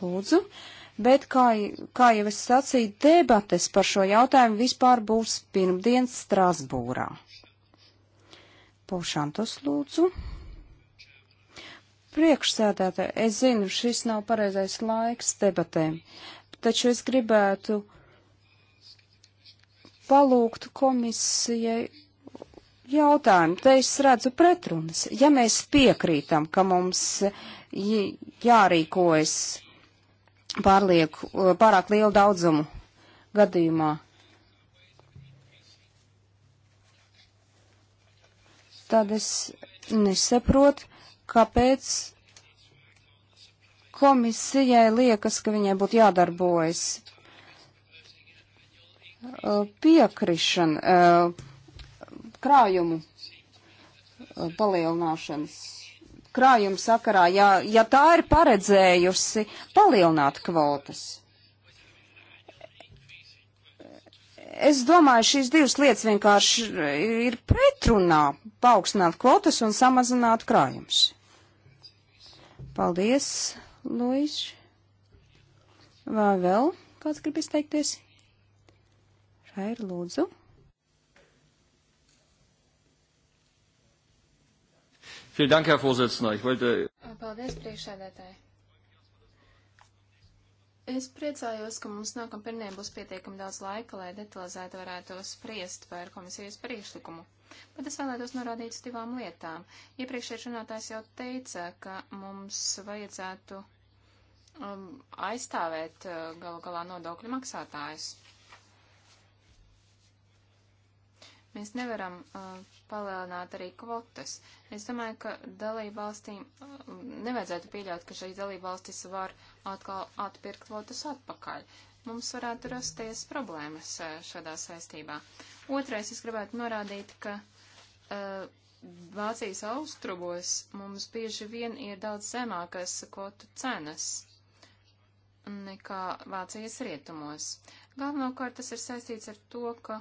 lūdzu, bet kā, kā jau es sacīju, debates par šo jautājumu vispār būs pirmdien Strasbūrā. Paušantos lūdzu priekšsēdētāji, es zinu, šis nav pareizais laiks debatēm, taču es gribētu palūgt komisijai jautājumu. Te es redzu pretrunas. Ja mēs piekrītam, ka mums jārīkojas pārlieku, pārāk lielu daudzumu gadījumā, tad es nesaprotu, kāpēc komisijai liekas, ka viņai būtu jādarbojas uh, piekrišana uh, krājumu uh, palielināšanas. Krājuma sakarā, ja, ja tā ir paredzējusi palielināt kvotas. Es domāju, šīs divas lietas vienkārši ir pretrunā - paaugstināt kvotas un samazināt krājumus. Paldies, Luīši. Vai vēl kāds grib izteikties? Šai ir lūdzu. Vielen Dank, Herr Vorsitzender. Ich wollte. Paldies, priekšsēdētāji. Es priecājos, ka mums nākam pirmdien būs pietiekami daudz laika, lai detalizēti varētu spriest par komisijas priekšlikumu. Bet es vēlētos norādīt uz divām lietām. Iepriekšējais runātājs jau teica, ka mums vajadzētu um, aizstāvēt uh, galu galā nodokļu maksātājus. Mēs nevaram uh, palielināt arī kvotas. Es domāju, ka dalību valstīm uh, nevajadzētu pieļaut, ka šīs dalību valstis var atkal atpirkt kvotas atpakaļ. Mums varētu rasties problēmas uh, šādā saistībā. Otrais, es gribētu norādīt, ka uh, Vācijas austrumos mums bieži vien ir daudz zemākas kvotu cenas nekā Vācijas rietumos. Galvenokārt tas ir saistīts ar to, ka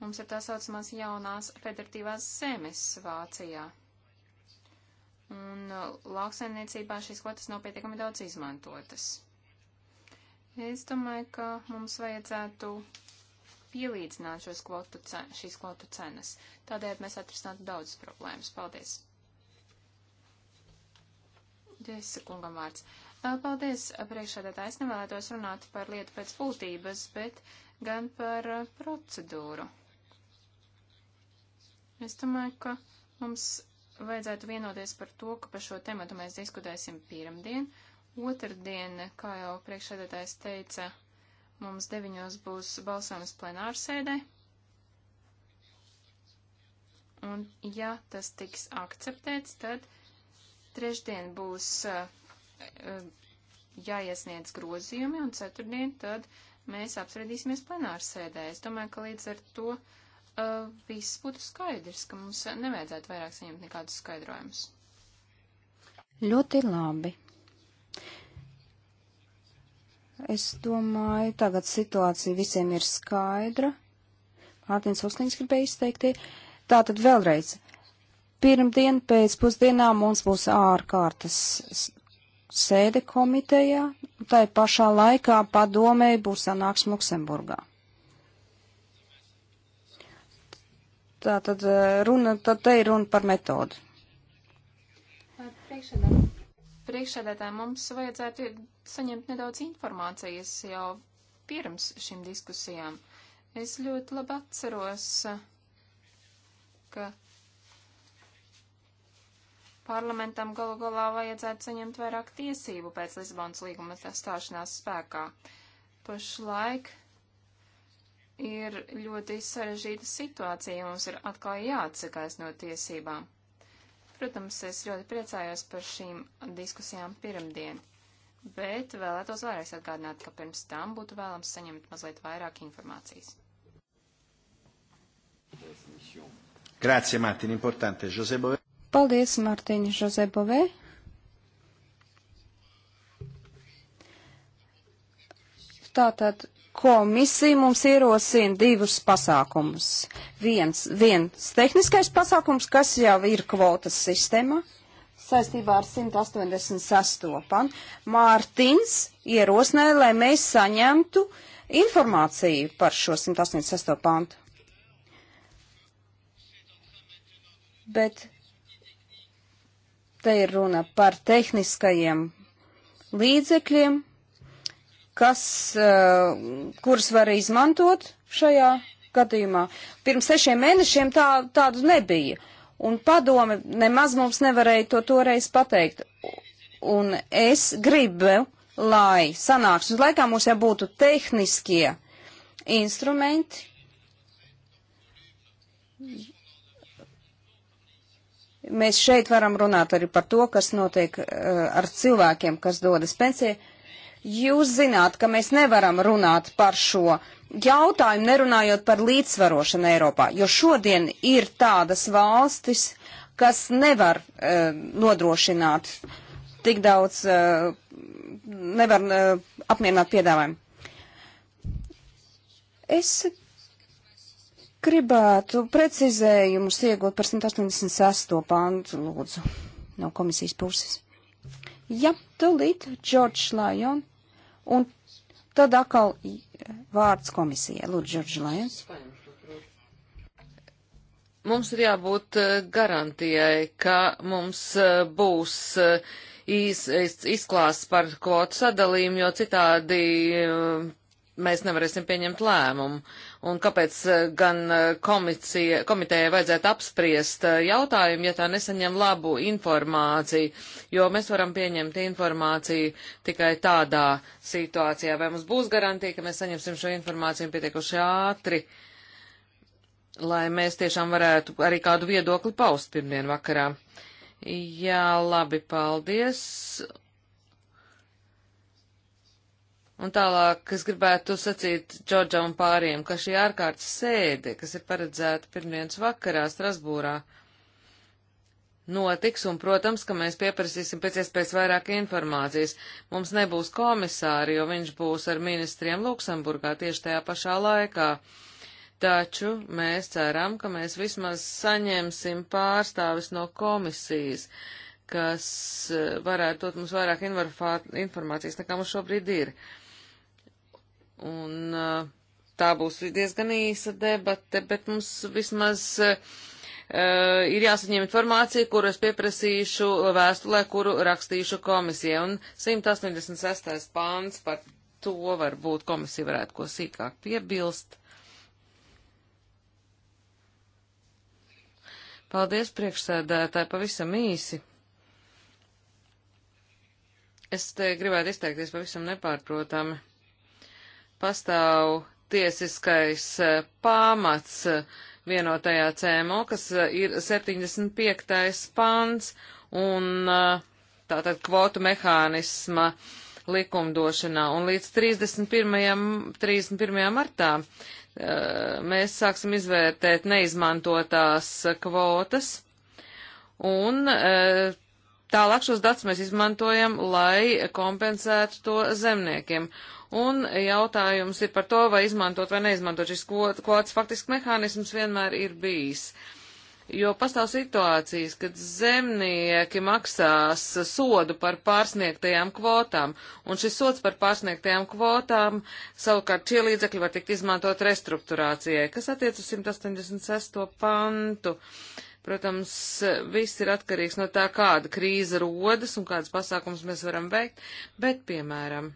Mums ir tā saucamās jaunās federatīvās zemes Vācijā. Un uh, lauksaimniecībā šīs kvotas nav pietiekami daudz izmantotas. Es domāju, ka mums vajadzētu pielīdzināt šos kvotu, šīs kvotu cenas. Tādējādi mēs atrastātu daudzas problēmas. Paldies! Jēzus kungam vārds. Paldies, priekšādātājs nevēlētos runāt par lietu pēc būtības, bet gan par procedūru. Es domāju, ka mums vajadzētu vienoties par to, ka par šo tematu mēs diskutēsim pirmdien. Otrdien, kā jau priekšsēdētājs teica, mums deviņos būs balsojums plenārsēdē. Un ja tas tiks akceptēts, tad trešdien būs uh, jāiesniedz grozījumi, un ceturtdien tad mēs apsredīsimies plenārsēdē. Es domāju, ka līdz ar to uh, viss būtu skaidrs, ka mums nevajadzētu vairāk saņemt nekādus skaidrojumus. Ļoti labi. Es domāju, tagad situācija visiem ir skaidra. Mārtiņš Usniņš gribēja izteikti. Tātad vēlreiz. Pirmdien pēc pusdienā mums būs ārkārtas sēde komitejā, tai pašā laikā padomēji būs sanāks Luksemburgā. Tā tad eh, runa, tad te ir runa par metodu. Priekšsēdētāji, mums vajadzētu saņemt nedaudz informācijas jau pirms šīm diskusijām. Es ļoti labi atceros, ka parlamentam galu galā vajadzētu saņemt vairāk tiesību pēc Lisabonas līguma stāšanās spēkā. Pašlaik ir ļoti sarežģīta situācija, mums ir atkal jāatsakās no tiesībām. Protams, es ļoti priecājos par šīm diskusijām pirmdien, bet vēlētos vēlreiz atgādināt, ka pirms tam būtu vēlams saņemt mazliet vairāk informācijas. Grazie, Mārtiņ, importante. Josebo... Paldies, Mārtiņ, Josebovē. Tātad Komisija mums ierosina divus pasākumus. Viens, viens tehniskais pasākums, kas jau ir kvotas sistēma, saistībā ar 186. pan. Mārtiņs ierosināja, lai mēs saņemtu informāciju par šo 186. pantu. Bet te ir runa par tehniskajiem līdzekļiem, kas, eh, kuras var izmantot šajā gadījumā. Pirms sešiem mēnešiem tā, tādu nebija, un padome nemaz mums nevarēja to toreiz pateikt. Un es gribu, lai sanāksmes laikā mums jau būtu tehniskie instrumenti, mēs šeit varam runāt arī par to, kas notiek uh, ar cilvēkiem, kas dodas pensijā. Jūs zināt, ka mēs nevaram runāt par šo jautājumu, nerunājot par līdzsvarošanu Eiropā, jo šodien ir tādas valstis, kas nevar uh, nodrošināt tik daudz, uh, nevar uh, apmierināt piedāvājumu. Es gribētu precizējumus iegūt par 186. pāntu, lūdzu, no komisijas puses. Ja tulīt George Lyon un tad atkal vārds komisijai. Lūdzu, George Lyons. Mums ir jābūt eh, garantijai, ka mums eh, būs eh, iz, iz, izklāsts par kvotu sadalījumu, jo citādi mēs nevarēsim pieņemt lēmumu. Uh, un kāpēc eh, gan eh, komisija, komitējai vajadzētu apspriest eh, jautājumu, ja tā nesaņem labu informāciju, jo mēs varam pieņemt informāciju tikai tādā situācijā, vai mums būs garantija, ka mēs saņemsim šo informāciju pietiekuši ātri, lai mēs tiešām varētu arī kādu viedokli paust pirmdien vakarā. Jā, labi, paldies. Un tālāk es gribētu sacīt Džordžam un pāriem, ka šī ārkārtas sēde, kas ir paredzēta pirmdienas vakarā Strasbūrā, notiks, un, protams, ka mēs pieprasīsim pēc iespējas vairāk informācijas. Mums nebūs komisāri, jo viņš būs ar ministriem Luksemburgā tieši tajā pašā laikā. Taču mēs ceram, ka mēs vismaz saņemsim pārstāvis no komisijas, kas eh, varētu dot mums vairāk informācijas, nekā mums šobrīd ir. Uh, Un eh, tā būs diezgan īsa debate, bet mums vismaz uh, ir jāsaņem informācija, kuru es pieprasīšu vēstulē, kuru rakstīšu komisijai. Un 186. pāns par to varbūt komisija varētu ko sīkāk piebilst. Paldies, priekšsēdētāji, pavisam īsi. Es te gribētu izteikties pavisam nepārprotami pastāv tiesiskais eh, pamats eh, vienotajā CMO, kas eh, ir 75. pants un tātad kvotu mehānisma likumdošanā. Un līdz 31. 31. martā mēs sāksim izvērtēt neizmantotās kvotas. Un tālāk šos datus mēs izmantojam, lai kompensētu to zemniekiem. Un jautājums ir par to, vai izmantot vai neizmantot šis kvots faktiski mehānisms vienmēr ir bijis. Jo pastāv situācijas, kad zemnieki maksās sodu par pārsniegtajām kvotām, un šis sods par pārsniegtajām kvotām savukārt šie līdzekļi var tikt izmantot restruktūrācijai, kas attiec uz 186. pantu. Protams, viss ir atkarīgs no tā, kāda krīze rodas un kādas pasākums mēs varam veikt, bet, piemēram,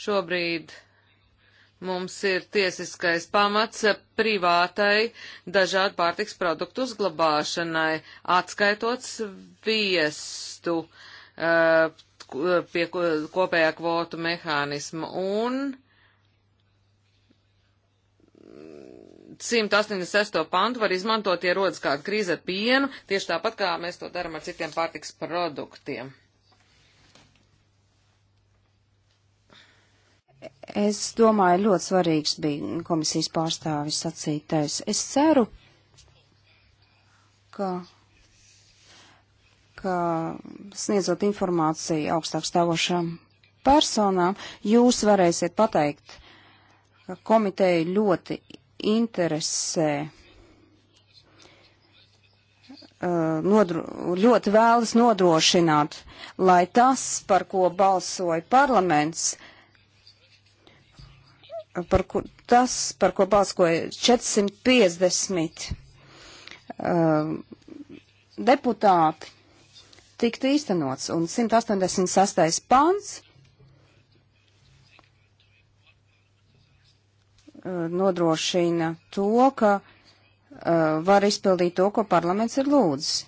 Šobrīd mums ir tiesiskais pamats privātai dažādu pārtiks produktu uzglabāšanai, atskaitot sviestu eh, pie kopējā kvotu mehānisma un 186. pantu var izmantot, ja rodas kāda krīze ar pienu, tieši tāpat kā mēs to darām ar citiem pārtiks produktiem. Es domāju, ļoti svarīgs bija komisijas pārstāvis sacītais. Es ceru, ka, ka sniedzot informāciju augstāk stāvošām personām, jūs varēsiet pateikt, ka komiteja ļoti interesē uh, nodro, ļoti vēlas nodrošināt, lai tas, par ko balsoja parlaments, par kur, tas, par ko balskoja 450 uh, um, deputāti, tiktu īstenots. Un 186. pāns uh, nodrošina to, ka uh, var izpildīt to, ko parlaments ir lūdzis.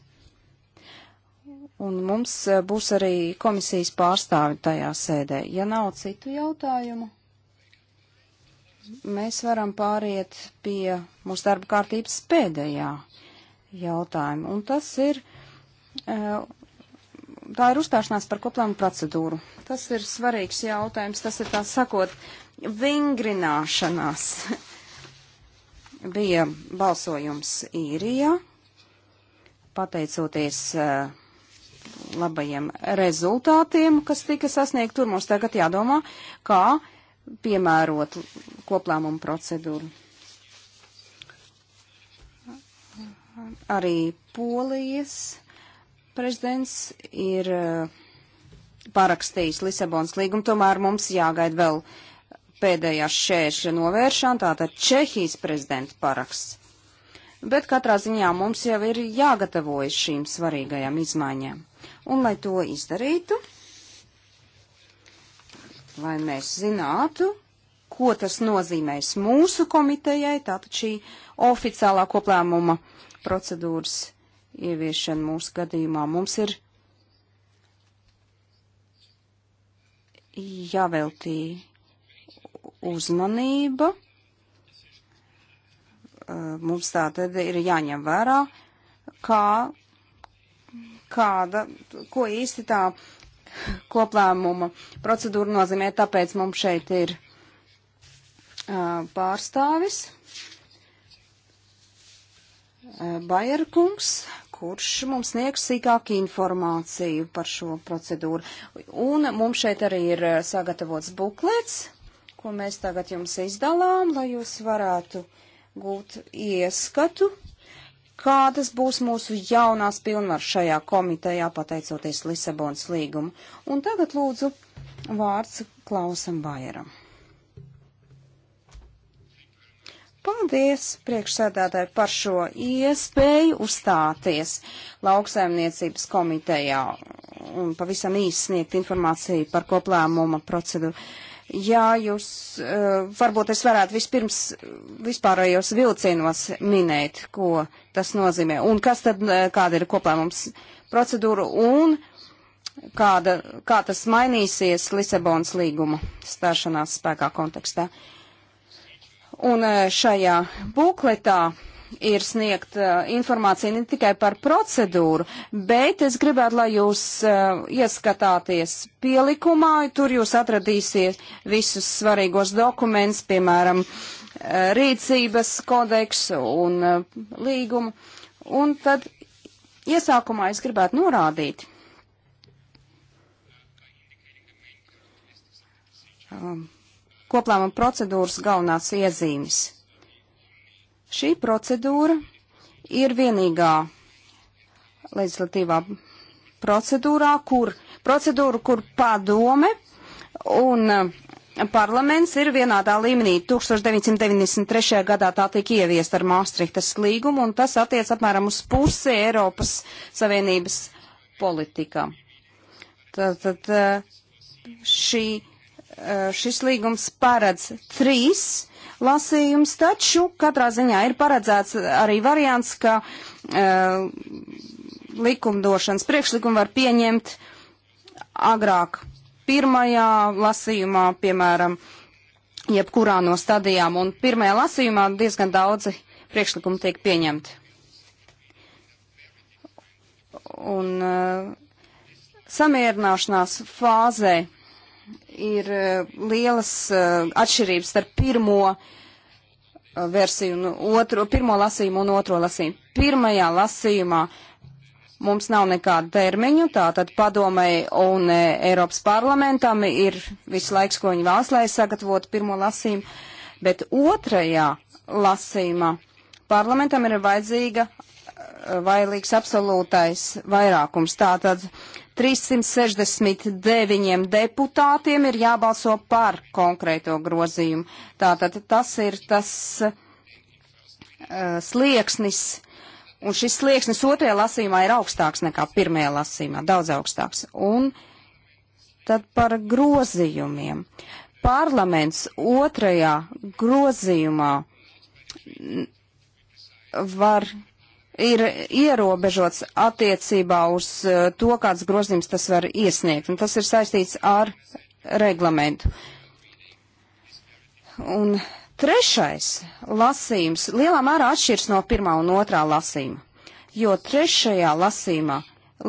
Un mums uh, būs arī komisijas pārstāvi tajā sēdē, ja nav citu jautājumu mēs varam pāriet pie mūsu darba kārtības pēdējā jautājuma, un tas ir, e, tā ir uzstāšanās par koplānu procedūru. Tas ir svarīgs jautājums, tas ir tā sakot, vingrināšanās. Bija balsojums īrijā, pateicoties uh, labajiem rezultātiem, kas tika sasniegt. Tur mums tagad jādomā, kā piemērot koplāmumu procedūru. Arī Polijas prezidents ir uh, parakstījis Lisabonas līgumu, tomēr mums jāgaida vēl pēdējā šķēršļa novēršana, tātad Čehijas prezidenta paraksts. Bet katrā ziņā mums jau ir jāgatavojas šīm svarīgajām izmaiņām. Un, lai to izdarītu, lai mēs zinātu, ko tas nozīmēs mūsu komitejai, tātad šī oficiālā koplēmuma procedūras ieviešana mūsu gadījumā. Mums ir jāveltī uzmanība. Mums tā tad ir jāņem vērā, kā, kāda, ko īsti tā koplēmuma procedūra nozīmē, tāpēc mums šeit ir uh, pārstāvis uh, Bajerkungs, kurš mums sniegs sīkāku informāciju par šo procedūru. Un mums šeit arī ir sagatavots buklets, ko mēs tagad jums izdalām, lai jūs varētu gūt ieskatu kādas būs mūsu jaunās pilnvaras šajā komitejā, pateicoties Lisabonas līgumu. Un tagad lūdzu vārds Klausam Bairam. Paldies, priekšsēdētāji, par šo iespēju uzstāties lauksaimniecības komitejā un pavisam īsi sniegt informāciju par koplēmuma procedūru. Uh, Jā, jūs, eh, varbūt es varētu vispirms vispārējos vilcienos minēt, ko tas nozīmē, un kas tad, eh, kāda ir koplēmums procedūra, un kāda, kā tas mainīsies Lisabonas līguma stāšanās spēkā kontekstā. Un eh, šajā bukletā ir sniegt uh, informāciju ne tikai par procedūru, bet es gribētu, lai jūs uh, ieskatāties pielikumā, tur jūs atradīsiet visus svarīgos dokumentus, piemēram, uh, rīcības kodeksu un uh, līgumu. Un tad iesākumā es gribētu norādīt. Um, koplāma procedūras galvenās iezīmes. Šī procedūra ir vienīgā legislatīvā procedūrā, kur, procedūra, kur padome un eh, parlaments ir vienādā līmenī. 1993. gadā tā tika ieviesta ar Maastrichtas līgumu, un tas attiec apmēram uz pusi Eiropas Savienības politikā. Tad, tad eh, šī, eh, šis līgums paredz trīs lasījums, taču katrā ziņā ir paredzēts arī variants, ka uh, likumdošanas priekšlikumu var pieņemt agrāk pirmajā lasījumā, piemēram, jebkurā no stadijām, un pirmajā lasījumā diezgan daudzi priekšlikumi tiek pieņemti. Un uh, samierināšanās fāzē ir e, lielas e, atšķirības starp pirmo e, versiju un otro, pirmo lasījumu un otro lasījumu. Pirmajā lasījumā mums nav nekādu termiņu, tātad padomai un Eiropas parlamentam ir viss laiks, ko viņi vēlas, lai sagatavotu pirmo lasījumu, bet otrajā lasījumā parlamentam ir vajadzīga vairāks absolūtais vairākums. Tātad 369 deputātiem ir jābalso par konkrēto grozījumu. Tātad tas ir tas uh, slieksnis, un šis slieksnis otrajā lasījumā ir augstāks nekā pirmajā lasījumā, daudz augstāks. Un tad par grozījumiem. Parlaments otrajā grozījumā var ir ierobežots attiecībā uz eh, to, kāds grozījums tas var iesniegt, un tas ir saistīts ar reglamentu. Un trešais lasījums lielā mērā atšķirs no pirmā un otrā lasījuma, jo trešajā lasījumā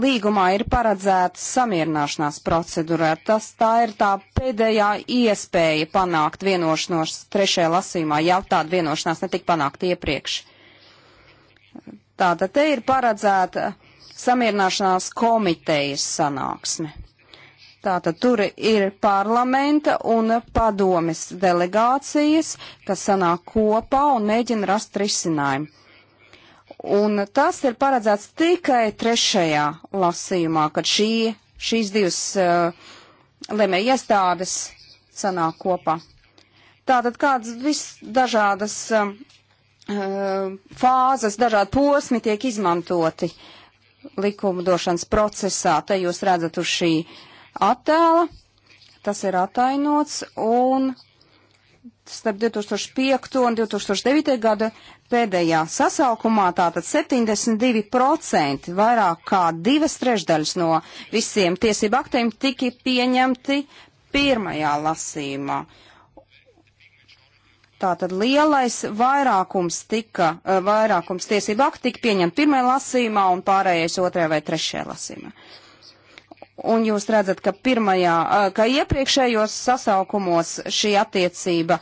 līgumā ir paredzēta samierināšanās procedūra. Tas tā ir tā pēdējā iespēja panākt vienošanos trešajā lasījumā, ja tāda vienošanās netika panākt iepriekš. Tātad te ir paredzēta samierināšanās komitejas sanāksme. Tātad tur ir parlamenta un padomes delegācijas, kas sanāk kopā un mēģina rast risinājumu. Un tas ir paredzēts tikai trešajā lasījumā, kad šī, šīs divas uh, lemē iestādes sanāk kopā. Tātad kādas visdažādas uh, eh, fāzes, dažādi posmi tiek izmantoti likumdošanas procesā. Te jūs redzat uz šī attēla, tas ir atainots, un starp 2005 un 2009 gada pēdējā sasaukumā tātad 72% vairāk kā divas trešdaļas no visiem tiesību aktiem tika pieņemti pirmajā lasīmā. Tātad lielais vairākums tika, eh, vairākums tiesību akti tika pieņemt pirmajā lasīmā un pārējais otrajā vai trešajā lasīmā. Un jūs redzat, ka pirmajā, eh, ka iepriekšējos sasaukumos šī attiecība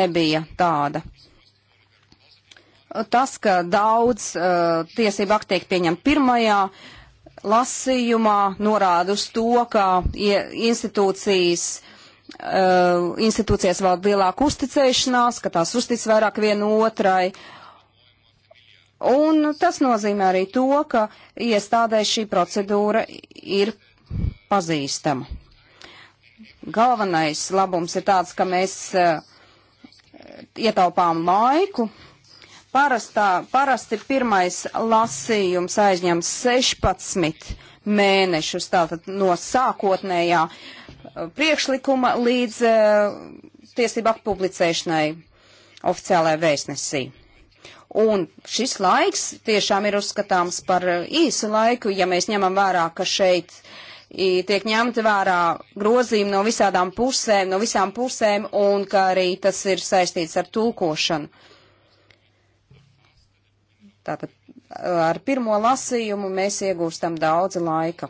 nebija tāda. Tas, ka daudz uh, tiesību akti tiek pieņemt pirmajā lasījumā, norāda uz to, ka ja, institūcijas uh, uh, eh, institūcijās valda lielāka uzticēšanās, ka tās uztic vairāk vienu otrai. Un tas nozīmē arī to, ka iestādē šī procedūra ir pazīstama. Galvenais labums ir tāds, ka mēs uh, ietaupām laiku. Parastā, parasti pirmais lasījums aizņem 16 mēnešus, tātad no sākotnējā uh, priekšlikuma līdz eh, tiesību aktu publicēšanai oficiālajā vēstnesī. Un šis laiks tiešām ir uzskatāms par eh, īsu laiku, ja mēs ņemam vērā, ka šeit tiek ņemta vērā grozījumi no visādām pusēm, no visām pusēm, un ka arī tas ir saistīts ar tulkošanu. Tātad eh, ar pirmo lasījumu mēs iegūstam daudz laika.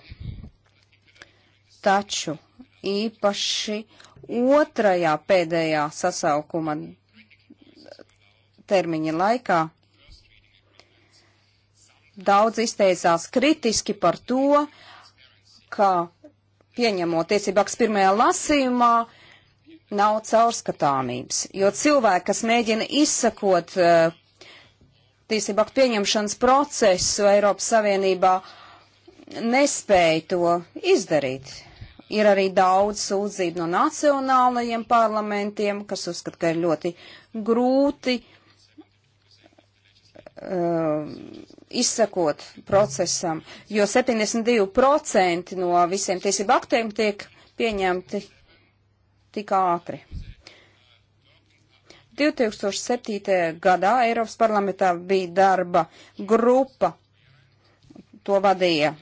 Taču īpaši otrajā pēdējā sasaukuma termiņa laikā. Daudz izteicās kritiski par to, ka pieņemot tiesībāks pirmajā lasījumā, nav caurskatāmības, jo cilvēki, kas mēģina izsakot eh, tiesībāku pieņemšanas procesu Eiropas Savienībā, nespēja to izdarīt. Ir arī daudz sūdzību no nacionālajiem parlamentiem, kas uzskat, ka ir ļoti grūti uh, izsakot procesam, jo 72% no visiem tiesību aktiem tiek pieņemti tik ātri. 2007. gadā Eiropas parlamentā bija darba grupa, to vadīja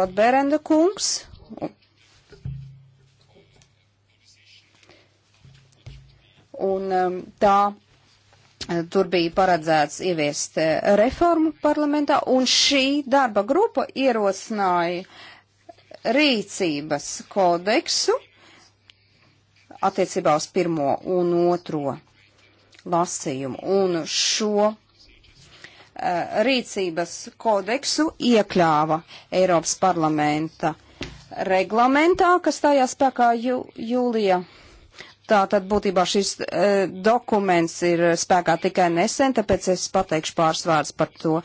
Rodberenda kungs, un um, tā uh, tur bija paredzēts ieviest uh, reformu parlamentā, un šī darba grupa ierosināja rīcības kodeksu attiecībā uz pirmo un otro lasījumu. Un šo uh, rīcības kodeksu iekļāva Eiropas parlamenta reglamentā, kas stājās spēkā jū, jūlijā Tātad būtībā šis e, dokuments ir spēkā tikai nesen, tāpēc es pateikšu pāris vārdus par to.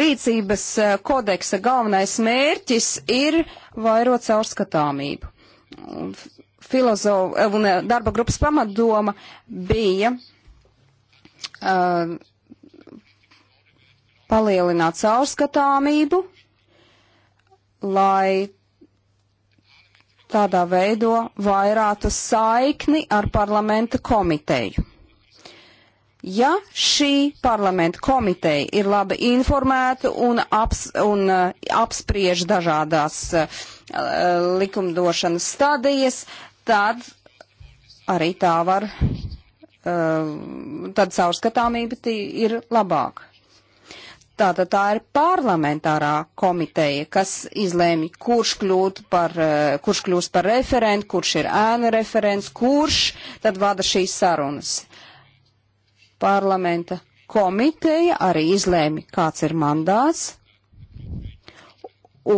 Rīcības e, kodeksa galvenais mērķis ir vairot caurskatāmību. Filozof, un e, e, darba grupas pamatdoma bija uh, palielināt caurskatāmību, lai tādā veido vairātu saikni ar parlamenta komiteju. Ja šī parlamenta komiteja ir labi informēta un, aps, un uh, apspriež dažādās uh, likumdošanas stadijas, tad arī tā var, uh, tad caurskatāmība ir labāka. Tātad tā ir parlamentārā komiteja, kas izlēma, kurš, par, eh, kurš kļūst par referentu, kurš ir ēna referents, kurš tad vada šīs sarunas. Parlamenta komiteja arī izlēma, kāds ir mandāts,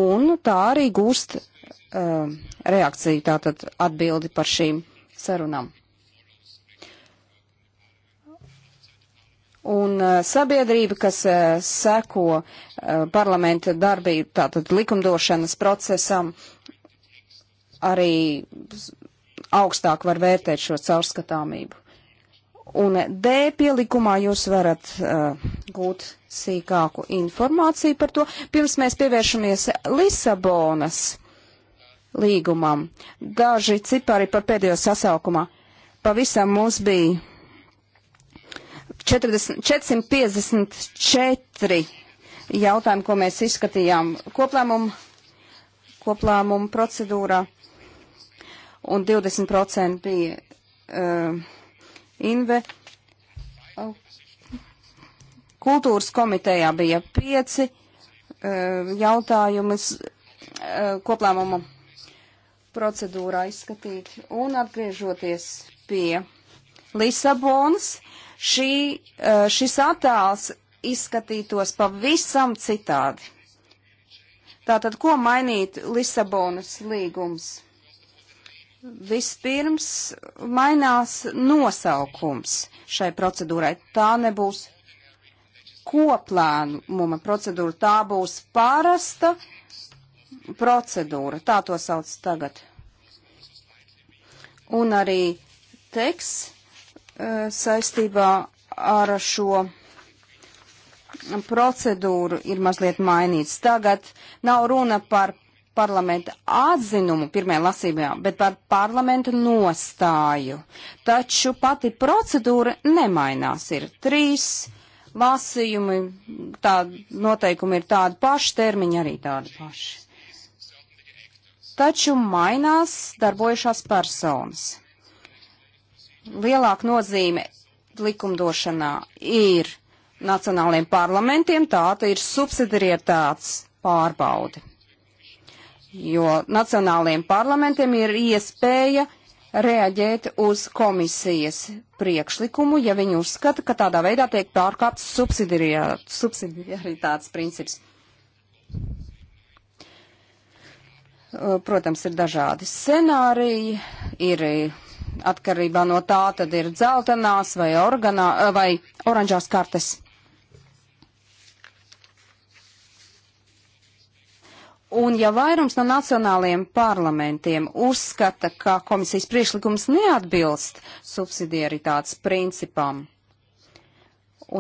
un tā arī gūst um, reakciju, tātad atbildi par šīm sarunām. Un eh, sabiedrība, kas eh, seko eh, parlamenta darbību, tātad likumdošanas procesam, arī augstāk var vērtēt šo caurskatāmību. Un D pielikumā jūs varat uh, gūt sīkāku informāciju par to. Pirms mēs pievēršamies Lisabonas līgumam, daži cipari par pēdējo sasaukumā. Pavisam mums bija 40, 454 jautājumi, ko mēs izskatījām koplēmumu, koplēmumu procedūrā, un 20% bija uh, inve. Kultūras komitejā bija pieci uh, jautājumi uh, koplēmumu procedūrā izskatīt, un atgriežoties pie Lisabonas, uh, šī, eh, šis attēls izskatītos pavisam citādi. Tātad, ko mainīt Lisabonas līgums? Vispirms mainās nosaukums šai procedūrai. Tā nebūs koplēnuma procedūra, tā būs pārasta procedūra. Tā to sauc tagad. Un arī teksts saistībā ar šo procedūru ir mazliet mainīts. Tagad nav runa par parlamenta atzinumu pirmajā lasībā, bet par parlamenta nostāju. Taču pati procedūra nemainās. Ir trīs lasījumi, tā noteikumi ir tādi paši, termiņi arī tādi paši. Taču mainās darbojušās personas lielāka nozīme likumdošanā ir nacionāliem parlamentiem, tā ir subsidiarietāts pārbaudi. Jo nacionāliem parlamentiem ir iespēja reaģēt uz komisijas priekšlikumu, ja viņi uzskata, ka tādā veidā tiek pārkāpts subsidiaritātes princips. Protams, ir dažādi scenāriji, ir Atkarībā no tā tad ir dzeltenās vai, organā, eh, vai oranžās kartes. Un ja vairums no nacionālajiem parlamentiem uzskata, ka komisijas priekšlikums neatbilst subsidiaritātes principam,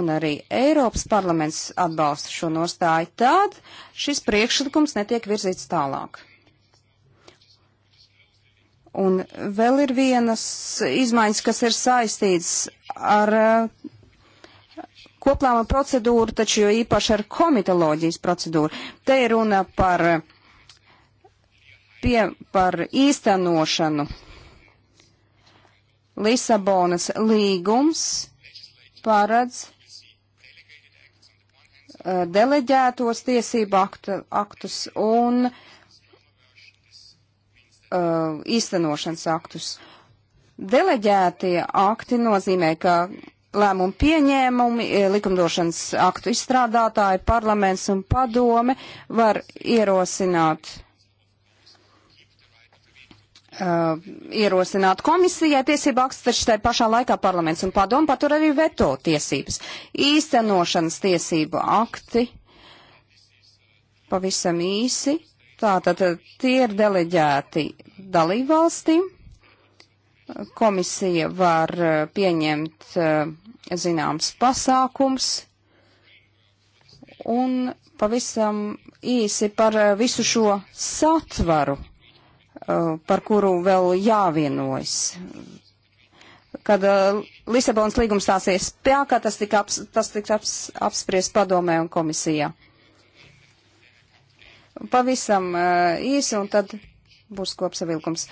un arī Eiropas parlaments atbalsta šo nostāju, tad šis priekšlikums netiek virzīts tālāk. Un vēl ir vienas izmaiņas, kas ir saistīts ar eh, koplāma procedūru, taču jo īpaši ar komitoloģijas procedūru. Te ir runa par, pie, par īstenošanu. Lisabonas līgums paredz eh, deleģētos tiesību aktu, aktus un uh, uh, īstenošanas aktus. Deleģētie akti nozīmē, ka lēmumu pieņēmumi, eh, likumdošanas aktu izstrādātāji, parlaments un padome var ierosināt, uh, ierosināt komisijai tiesību aktus, taču tai pašā laikā parlaments un padome patur arī veto tiesības. Īstenošanas tiesību akti pavisam īsi Tātad tie ir deleģēti dalībvalstīm. Komisija var eh, pieņemt eh, zināms pasākums un pavisam īsi par eh, visu šo satvaru, par kuru vēl jāvienojas. Kad Lisabonas līgums stāsies spēkā, tas tiks aps, tas tika aps, apspriest padomē un komisijā. Pavisam eh, īsi un tad būs kopsavilkums.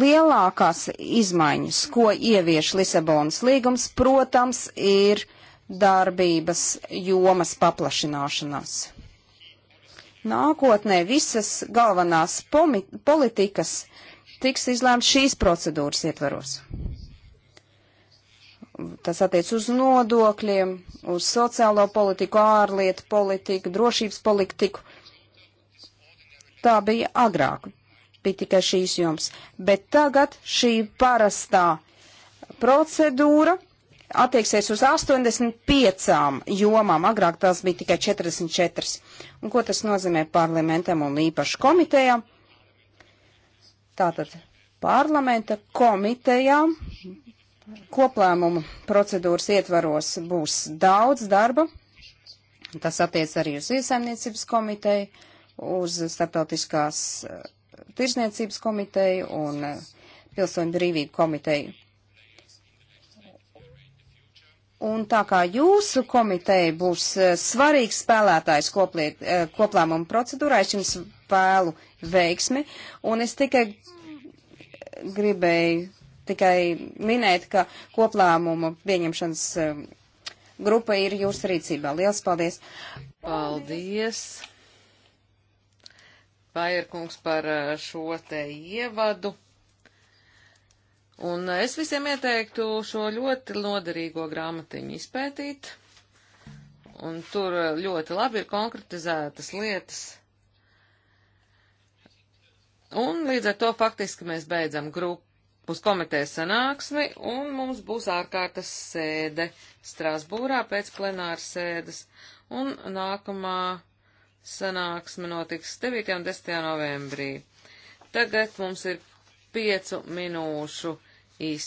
Lielākās izmaiņas, ko ievieš Lisabonas līgums, protams, ir darbības jomas paplašināšanās. Nākotnē visas galvenās politikas tiks izlēmts šīs procedūras ietvaros. Tas attiec uz nodokļiem, uz sociālo politiku, ārlietu politiku, drošības politiku tā bija agrāk, bija tikai šīs joms, bet tagad šī parastā procedūra attieksies uz 85 jomām, agrāk tās bija tikai 44. Un ko tas nozīmē parlamentam un īpaši komitejām? Tātad parlamenta komitejām koplēmumu procedūras ietvaros būs daudz darba. Tas attiec arī uz iesaimniecības komiteju uz starptautiskās eh, tirzniecības komiteju un eh, pilsoņu brīvību komiteju. Un tā kā jūsu komiteja būs eh, svarīgs spēlētājs kopliet, koplēmumu procedūrā, es jums vēlu veiksmi. Un es tikai gribēju tikai minēt, ka koplēmumu pieņemšanas grupa ir jūsu rīcībā. Lielas paldies! Paldies! Vairkungs par eh, šo te ievadu. Un eh, es visiem ieteiktu šo ļoti noderīgo grāmatiņu izpētīt. Un tur eh, ļoti labi ir konkretizētas lietas. Un līdz ar to faktiski mēs beidzam grupas komitejas sanāksmi, un mums būs ārkārtas sēde Strasbūrā pēc plenāras sēdes. Un nākamā Sanāksme notiks 9. un 10. novembrī. Tagad mums ir piecu minūšu īsts.